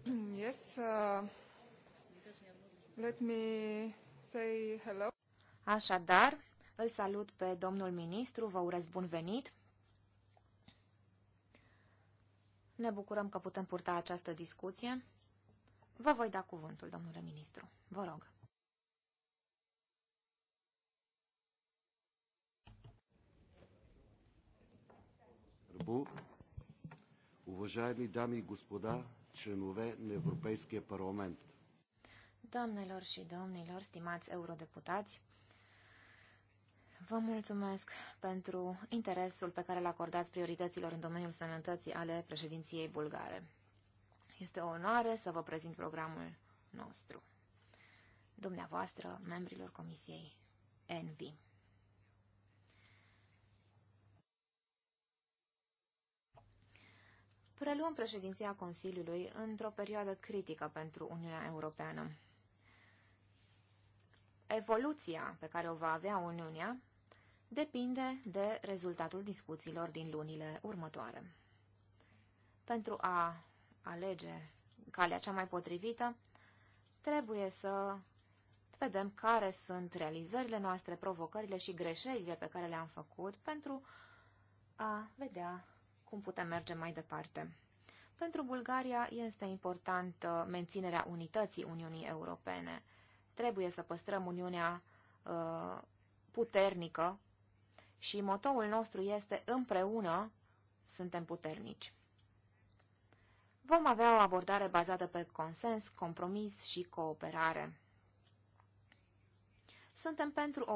Uh, let me say hello. Așadar, îl salut pe domnul ministru, vă urez bun venit. Ne bucurăm că putem purta această discuție. Vă voi da cuvântul, domnule ministru. Vă rog. Уважаеми дами и господа, членове на Европейския парламент. Doamnelor și domnilor, stimați eurodeputați, vă mulțumesc pentru interesul pe care l acordați priorităților în domeniul sănătății ale președinției bulgare. Este o onoare să vă prezint programul nostru. Dumneavoastră, membrilor Comisiei Envi. Preluăm președinția Consiliului într-o perioadă critică pentru Uniunea Europeană. Evoluția pe care o va avea Uniunea depinde de rezultatul discuțiilor din lunile următoare. Pentru a alege calea cea mai potrivită, trebuie să vedem care sunt realizările noastre, provocările și greșelile pe care le-am făcut pentru a vedea cum putem merge mai departe. Pentru Bulgaria este important menținerea unității Uniunii Europene. Trebuie să păstrăm Uniunea uh, puternică și motoul nostru este împreună suntem puternici. Vom avea o abordare bazată pe consens, compromis și cooperare. Suntem pentru o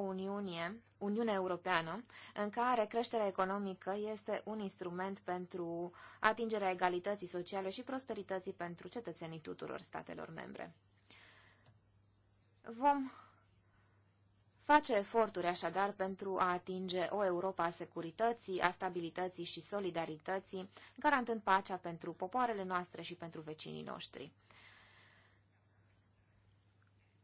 Uniune, Europeană, în care creșterea economică este un instrument pentru atingerea egalității sociale și prosperității pentru cetățenii tuturor statelor membre. Vom face eforturi așadar pentru a atinge o Europa a securității, a stabilității și solidarității, garantând pacea pentru popoarele noastre și pentru vecinii noștri.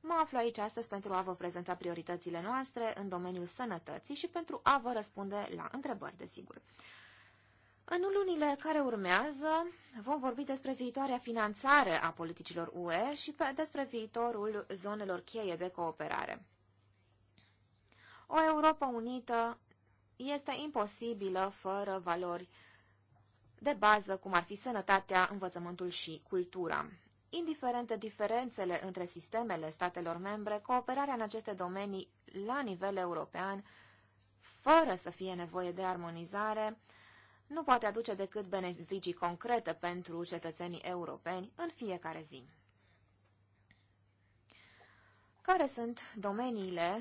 Mă aflu aici astăzi pentru a vă prezenta prioritățile noastre în domeniul sănătății și pentru a vă răspunde la întrebări, desigur. În lunile care urmează vom vorbi despre viitoarea finanțare a politicilor UE și despre viitorul zonelor cheie de cooperare. O Europa unită este imposibilă fără valori de bază, cum ar fi sănătatea, învățământul și cultura. Indiferent de diferențele între sistemele statelor membre, cooperarea în aceste domenii la nivel european, fără să fie nevoie de armonizare, nu poate aduce decât beneficii concrete pentru cetățenii europeni în fiecare zi. Care sunt domeniile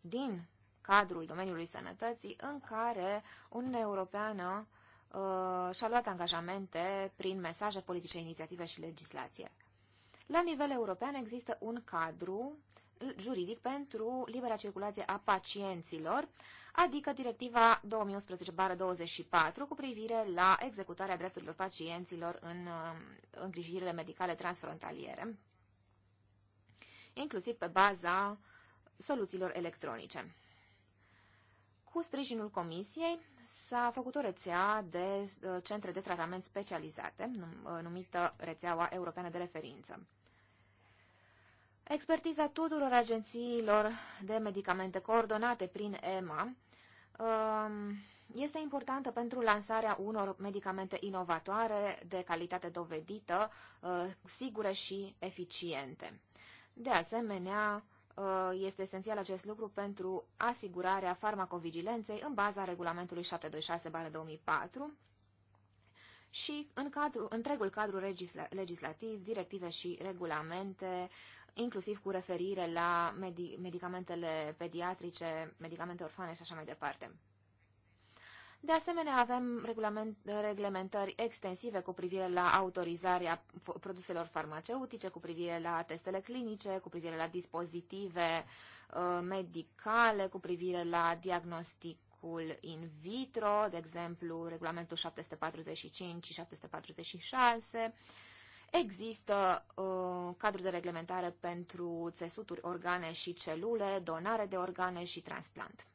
din cadrul domeniului sănătății în care Uniunea Europeană Uh, și-a luat angajamente prin mesaje politice, inițiative și legislație. La nivel european există un cadru juridic pentru libera circulație a pacienților, adică Directiva 2011-24 cu privire la executarea drepturilor pacienților în uh, îngrijirile medicale transfrontaliere, inclusiv pe baza soluțiilor electronice. Cu sprijinul Comisiei, s-a făcut o rețea de uh, centre de tratament specializate, uh, numită rețeaua europeană de referință. Expertiza tuturor agențiilor de medicamente coordonate prin EMA um, este importantă pentru lansarea unor medicamente inovatoare, de calitate dovedită, uh, sigure și eficiente. De asemenea, Uh, este esențial acest lucru pentru asigurarea farmacovigilenței în baza regulamentului 726-2004 și în cadru, întregul cadru legisla, legislativ, directive și regulamente, inclusiv cu referire la medi, medicamentele pediatrice, medicamente orfane și așa mai departe. De asemenea, avem reglementări extensive cu privire la autorizarea produselor farmaceutice, cu privire la testele clinice, cu privire la dispozitive uh, medicale, cu privire la diagnosticul in vitro, de exemplu, regulamentul 745 și 746. Există uh, cadru de reglementare pentru țesuturi, organe și celule, donare de organe și transplant.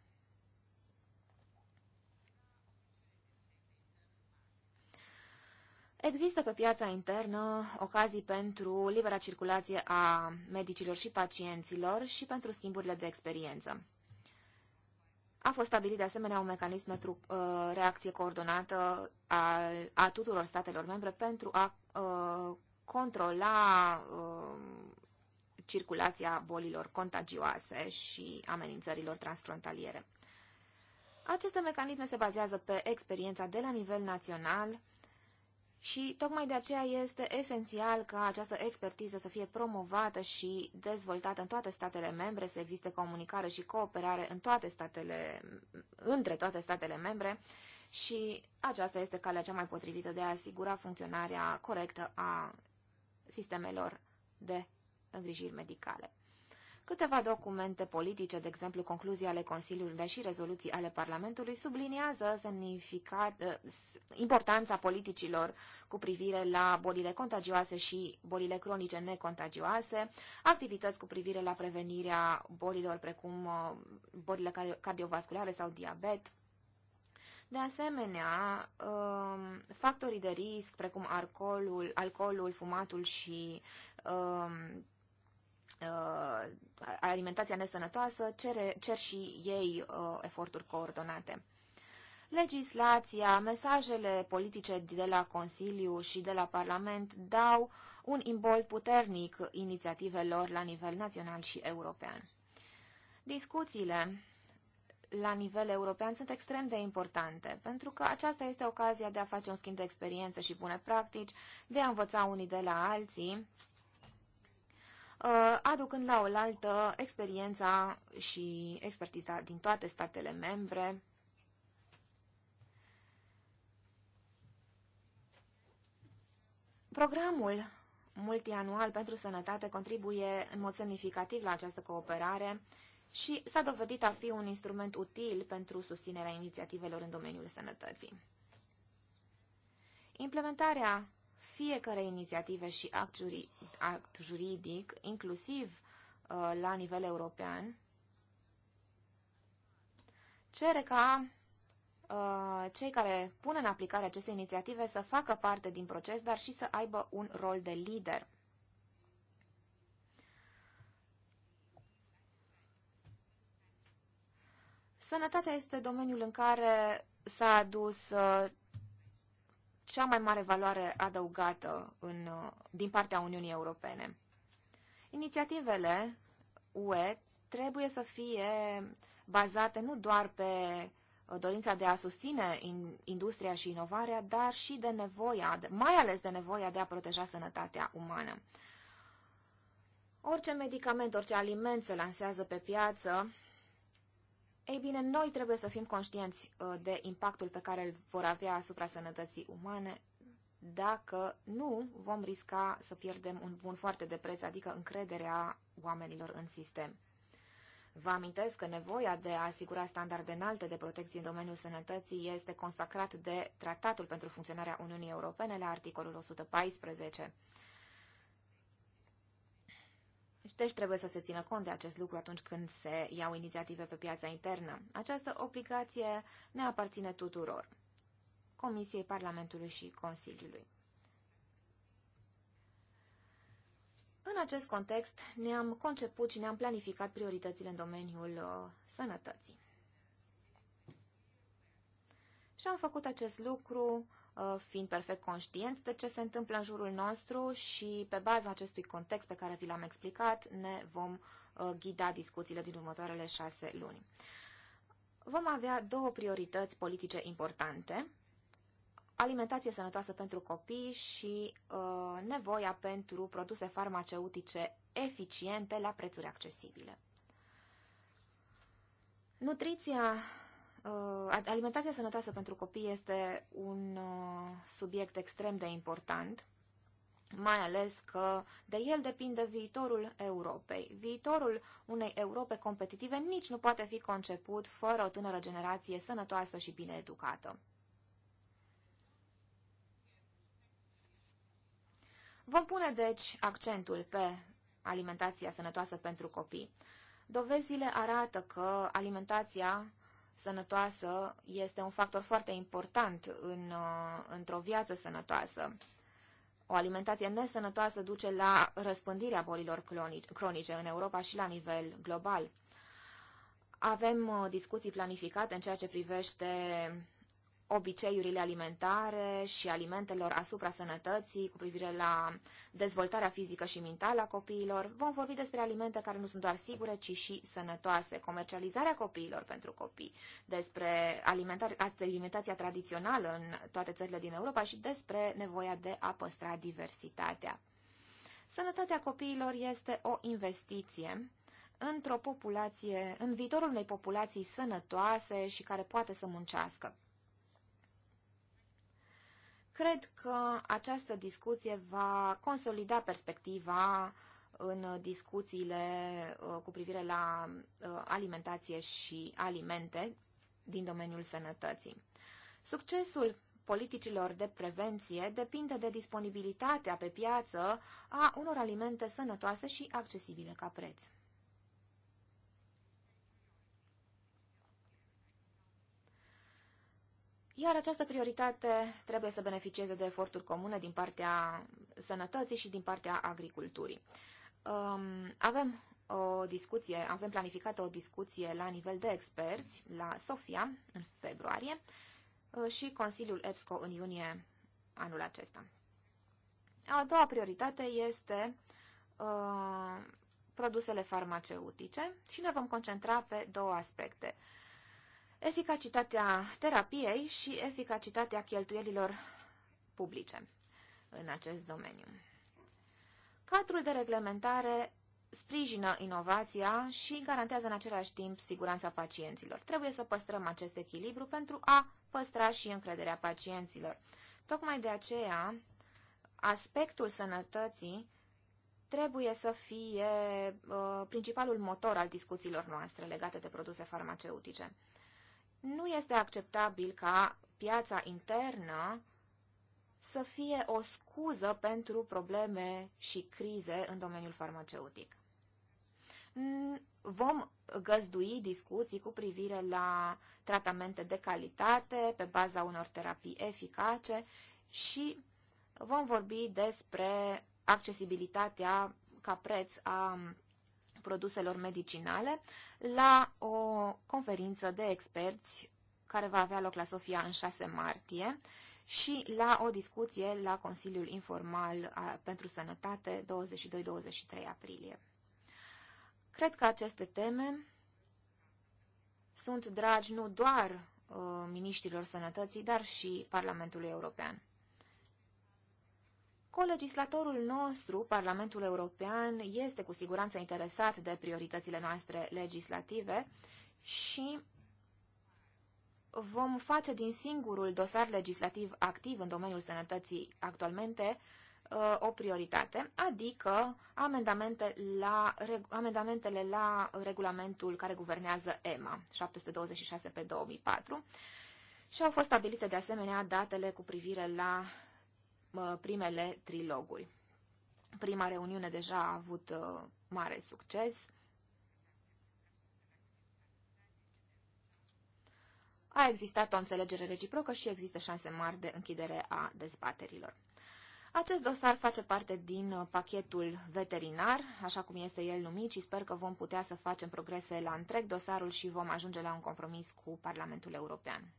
Există pe piața internă ocazii pentru libera circulație a medicilor și pacienților și pentru schimburile de experiență. A fost stabilit de asemenea un mecanism pentru uh, reacție coordonată a, a tuturor statelor membre pentru a uh, controla uh, circulația bolilor contagioase și amenințărilor transfrontaliere. Aceste mecanisme se bazează pe experiența de la nivel național, și tocmai de aceea este esențial ca această expertiză să fie promovată și dezvoltată în toate statele membre, să existe comunicare și cooperare în toate statele, între toate statele membre și aceasta este calea cea mai potrivită de a asigura funcționarea corectă a sistemelor de îngrijiri medicale. Câteva documente politice, de exemplu concluzii ale Consiliului, dar și rezoluții ale Parlamentului, subliniază ă, importanța politicilor cu privire la bolile contagioase și bolile cronice necontagioase, activități cu privire la prevenirea bolilor precum ă, bolile cardiovasculare sau diabet, de asemenea, ă, factorii de risc, precum alcoolul, alcoolul fumatul și uh, alimentația nesănătoasă cere, cer și ei uh, eforturi coordonate. Legislația, mesajele politice de la Consiliu și de la Parlament dau un imbold puternic inițiativelor la nivel național și european. Discuțiile la nivel european sunt extrem de importante, pentru că aceasta este ocazia de a face un schimb de experiență și bune practici, de a învăța unii de la alții Uh, aducând la oaltă experiența și expertiza din toate statele membre. Programul multianual pentru sănătate contribuie în mod semnificativ la această cooperare și s-a dovedit a fi un instrument util pentru susținerea inițiativelor în domeniul sănătății. Implementarea fiecare inițiativă și act, juri, act juridic, inclusiv uh, la nivel european, cere ca uh, cei care pun în aplicare aceste inițiative să facă parte din proces, dar și să aibă un rol de lider. Sănătatea este domeniul în care s-a adus uh, cea mai mare valoare adăugată în, din partea Uniunii Europene. Inițiativele UE trebuie să fie bazate nu doar pe uh, dorința de a susține industria și inovarea, dar și de nevoia, mai ales de nevoia de a proteja sănătatea umană. Orice medicament, orice aliment se lansează pe piață ei bine, noi trebuie să fim conștienți uh, de impactul pe care îl vor avea asupra sănătății umane. Dacă nu, vom risca să pierdem un bun foarte de preț, adică încrederea oamenilor în sistem. Vă amintesc că nevoia de a asigura standarde înalte de protecție în domeniul sănătății este consacrat de Tratatul pentru funcționarea Uniunii Europene la articolul 114. Deci trebuie să se țină cont de acest lucru atunci când se iau inițiative pe piața internă. Această obligație ne aparține tuturor, Comisiei, Parlamentului și Consiliului. În acest context ne-am conceput și ne-am planificat prioritățile în domeniul uh, sănătății. Și am făcut acest lucru Uh, fiind perfect conștienți de ce se întâmplă în jurul nostru și pe baza acestui context pe care vi l-am explicat ne vom uh, ghida discuțiile din următoarele șase luni. Vom avea două priorități politice importante, alimentație sănătoasă pentru copii și uh, nevoia pentru produse farmaceutice eficiente la prețuri accesibile. Nutriția Uh, alimentația sănătoasă pentru copii este un uh, subiect extrem de important, mai ales că de el depinde viitorul Europei. Viitorul unei Europe competitive nici nu poate fi conceput fără o tânără generație sănătoasă și bine educată. Vom pune, deci, accentul pe alimentația sănătoasă pentru copii. Dovezile arată că alimentația sănătoasă este un factor foarte important în, uh, într-o viață sănătoasă. O alimentație nesănătoasă duce la răspândirea bolilor cronice în Europa și la nivel global. Avem uh, discuții planificate în ceea ce privește obiceiurile alimentare și alimentelor asupra sănătății cu privire la dezvoltarea fizică și mentală a copiilor. Vom vorbi despre alimente care nu sunt doar sigure, ci și sănătoase, comercializarea copiilor pentru copii, despre alimentația tradițională în toate țările din Europa și despre nevoia de a păstra diversitatea. Sănătatea copiilor este o investiție într-o populație, în viitorul unei populații sănătoase și care poate să muncească. Cred că această discuție va consolida perspectiva în discuțiile uh, cu privire la uh, alimentație și alimente din domeniul sănătății. Succesul politicilor de prevenție depinde de disponibilitatea pe piață a unor alimente sănătoase și accesibile ca preț. Iar această prioritate trebuie să beneficieze de eforturi comune din partea sănătății și din partea agriculturii. Um, avem o discuție, avem planificată o discuție la nivel de experți la Sofia în februarie uh, și Consiliul EPSCO în iunie anul acesta. A doua prioritate este uh, produsele farmaceutice și ne vom concentra pe două aspecte. Uh, eficacitatea terapiei și eficacitatea cheltuielilor publice în acest domeniu. Cadrul de reglementare sprijină inovația și garantează în același timp siguranța pacienților. Trebuie să păstrăm acest echilibru pentru a păstra și încrederea pacienților. Tocmai de aceea, aspectul sănătății trebuie să fie uh, principalul motor al discuțiilor noastre legate de produse farmaceutice. Nu este acceptabil ca piața internă să fie o scuză pentru probleme și crize în domeniul farmaceutic. Vom găzdui discuții cu privire la tratamente de calitate pe baza unor terapii eficace și vom vorbi despre accesibilitatea ca preț a produselor medicinale la o conferință de experți care va avea loc la Sofia în 6 martie și la o discuție la Consiliul Informal pentru Sănătate 22-23 aprilie. Cred că aceste teme sunt dragi nu doar uh, miniștrilor sănătății, dar și Parlamentului European. Colegislatorul nostru, Parlamentul European, este cu siguranță interesat de prioritățile noastre legislative și vom face din singurul dosar legislativ activ în domeniul sănătății actualmente uh, o prioritate, adică amendamente la, amendamentele la regulamentul care guvernează EMA 726 pe 2004 și au fost stabilite de asemenea datele cu privire la Uh, primele triloguri. Prima reuniune deja a avut uh, mare succes. A existat o înțelegere reciprocă și există șanse mari de închidere a dezbaterilor. Acest dosar face parte din uh, pachetul veterinar, așa cum este el numit, și sper că vom putea să facem progrese la întreg dosarul și vom ajunge la un compromis cu Parlamentul European.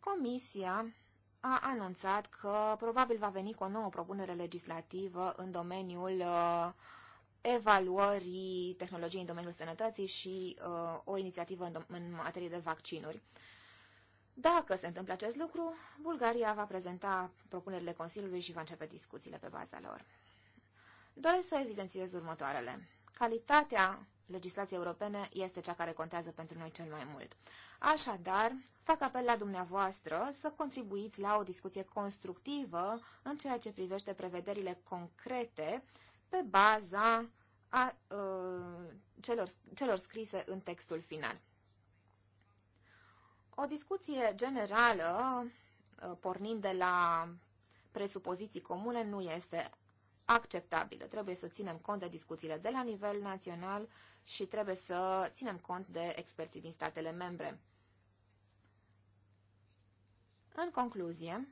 Comisia a anunțat că probabil va veni cu o nouă propunere legislativă în domeniul uh, evaluării tehnologiei în domeniul sănătății și uh, o inițiativă în, în materie de vaccinuri. Dacă se întâmplă acest lucru, Bulgaria va prezenta propunerile Consiliului și va începe discuțiile pe baza lor. Doresc să evidențiez următoarele. Calitatea Legislația europene este cea care contează pentru noi cel mai mult. Așadar, fac apel la dumneavoastră să contribuiți la o discuție constructivă în ceea ce privește prevederile concrete pe baza a, uh, celor, celor scrise în textul final. O discuție generală, ă, pornind de la presupoziții comune, nu este acceptabile. Trebuie să ținem cont de discuțiile de la nivel național și trebuie să ținem cont de experții din statele membre. În concluzie,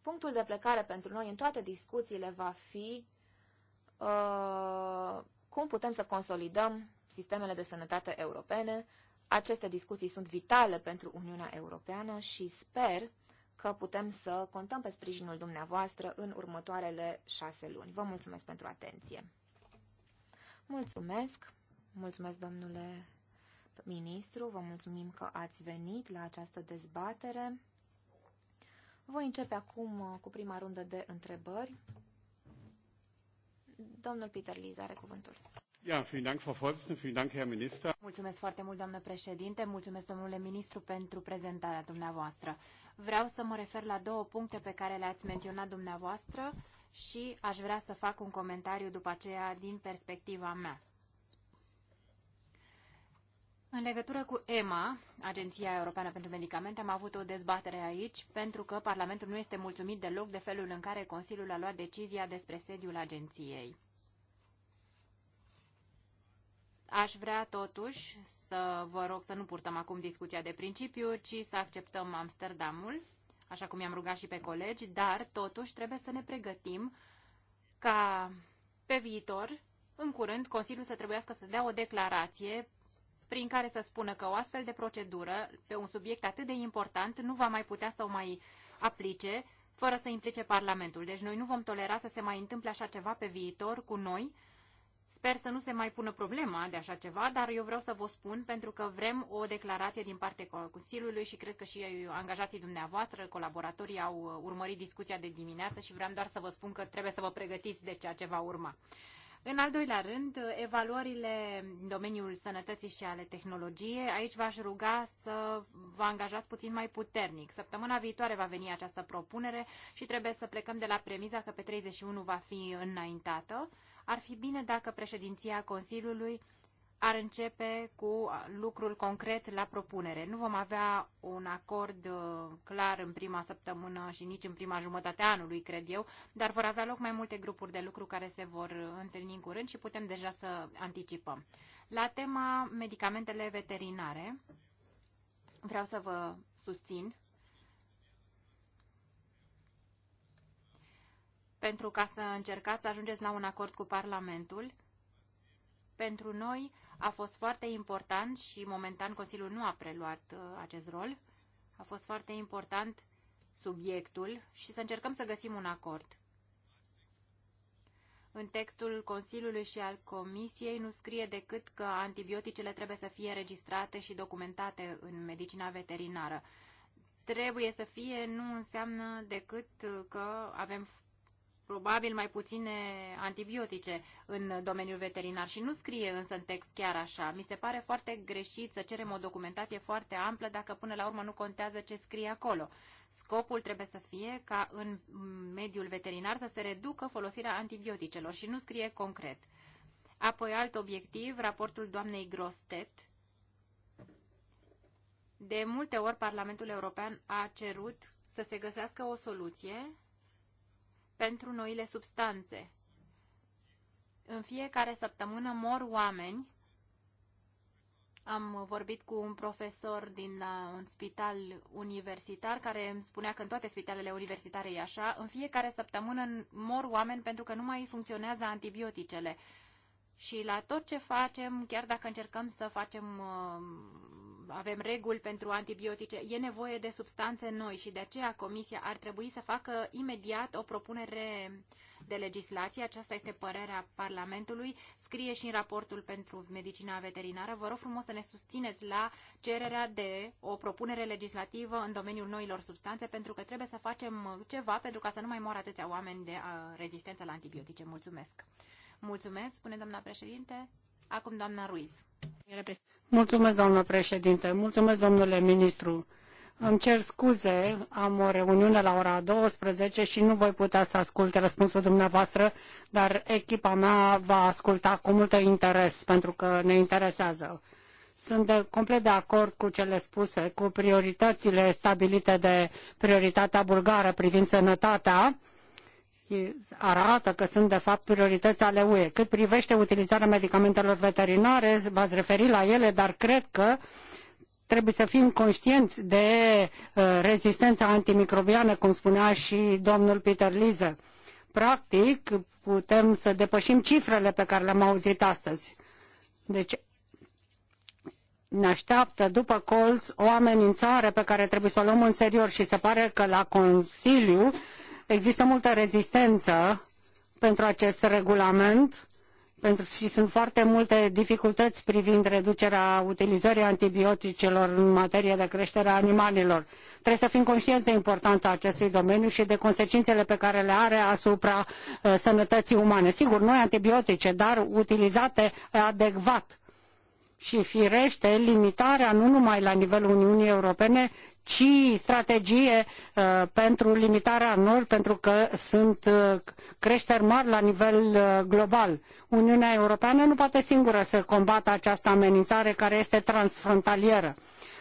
punctul de plecare pentru noi în toate discuțiile va fi uh, cum putem să consolidăm sistemele de sănătate europene. Aceste discuții sunt vitale pentru Uniunea Europeană și sper că putem să contăm pe sprijinul dumneavoastră în următoarele șase luni. Vă mulțumesc pentru atenție. Mulțumesc, mulțumesc domnule ministru, vă mulțumim că ați venit la această dezbatere. Voi începe acum cu prima rundă de întrebări. Domnul Peter Liz are cuvântul. Ja, vielen Dank, Frau Vorsitzende, vielen Dank, Herr Minister. Mulțumesc foarte mult, doamnă președinte, mulțumesc, domnule ministru, pentru prezentarea dumneavoastră. Vreau să mă refer la două puncte pe care le-ați menționat dumneavoastră și aș vrea să fac un comentariu după aceea din perspectiva mea. În legătură cu EMA, Agenția Europeană pentru Medicamente, am avut o dezbatere aici pentru că Parlamentul nu este mulțumit deloc de felul în care Consiliul a luat decizia despre sediul agenției. Aș vrea totuși să vă rog să nu purtăm acum discuția de principiu, ci să acceptăm Amsterdamul, așa cum i-am rugat și pe colegi, dar totuși trebuie să ne pregătim ca pe viitor, în curând, Consiliul să trebuiască să dea o declarație prin care să spună că o astfel de procedură pe un subiect atât de important nu va mai putea să o mai aplice fără să implice Parlamentul. Deci noi nu vom tolera să se mai întâmple așa ceva pe viitor cu noi, Sper să nu se mai pună problema de așa ceva, dar eu vreau să vă spun pentru că vrem o declarație din partea Consiliului și cred că și angajații dumneavoastră, colaboratorii au uh, urmărit discuția de dimineață și vreau doar să vă spun că trebuie să vă pregătiți de ceea ce va urma. În al doilea rând, uh, evaluările în domeniul sănătății și ale tehnologiei. Aici v-aș ruga să vă angajați puțin mai puternic. Săptămâna viitoare va veni această propunere și trebuie să plecăm de la premiza că pe 31 va fi înaintată ar fi bine dacă președinția Consiliului ar începe cu lucrul concret la propunere. Nu vom avea un acord uh, clar în prima săptămână și nici în prima jumătate a anului, cred eu, dar vor avea loc mai multe grupuri de lucru care se vor uh, întâlni în curând și putem deja să anticipăm. La tema medicamentele veterinare, vreau să vă susțin pentru ca să încercați să ajungeți la un acord cu Parlamentul. Pentru noi a fost foarte important și momentan Consiliul nu a preluat uh, acest rol. A fost foarte important subiectul și să încercăm să găsim un acord. În textul Consiliului și al Comisiei nu scrie decât că antibioticele trebuie să fie registrate și documentate în medicina veterinară. Trebuie să fie nu înseamnă decât uh, că avem probabil mai puține antibiotice în domeniul veterinar și nu scrie însă în text chiar așa. Mi se pare foarte greșit să cerem o documentație foarte amplă dacă până la urmă nu contează ce scrie acolo. Scopul trebuie să fie ca în mediul veterinar să se reducă folosirea antibioticelor și nu scrie concret. Apoi alt obiectiv, raportul doamnei Grostet. De multe ori Parlamentul European a cerut să se găsească o soluție pentru noile substanțe. În fiecare săptămână mor oameni. Am vorbit cu un profesor din la un spital universitar care îmi spunea că în toate spitalele universitare e așa. În fiecare săptămână mor oameni pentru că nu mai funcționează antibioticele. Și la tot ce facem, chiar dacă încercăm să facem uh, avem reguli pentru antibiotice, e nevoie de substanțe noi și de aceea Comisia ar trebui să facă imediat o propunere de legislație. Aceasta este părerea Parlamentului. Scrie și în raportul pentru medicina veterinară. Vă rog frumos să ne susțineți la cererea de o propunere legislativă în domeniul noilor substanțe, pentru că trebuie să facem ceva pentru ca să nu mai moară atâția oameni de rezistență la antibiotice. Mulțumesc! Mulțumesc, spune doamna președinte. Acum doamna Ruiz. Mulțumesc, doamnă președinte. Mulțumesc, domnule ministru. Îmi cer scuze, am o reuniune la ora 12 și nu voi putea să ascult răspunsul dumneavoastră, dar echipa mea va asculta cu mult interes, pentru că ne interesează. Sunt de, complet de acord cu cele spuse, cu prioritățile stabilite de prioritatea bulgară privind sănătatea arată că sunt de fapt priorități ale UE. Cât privește utilizarea medicamentelor veterinare, v-ați referit la ele, dar cred că trebuie să fim conștienți de uh, rezistența antimicrobiană, cum spunea și domnul Peter Liese. Practic, putem să depășim cifrele pe care le-am auzit astăzi. Deci, ne așteaptă după colț o amenințare pe care trebuie să o luăm în serios și se pare că la Consiliu Există multă rezistență pentru acest regulament pentru, și sunt foarte multe dificultăți privind reducerea utilizării antibioticelor în materie de creștere a animalelor. Trebuie să fim conștienți de importanța acestui domeniu și de consecințele pe care le are asupra uh, sănătății umane. Sigur, noi antibiotice, dar utilizate adecvat. Și firește limitarea nu numai la nivelul Uniunii Europene, ci strategie uh, pentru limitarea norilor, pentru că sunt uh, creșteri mari la nivel uh, global. Uniunea Europeană nu poate singură să combată această amenințare care este transfrontalieră.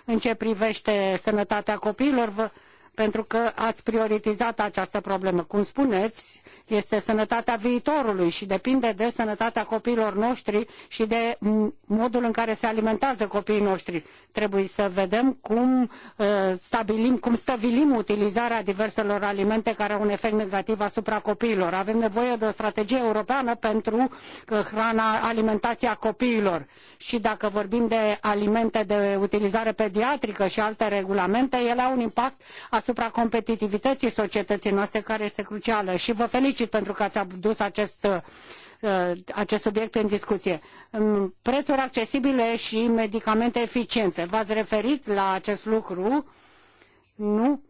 În ce privește sănătatea copiilor, vă, pentru că ați prioritizat această problemă. Cum spuneți, este sănătatea viitorului și depinde de sănătatea copiilor noștri și de modul în care se alimentează copiii noștri. Trebuie să vedem cum uh, stabilim, cum stabilim utilizarea diverselor alimente care au un efect negativ asupra copiilor. Avem nevoie de o strategie europeană pentru uh, hrana, alimentația copiilor. Și dacă vorbim de alimente de utilizare pediatrică și alte regulamente, ele au un impact asupra competitivității societății noastre care este crucială. Și vă felicit felicit pentru că ați adus acest uh, acest subiect în discuție. Prețuri accesibile și medicamente eficiente. V-ați referit la acest lucru? Nu?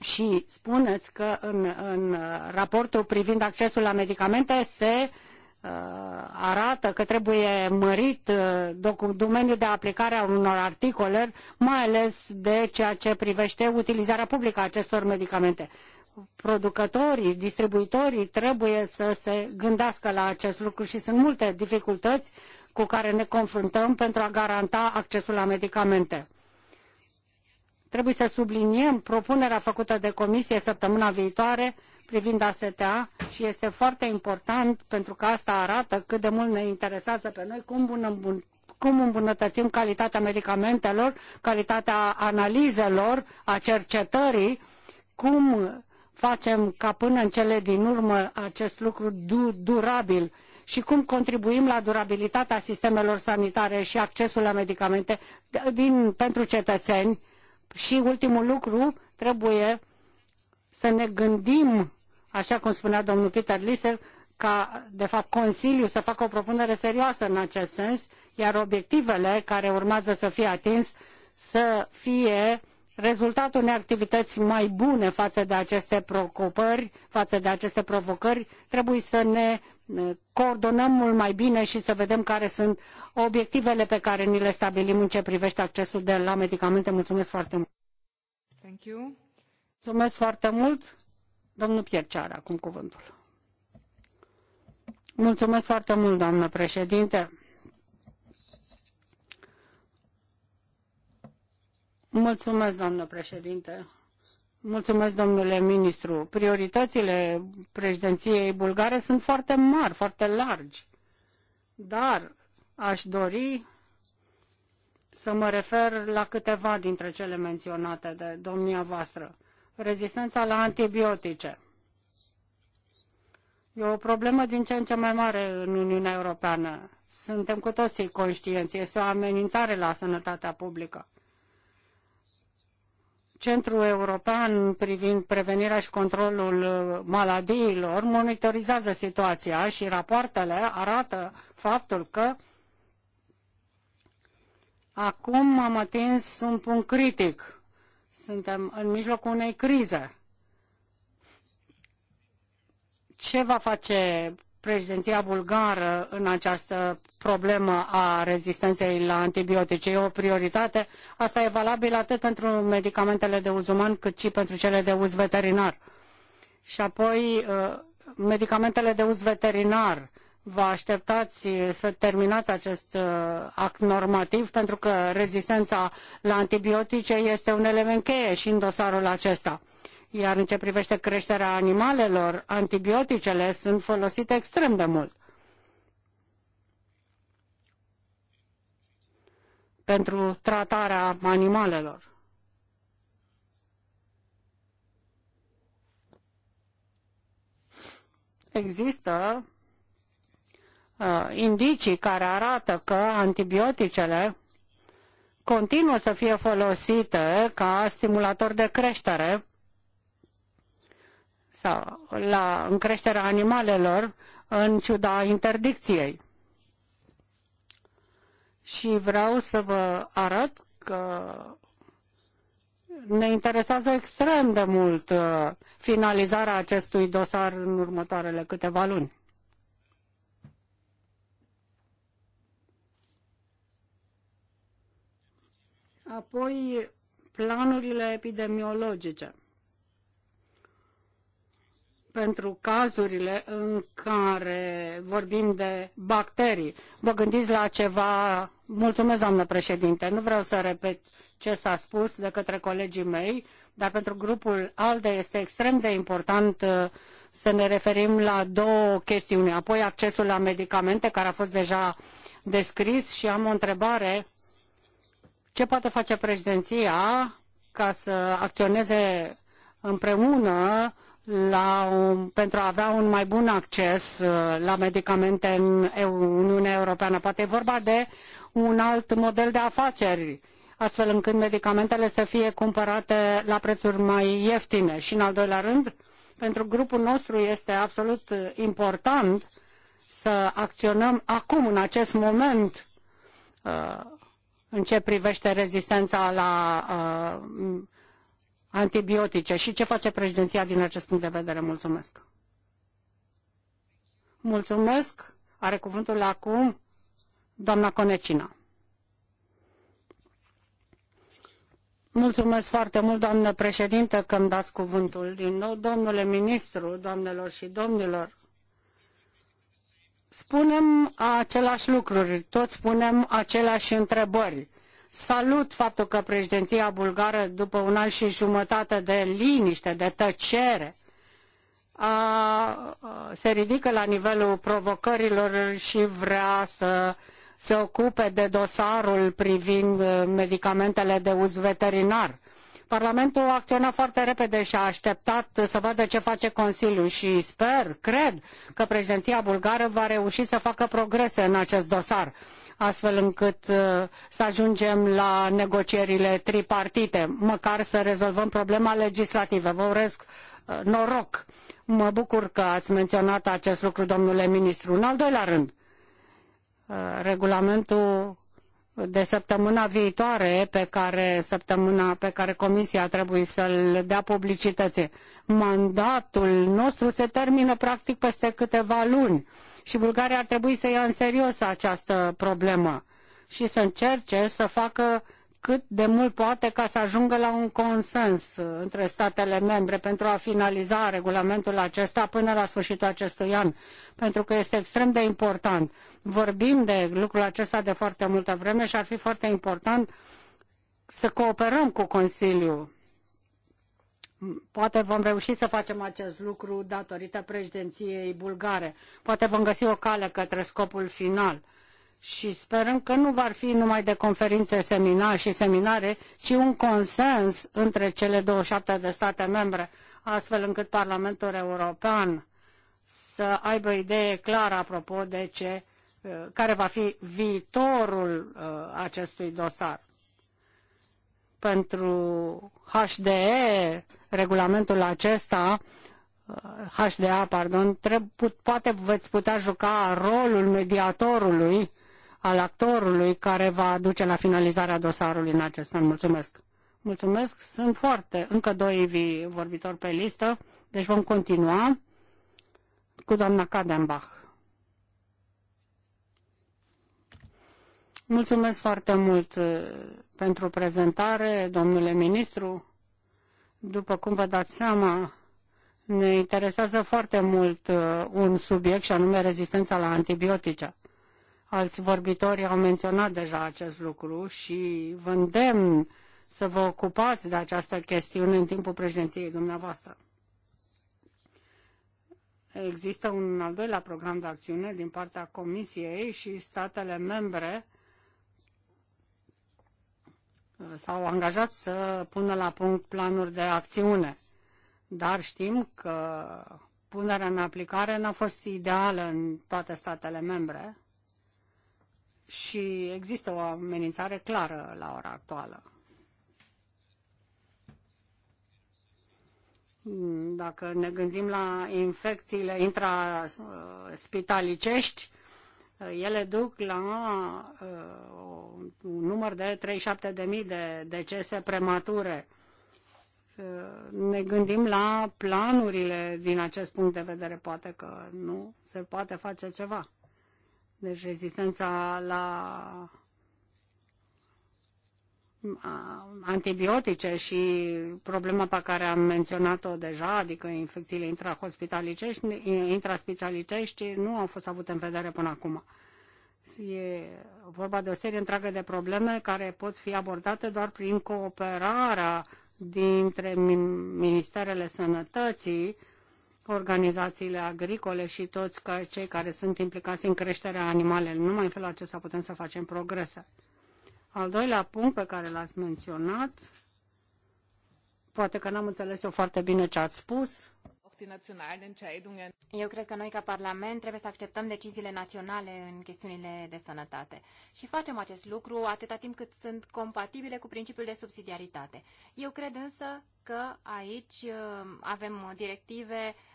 Și spuneți că în, în raportul privind accesul la medicamente se uh, arată că trebuie mărit uh, domeniul de aplicare a unor articole, mai ales de ceea ce privește utilizarea publică a acestor medicamente producătorii, distribuitorii trebuie să se gândească la acest lucru și sunt multe dificultăți cu care ne confruntăm pentru a garanta accesul la medicamente. Trebuie să subliniem propunerea făcută de comisie săptămâna viitoare privind ASTA și este foarte important pentru că asta arată cât de mult ne interesează pe noi cum îmbun cum îmbunătățim calitatea medicamentelor, calitatea analizelor, a cercetării, cum facem ca până în cele din urmă acest lucru du durabil și cum contribuim la durabilitatea sistemelor sanitare și accesul la medicamente din, pentru cetățeni. Și ultimul lucru, trebuie să ne gândim, așa cum spunea domnul Peter Liser, ca, de fapt, Consiliul să facă o propunere serioasă în acest sens, iar obiectivele care urmează să fie atins să fie rezultatul unei activități mai bune față de aceste preocupări, față de aceste provocări, trebuie să ne eh, coordonăm mult mai bine și să vedem care sunt obiectivele pe care ni le stabilim în ce privește accesul de la medicamente. Mulțumesc foarte mult! Thank you. Mulțumesc foarte mult! Domnul Piercear, acum cuvântul. Mulțumesc foarte mult, doamnă președinte! Mulțumesc, doamnă președinte. Mulțumesc, domnule ministru. Prioritățile președinției bulgare sunt foarte mari, foarte largi. Dar aș dori să mă refer la câteva dintre cele menționate de domnia voastră. Rezistența la antibiotice. E o problemă din ce în ce mai mare în Uniunea Europeană. Suntem cu toții conștienți. Este o amenințare la sănătatea publică. Centrul European privind prevenirea și controlul uh, maladiilor monitorizează situația și rapoartele arată faptul că acum am atins un punct critic. Suntem în mijlocul unei crize. Ce va face președinția bulgară în această problemă a rezistenței la antibiotice. E o prioritate. Asta e valabil atât pentru medicamentele de uz uman cât și pentru cele de uz veterinar. Și apoi uh, medicamentele de uz veterinar. Vă așteptați uh, să terminați acest uh, act normativ pentru că rezistența la antibiotice este un element cheie și în dosarul acesta iar în ce privește creșterea animalelor, antibioticele sunt folosite extrem de mult. pentru tratarea animalelor. Există uh, indicii care arată că antibioticele continuă să fie folosite ca stimulator de creștere sau la, în creșterea animalelor în ciuda interdicției. Și vreau să vă arăt că ne interesează extrem de mult uh, finalizarea acestui dosar în următoarele câteva luni. Apoi, planurile epidemiologice pentru cazurile în care vorbim de bacterii. Vă gândiți la ceva... Mulțumesc, doamnă președinte. Nu vreau să repet ce s-a spus de către colegii mei, dar pentru grupul ALDE este extrem de important uh, să ne referim la două chestiuni. Apoi accesul la medicamente, care a fost deja descris și am o întrebare. Ce poate face președinția ca să acționeze împreună la un, pentru a avea un mai bun acces uh, la medicamente în Uniunea Europeană. Poate e vorba de un alt model de afaceri, astfel încât medicamentele să fie cumpărate la prețuri mai ieftine. Și în al doilea rând, pentru grupul nostru este absolut important să acționăm acum, în acest moment, uh, în ce privește rezistența la uh, antibiotice și ce face președinția din acest punct de vedere. Mulțumesc! Mulțumesc! Are cuvântul acum doamna Conecina. Mulțumesc foarte mult, doamnă președintă, că îmi dați cuvântul din nou. Domnule ministru, doamnelor și domnilor, spunem același lucruri, toți spunem aceleași întrebări Salut faptul că președinția bulgară, după un an și jumătate de liniște, de tăcere, a, se ridică la nivelul provocărilor și vrea să se ocupe de dosarul privind uh, medicamentele de uz veterinar. Parlamentul a acționat foarte repede și a așteptat să vadă ce face Consiliul și sper, cred că președinția bulgară va reuși să facă progrese în acest dosar astfel încât uh, să ajungem la negocierile tripartite, măcar să rezolvăm problema legislativă. Vă urez uh, noroc. Mă bucur că ați menționat acest lucru, domnule ministru. În al doilea rând, uh, regulamentul de săptămâna viitoare pe care, săptămâna pe care Comisia trebuie să-l dea publicității. Mandatul nostru se termină practic peste câteva luni și Bulgaria ar trebui să ia în serios această problemă și să încerce să facă cât de mult poate ca să ajungă la un consens între statele membre pentru a finaliza regulamentul acesta până la sfârșitul acestui an, pentru că este extrem de important. Vorbim de lucrul acesta de foarte multă vreme și ar fi foarte important să cooperăm cu Consiliul. Poate vom reuși să facem acest lucru datorită președinției bulgare. Poate vom găsi o cale către scopul final și sperăm că nu va fi numai de conferințe seminar și seminare, ci un consens între cele 27 de state membre, astfel încât Parlamentul European să aibă o idee clară apropo de ce, uh, care va fi viitorul uh, acestui dosar. Pentru HDE, regulamentul acesta, HDA, uh, pardon, trebuie, poate veți putea juca rolul mediatorului al actorului care va duce la finalizarea dosarului în acest an. Mulțumesc! Mulțumesc! Sunt foarte, încă doi vorbitori pe listă, deci vom continua cu doamna Kadenbach. Mulțumesc foarte mult uh, pentru prezentare, domnule ministru. După cum vă dați seama, ne interesează foarte mult uh, un subiect și anume rezistența la antibiotice. Alți vorbitori au menționat deja acest lucru și vă îndemn să vă ocupați de această chestiune în timpul președinției dumneavoastră. Există un al doilea program de acțiune din partea Comisiei și statele membre uh, s-au angajat să pună la punct planuri de acțiune. Dar știm că punerea în aplicare n-a fost ideală în toate statele membre și există o amenințare clară la ora actuală. Dacă ne gândim la infecțiile intraspitalicești, ele duc la uh, un număr de 37.000 de decese premature. Uh, ne gândim la planurile din acest punct de vedere, poate că nu se poate face ceva. Deci rezistența la antibiotice și problema pe care am menționat-o deja, adică infecțiile intrahospitalicești, intraspitalicești, nu au fost avute în vedere până acum. E vorba de o serie întreagă de probleme care pot fi abordate doar prin cooperarea dintre Ministerele Sănătății organizațiile agricole și toți ca cei care sunt implicați în creșterea animalelor. Numai în felul acesta putem să facem progrese. Al doilea punct pe care l-ați menționat, poate că n-am înțeles eu foarte bine ce ați spus. Eu cred că noi ca Parlament trebuie să acceptăm deciziile naționale în chestiunile de sănătate și facem acest lucru atâta timp cât sunt compatibile cu principiul de subsidiaritate. Eu cred însă că aici uh, avem directive uh,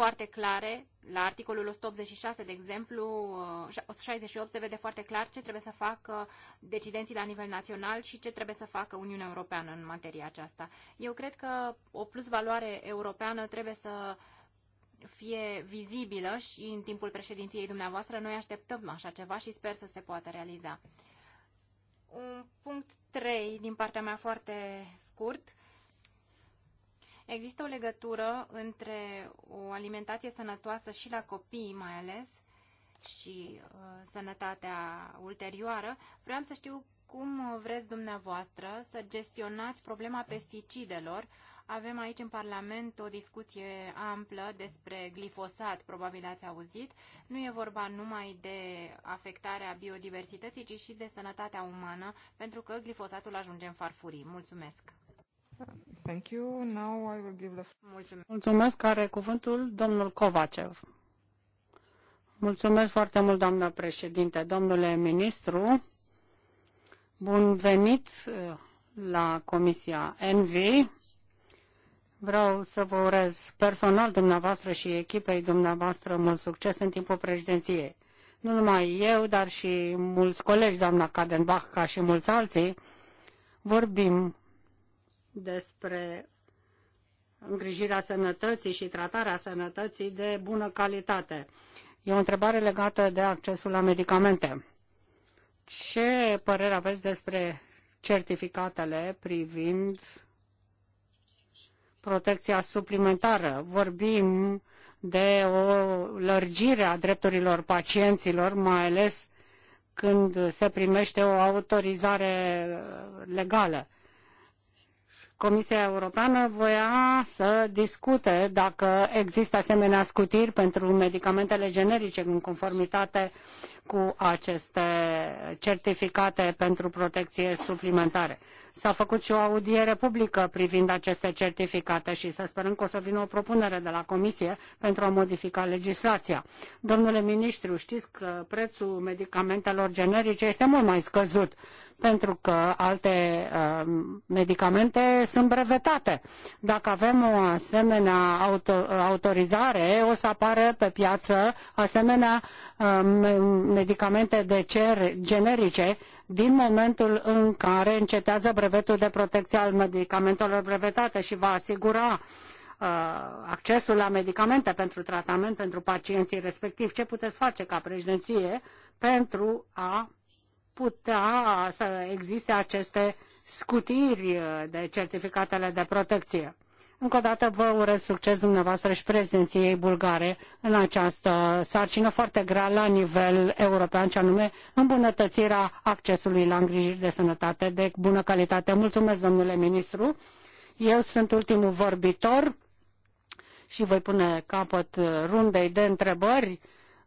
foarte clare. La articolul 186, de exemplu, 168 uh, se vede foarte clar ce trebuie să facă decidenții la nivel național și ce trebuie să facă Uniunea Europeană în materia aceasta. Eu cred că o plusvaloare europeană trebuie să fie vizibilă și în timpul președinției dumneavoastră noi așteptăm așa ceva și sper să se poată realiza. Un punct 3 din partea mea foarte scurt Există o legătură între o alimentație sănătoasă și la copii mai ales și uh, sănătatea ulterioară. Vreau să știu cum vreți dumneavoastră să gestionați problema pesticidelor. Avem aici în Parlament o discuție amplă despre glifosat, probabil ați auzit. Nu e vorba numai de afectarea biodiversității, ci și de sănătatea umană, pentru că glifosatul ajunge în farfurii. Mulțumesc! Mulțumesc. cuvântul domnul Kovacev. Mulțumesc foarte mult, doamnă președinte, domnule ministru. Bun venit uh, la Comisia Envi. Vreau să vă urez personal dumneavoastră și echipei dumneavoastră mult succes în timpul președinției. Nu numai eu, dar și mulți colegi, doamna Cadenbach, ca și mulți alții, vorbim despre îngrijirea sănătății și tratarea sănătății de bună calitate. E o întrebare legată de accesul la medicamente. Ce părere aveți despre certificatele privind protecția suplimentară? Vorbim de o lărgire a drepturilor pacienților, mai ales când se primește o autorizare legală. Comisia Europeană voia să discute dacă există asemenea scutiri pentru medicamentele generice în conformitate cu aceste certificate pentru protecție suplimentare. S-a făcut și o audiere publică privind aceste certificate și să sperăm că o să vină o propunere de la Comisie pentru a modifica legislația. Domnule ministru, știți că prețul medicamentelor generice este mult mai scăzut pentru că alte uh, medicamente sunt brevetate. Dacă avem o asemenea auto, autorizare, o să apară pe piață asemenea uh, medicamente de cer generice din momentul în care încetează brevetul de protecție al medicamentelor brevetate și va asigura uh, accesul la medicamente pentru tratament pentru pacienții respectiv. Ce puteți face ca președinție pentru a putea să existe aceste scutiri de certificatele de protecție. Încă o dată vă urez succes dumneavoastră și prezidenției bulgare în această sarcină foarte grea la nivel european, ce anume îmbunătățirea accesului la îngrijiri de sănătate de bună calitate. Mulțumesc, domnule ministru. Eu sunt ultimul vorbitor și voi pune capăt rundei de întrebări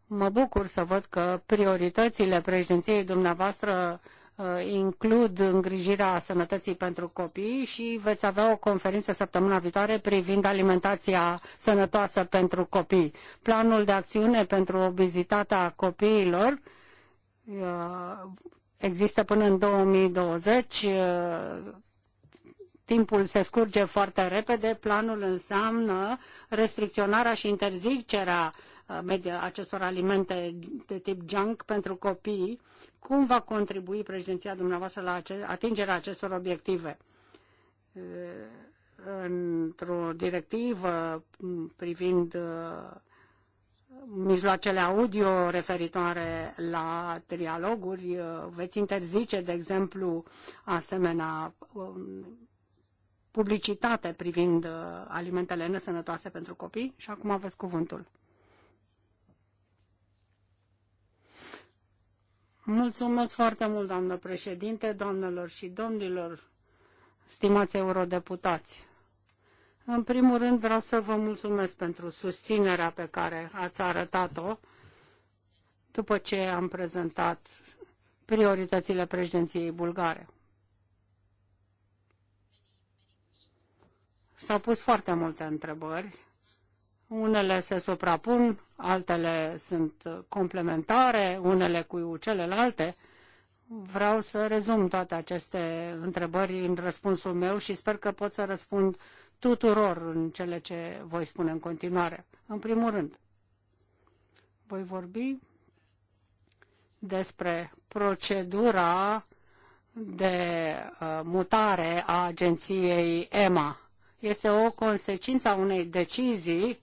Mă bucur să văd că prioritățile președinției dumneavoastră uh, includ îngrijirea sănătății pentru copii și veți avea o conferință săptămâna viitoare privind alimentația sănătoasă pentru copii. Planul de acțiune pentru obezitatea copiilor uh, există până în 2020. Uh, timpul se scurge foarte repede. Planul înseamnă restricționarea și interzicerea Uh, media, acestor alimente de tip junk pentru copii, cum va contribui președinția dumneavoastră la atingerea acestor obiective? Uh, într-o directivă privind uh, mijloacele audio referitoare la trialoguri, veți interzice, de exemplu, asemenea um, publicitate privind alimentele nesănătoase pentru copii și acum aveți cuvântul. Mulțumesc foarte mult, doamnă președinte, doamnelor și domnilor, stimați eurodeputați. În primul rând vreau să vă mulțumesc pentru susținerea pe care ați arătat-o după ce am prezentat prioritățile președinției bulgare. S-au pus foarte multe întrebări unele se suprapun, altele sunt complementare, unele cu celelalte. Vreau să rezum toate aceste întrebări în răspunsul meu și sper că pot să răspund tuturor în cele ce voi spune în continuare. În primul rând, voi vorbi despre procedura de uh, mutare a agenției EMA. Este o consecință a unei decizii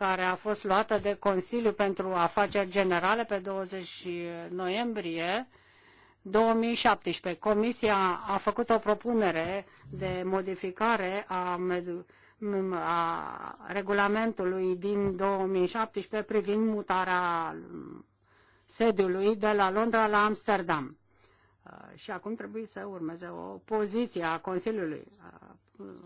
care a fost luată de Consiliul pentru Afaceri Generale pe 20 noiembrie 2017. Comisia a făcut o propunere de modificare a, a regulamentului din 2017 privind mutarea sediului de la Londra la Amsterdam. Uh, și acum trebuie să urmeze o poziție a Consiliului uh,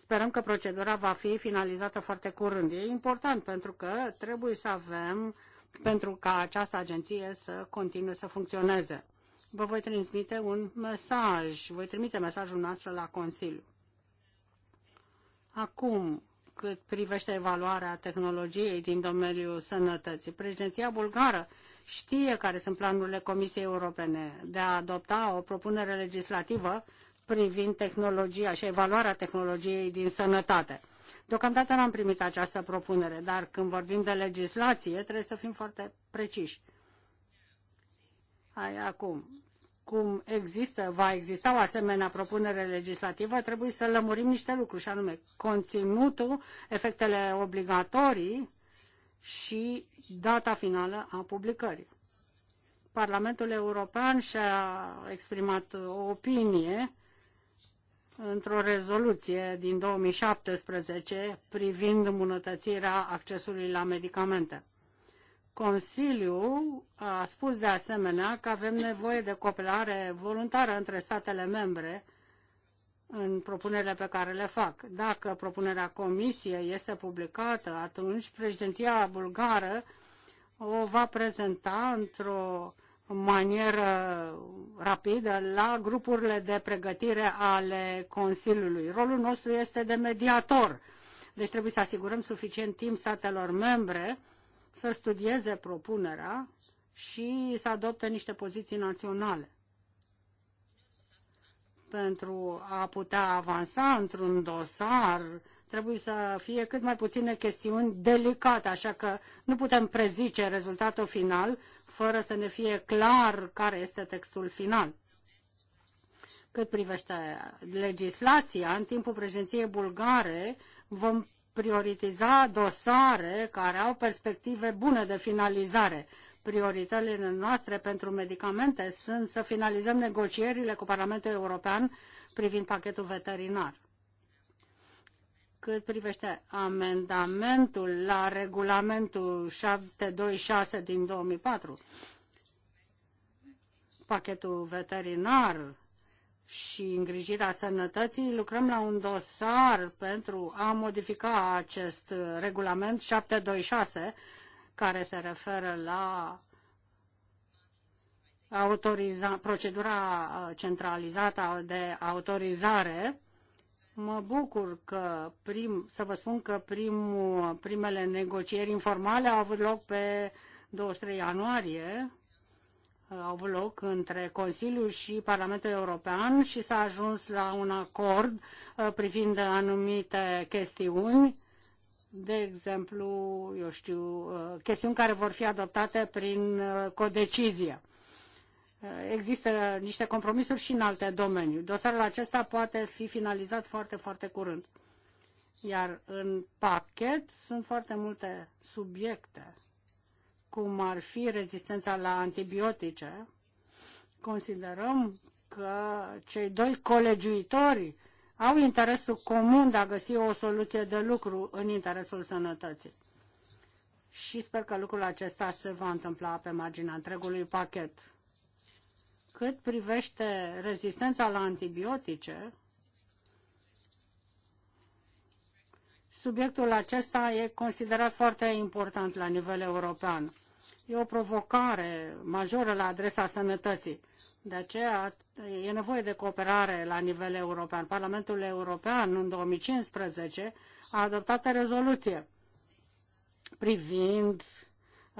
Sperăm că procedura va fi finalizată foarte curând. E important pentru că trebuie să avem, pentru ca această agenție să continue să funcționeze. Vă voi transmite un mesaj, voi trimite mesajul nostru la Consiliu. Acum, cât privește evaluarea tehnologiei din domeniul sănătății. Președinția bulgară știe care sunt planurile Comisiei Europene de a adopta o propunere legislativă privind tehnologia și evaluarea tehnologiei din sănătate. Deocamdată n-am primit această propunere, dar când vorbim de legislație, trebuie să fim foarte preciși. Hai, acum, cum există, va exista o asemenea propunere legislativă, trebuie să lămurim niște lucruri, și anume conținutul, efectele obligatorii și data finală a publicării. Parlamentul European și-a exprimat o opinie într-o rezoluție din 2017 privind îmbunătățirea accesului la medicamente. Consiliul a spus de asemenea că avem nevoie de cooperare voluntară între statele membre în propunerile pe care le fac. Dacă propunerea Comisiei este publicată, atunci președinția bulgară o va prezenta într-o în manieră rapidă la grupurile de pregătire ale Consiliului. Rolul nostru este de mediator, deci trebuie să asigurăm suficient timp statelor membre să studieze propunerea și să adopte niște poziții naționale pentru a putea avansa într-un dosar Trebuie să fie cât mai puține chestiuni delicate, așa că nu putem prezice rezultatul final fără să ne fie clar care este textul final. Cât privește legislația, în timpul președinției bulgare vom prioritiza dosare care au perspective bune de finalizare. Prioritățile noastre pentru medicamente sunt să finalizăm negocierile cu Parlamentul European privind pachetul veterinar. Cât privește amendamentul la regulamentul 726 din 2004, pachetul veterinar și îngrijirea sănătății, lucrăm la un dosar pentru a modifica acest regulament 726, care se referă la autoriza, procedura uh, centralizată de autorizare Mă bucur că prim, să vă spun că primul, primele negocieri informale au avut loc pe 23 ianuarie, au avut loc între Consiliu și Parlamentul European și s-a ajuns la un acord uh, privind anumite chestiuni, de exemplu, eu știu, uh, chestiuni care vor fi adoptate prin uh, codecizie. Eh, există niște compromisuri și în alte domenii. Dosarul acesta poate fi finalizat foarte, foarte curând. Iar în pachet sunt foarte multe subiecte, cum ar fi rezistența la antibiotice. Considerăm că cei doi colegiuitori au interesul comun de a găsi o soluție de lucru în interesul sănătății. Și sper că lucrul acesta se va întâmpla pe marginea întregului pachet. Cât privește rezistența la antibiotice, subiectul acesta e considerat foarte important la nivel european. E o provocare majoră la adresa sănătății. De aceea e nevoie de cooperare la nivel european. Parlamentul European în 2015 a adoptat o rezoluție privind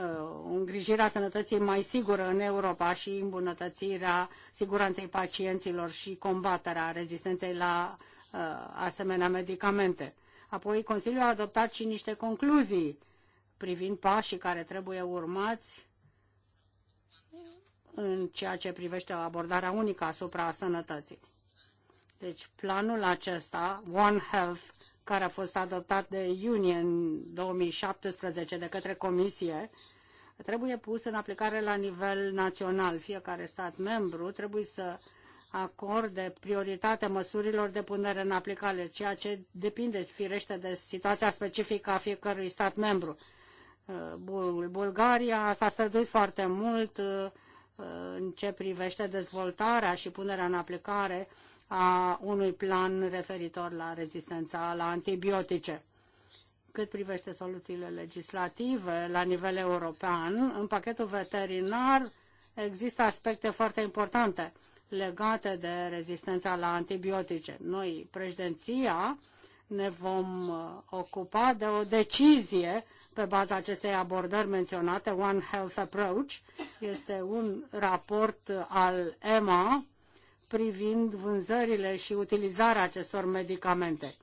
Uh, îngrijirea sănătății mai sigură în Europa și îmbunătățirea siguranței pacienților și combaterea rezistenței la uh, asemenea medicamente. Apoi Consiliul a adoptat și niște concluzii privind pașii care trebuie urmați în ceea ce privește abordarea unică asupra sănătății. Deci planul acesta, One Health, care a fost adoptat de iunie în 2017 de către Comisie, trebuie pus în aplicare la nivel național. Fiecare stat membru trebuie să acorde prioritate măsurilor de punere în aplicare, ceea ce depinde firește de situația specifică a fiecărui stat membru. Uh, Bulgaria s-a străduit foarte mult uh, în ce privește dezvoltarea și punerea în aplicare a unui plan referitor la rezistența la antibiotice. Cât privește soluțiile legislative la nivel european, în pachetul veterinar există aspecte foarte importante legate de rezistența la antibiotice. Noi, președinția, ne vom uh, ocupa de o decizie pe baza acestei abordări menționate, One Health Approach. Este un raport uh, al EMA privind vânzările și utilizarea acestor medicamente.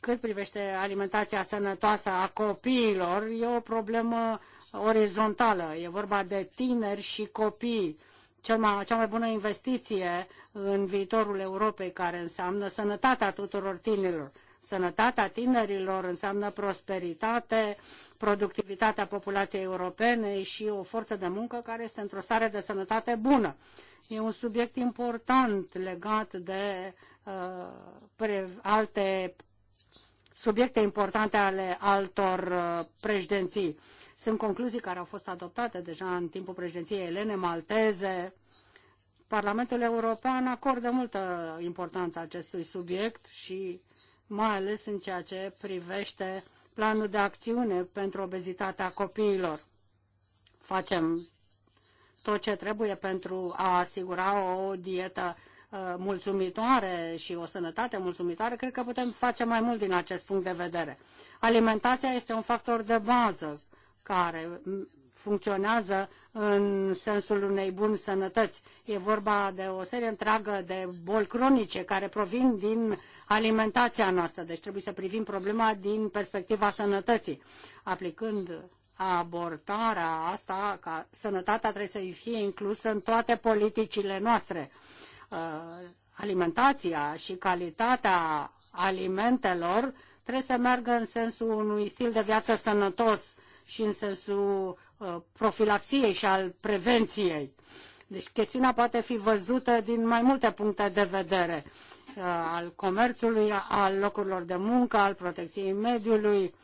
Cât privește alimentația sănătoasă a copiilor, e o problemă orizontală. E vorba de tineri și copii. Cel mai, cea mai bună investiție în viitorul Europei, care înseamnă sănătatea tuturor tinerilor. Sănătatea tinerilor înseamnă prosperitate, productivitatea populației europene și o forță de muncă care este într-o stare de sănătate bună. E un subiect important legat de uh, pre, alte subiecte importante ale altor uh, președinții. Sunt concluzii care au fost adoptate deja în timpul președinției elene malteze. Parlamentul European acordă multă importanță acestui subiect și mai ales în ceea ce privește planul de acțiune pentru obezitatea copiilor. Facem tot ce trebuie pentru a asigura o dietă uh, mulțumitoare și o sănătate mulțumitoare, cred că putem face mai mult din acest punct de vedere. Alimentația este un factor de bază care mm, funcționează în sensul unei buni sănătăți. E vorba de o serie întreagă de boli cronice care provin din alimentația noastră, deci trebuie să privim problema din perspectiva sănătății, aplicând abortarea asta, ca sănătatea trebuie să fie inclusă în toate politicile noastre. Uh, alimentația și calitatea alimentelor trebuie să meargă în sensul unui stil de viață sănătos și în sensul uh, profilaxiei și al prevenției. Deci chestiunea poate fi văzută din mai multe puncte de vedere uh, al comerțului, al locurilor de muncă, al protecției mediului,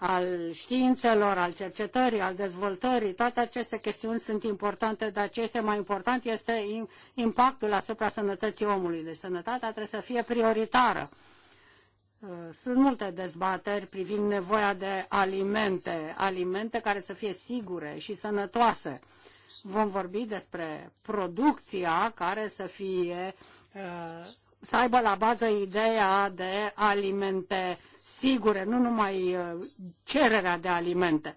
al științelor, al cercetării, al dezvoltării, toate aceste chestiuni sunt importante, dar ce este mai important este impactul asupra sănătății omului. Deci sănătatea trebuie să fie prioritară. Uh, sunt multe dezbateri privind nevoia de alimente, alimente care să fie sigure și sănătoase. Vom vorbi despre producția care să fie, uh, să aibă la bază ideea de alimente sigure, nu numai uh, cererea de alimente.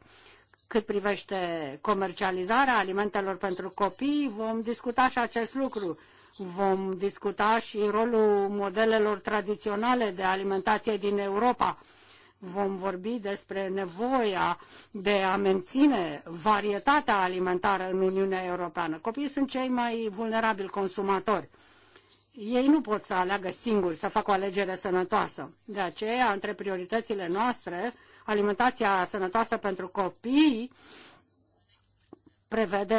Cât privește comercializarea alimentelor pentru copii, vom discuta și acest lucru. Vom discuta și rolul modelelor tradiționale de alimentație din Europa. Vom vorbi despre nevoia de a menține varietatea alimentară în Uniunea Europeană. Copiii sunt cei mai vulnerabili consumatori ei nu pot să aleagă singuri, să facă o alegere sănătoasă. De aceea, între prioritățile noastre, alimentația sănătoasă pentru copii prevede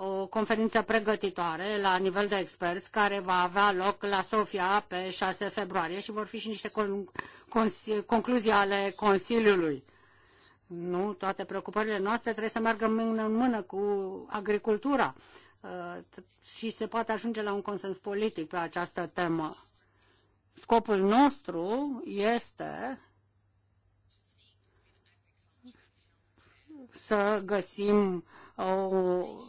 o conferință pregătitoare la nivel de experți care va avea loc la Sofia pe 6 februarie și vor fi și niște con- con- concluzii ale Consiliului. Nu, toate preocupările noastre trebuie să meargă mână în mână cu agricultura și se poate ajunge la un consens politic pe această temă. Scopul nostru este să găsim o,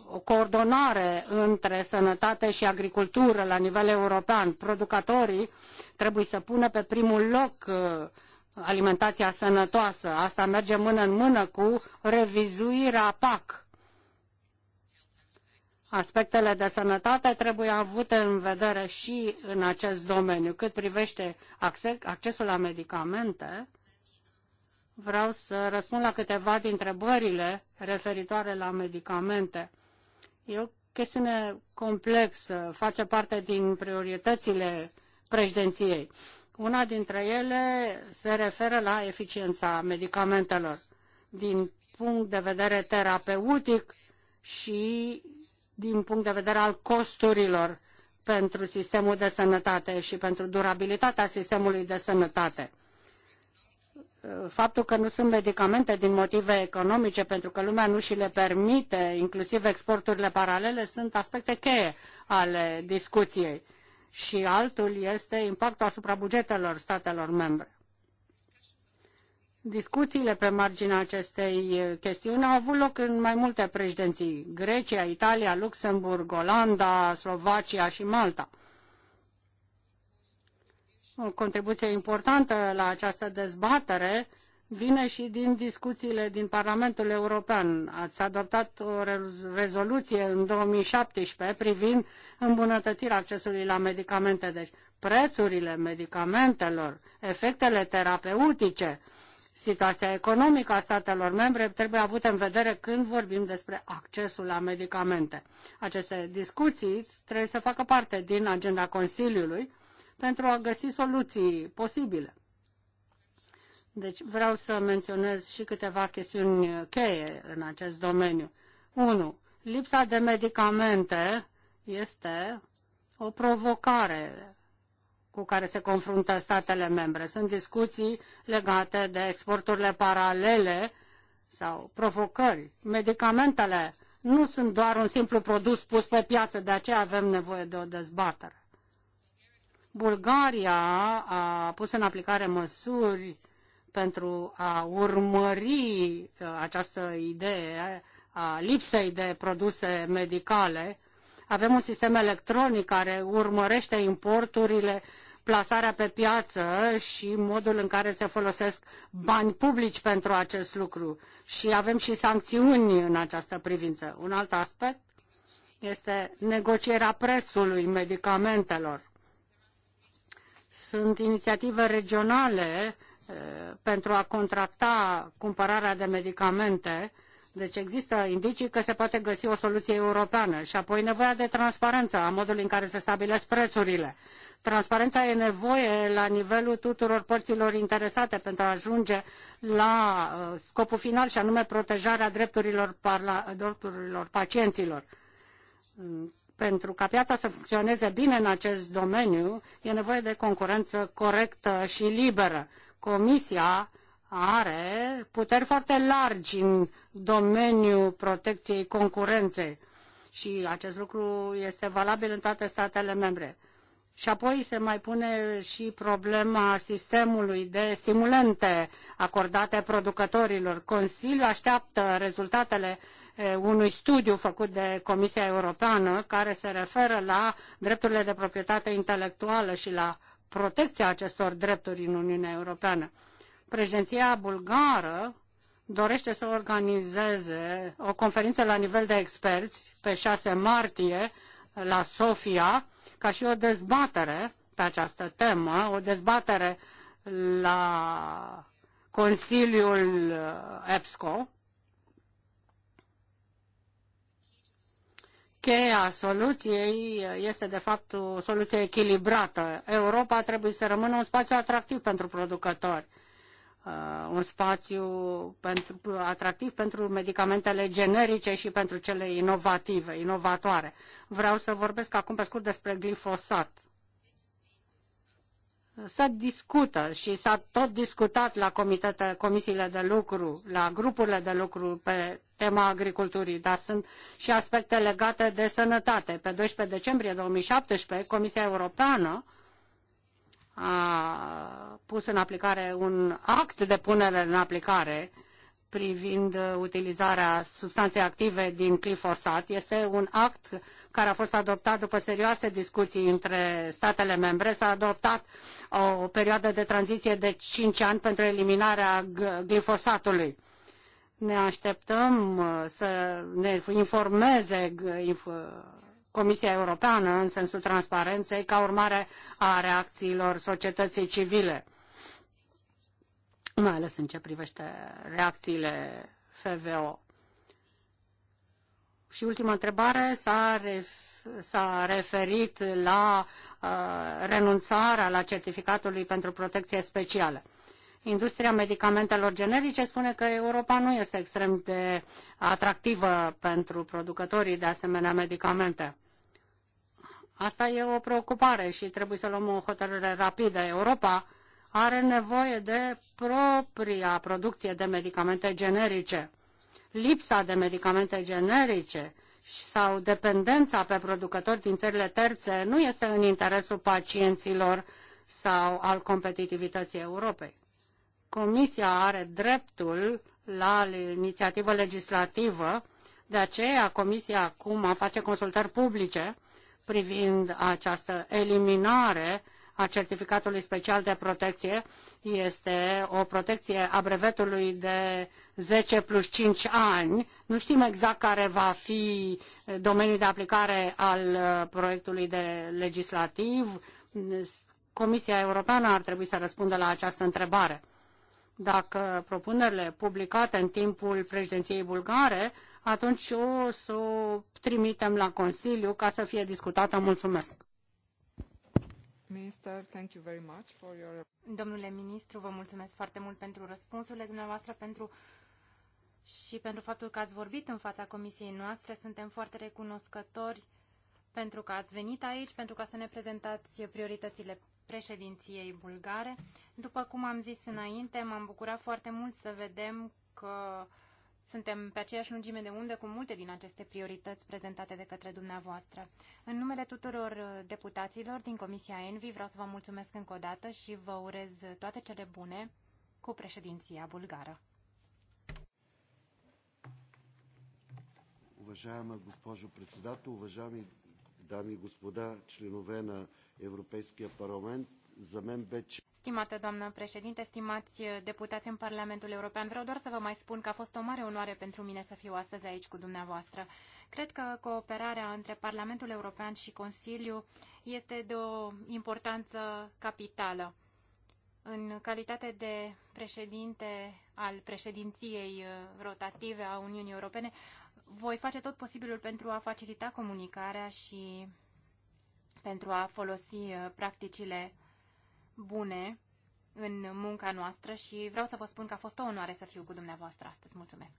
o coordonare între sănătate și agricultură la nivel european. Producătorii trebuie să pună pe primul loc uh, alimentația sănătoasă. Asta merge mână în mână cu revizuirea PAC Aspectele de sănătate trebuie avute în vedere și în acest domeniu. Cât privește accesul la medicamente, vreau să răspund la câteva din întrebările referitoare la medicamente. E o chestiune complexă, face parte din prioritățile președinției. Una dintre ele se referă la eficiența medicamentelor din punct de vedere terapeutic și din punct de vedere al costurilor pentru sistemul de sănătate și pentru durabilitatea sistemului de sănătate. Faptul că nu sunt medicamente din motive economice, pentru că lumea nu și le permite, inclusiv exporturile paralele, sunt aspecte cheie ale discuției. Și altul este impactul asupra bugetelor statelor membre. Discuțiile pe marginea acestei eh, chestiuni au avut loc în mai multe președinții, Grecia, Italia, Luxemburg, Olanda, Slovacia și Malta. O contribuție importantă la această dezbatere vine și din discuțiile din Parlamentul European. Ați adoptat o rezoluție în 2017 privind îmbunătățirea accesului la medicamente, deci prețurile medicamentelor, efectele terapeutice, situația economică a statelor membre trebuie avută în vedere când vorbim despre accesul la medicamente. Aceste discuții trebuie să facă parte din agenda Consiliului pentru a găsi soluții posibile. Deci vreau să menționez și câteva chestiuni cheie în acest domeniu. 1. Lipsa de medicamente este o provocare cu care se confruntă statele membre. Sunt discuții legate de exporturile paralele sau provocări. Medicamentele nu sunt doar un simplu produs pus pe piață, de aceea avem nevoie de o dezbatere. Bulgaria a pus în aplicare măsuri pentru a urmări uh, această idee a lipsei de produse medicale. Avem un sistem electronic care urmărește importurile plasarea pe piață și modul în care se folosesc bani publici pentru acest lucru. Și avem și sancțiuni în această privință. Un alt aspect este negocierea prețului medicamentelor. Sunt inițiative regionale eh, pentru a contracta cumpărarea de medicamente deci există indicii că se poate găsi o soluție europeană și apoi nevoia de transparență a modului în care se stabilesc prețurile. Transparența e nevoie la nivelul tuturor părților interesate pentru a ajunge la uh, scopul final și anume protejarea drepturilor, parla, drepturilor pacienților mm, pentru ca piața să funcționeze bine în acest domeniu, e nevoie de concurență corectă și liberă. Comisia are puteri foarte largi în domeniul protecției concurenței și acest lucru este valabil în toate statele membre. Și apoi se mai pune și problema sistemului de stimulente acordate producătorilor. Consiliul așteaptă rezultatele eh, unui studiu făcut de Comisia Europeană care se referă la drepturile de proprietate intelectuală și la protecția acestor drepturi în Uniunea Europeană. Președinția bulgară dorește să organizeze o conferință la nivel de experți pe 6 martie la Sofia, ca și o dezbatere pe această temă, o dezbatere la Consiliul uh, EPSCO. Cheia soluției uh, este, de fapt, o soluție echilibrată. Europa trebuie să rămână un spațiu atractiv pentru producători Uh, un spațiu pentru, atractiv pentru medicamentele generice și pentru cele inovative, inovatoare. Vreau să vorbesc acum pe scurt despre glifosat. Se discută și s-a tot discutat la comitete, comisiile de lucru, la grupurile de lucru pe tema agriculturii, dar sunt și aspecte legate de sănătate. Pe 12 decembrie 2017, Comisia Europeană a pus în aplicare un act de punere în aplicare privind utilizarea substanței active din clifosat. Este un act care a fost adoptat după serioase discuții între statele membre. S-a adoptat o perioadă de tranziție de 5 ani pentru eliminarea glifosatului. Ne așteptăm uh, să ne informeze Comisia Europeană în sensul transparenței ca urmare a reacțiilor societății civile, mai ales în ce privește reacțiile FVO. Și ultima întrebare s-a referit s-a referit la uh, renunțarea la certificatului pentru protecție specială. Industria medicamentelor generice spune că Europa nu este extrem de atractivă pentru producătorii de asemenea medicamente. Asta e o preocupare și trebuie să luăm o hotărâre rapidă. Europa are nevoie de propria producție de medicamente generice. Lipsa de medicamente generice sau dependența pe producători din țările terțe nu este în interesul pacienților sau al competitivității Europei. Comisia are dreptul la inițiativă legislativă, de aceea Comisia acum face consultări publice privind această eliminare a certificatului special de protecție este o protecție a brevetului de 10 plus 5 ani. Nu știm exact care va fi domeniul de aplicare al uh, proiectului de legislativ. Comisia Europeană ar trebui să răspundă la această întrebare. Dacă propunerile publicate în timpul președinției bulgare atunci o să o trimitem la Consiliu ca să fie discutată. Mulțumesc! Minister, thank you very much for your... Domnule ministru, vă mulțumesc foarte mult pentru răspunsurile dumneavoastră, pentru și pentru faptul că ați vorbit în fața comisiei noastre. Suntem foarte recunoscători pentru că ați venit aici, pentru ca să ne prezentați prioritățile președinției bulgare. După cum am zis înainte, m-am bucurat foarte mult să vedem că uh, suntem pe aceeași lungime de undă cu multe din aceste priorități prezentate de către dumneavoastră. În numele tuturor uh, deputaților din Comisia Envi vreau să vă mulțumesc încă o dată și vă urez toate cele bune cu președinția bulgară. Уважаема госпожо председател, уважаеми дами и господа членове на Европейския парламент, за мен Stimată doamnă președinte, stimați deputați în Parlamentul European, vreau doar să vă mai spun că a fost o mare onoare pentru mine să fiu astăzi aici cu dumneavoastră. Cred că cooperarea între Parlamentul European și Consiliu este de o importanță capitală. În calitate de președinte al președinției rotative a Uniunii Europene, voi face tot posibilul pentru a facilita comunicarea și pentru a folosi practicile bune în munca noastră și vreau să vă spun că a fost o onoare să fiu cu dumneavoastră astăzi. Mulțumesc!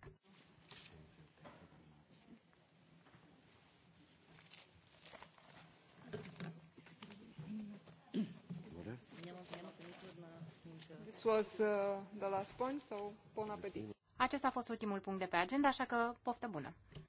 This was uh, the last point, so bon appetit. Acesta a fost ultimul punct de pe agenda, așa că poftă bună!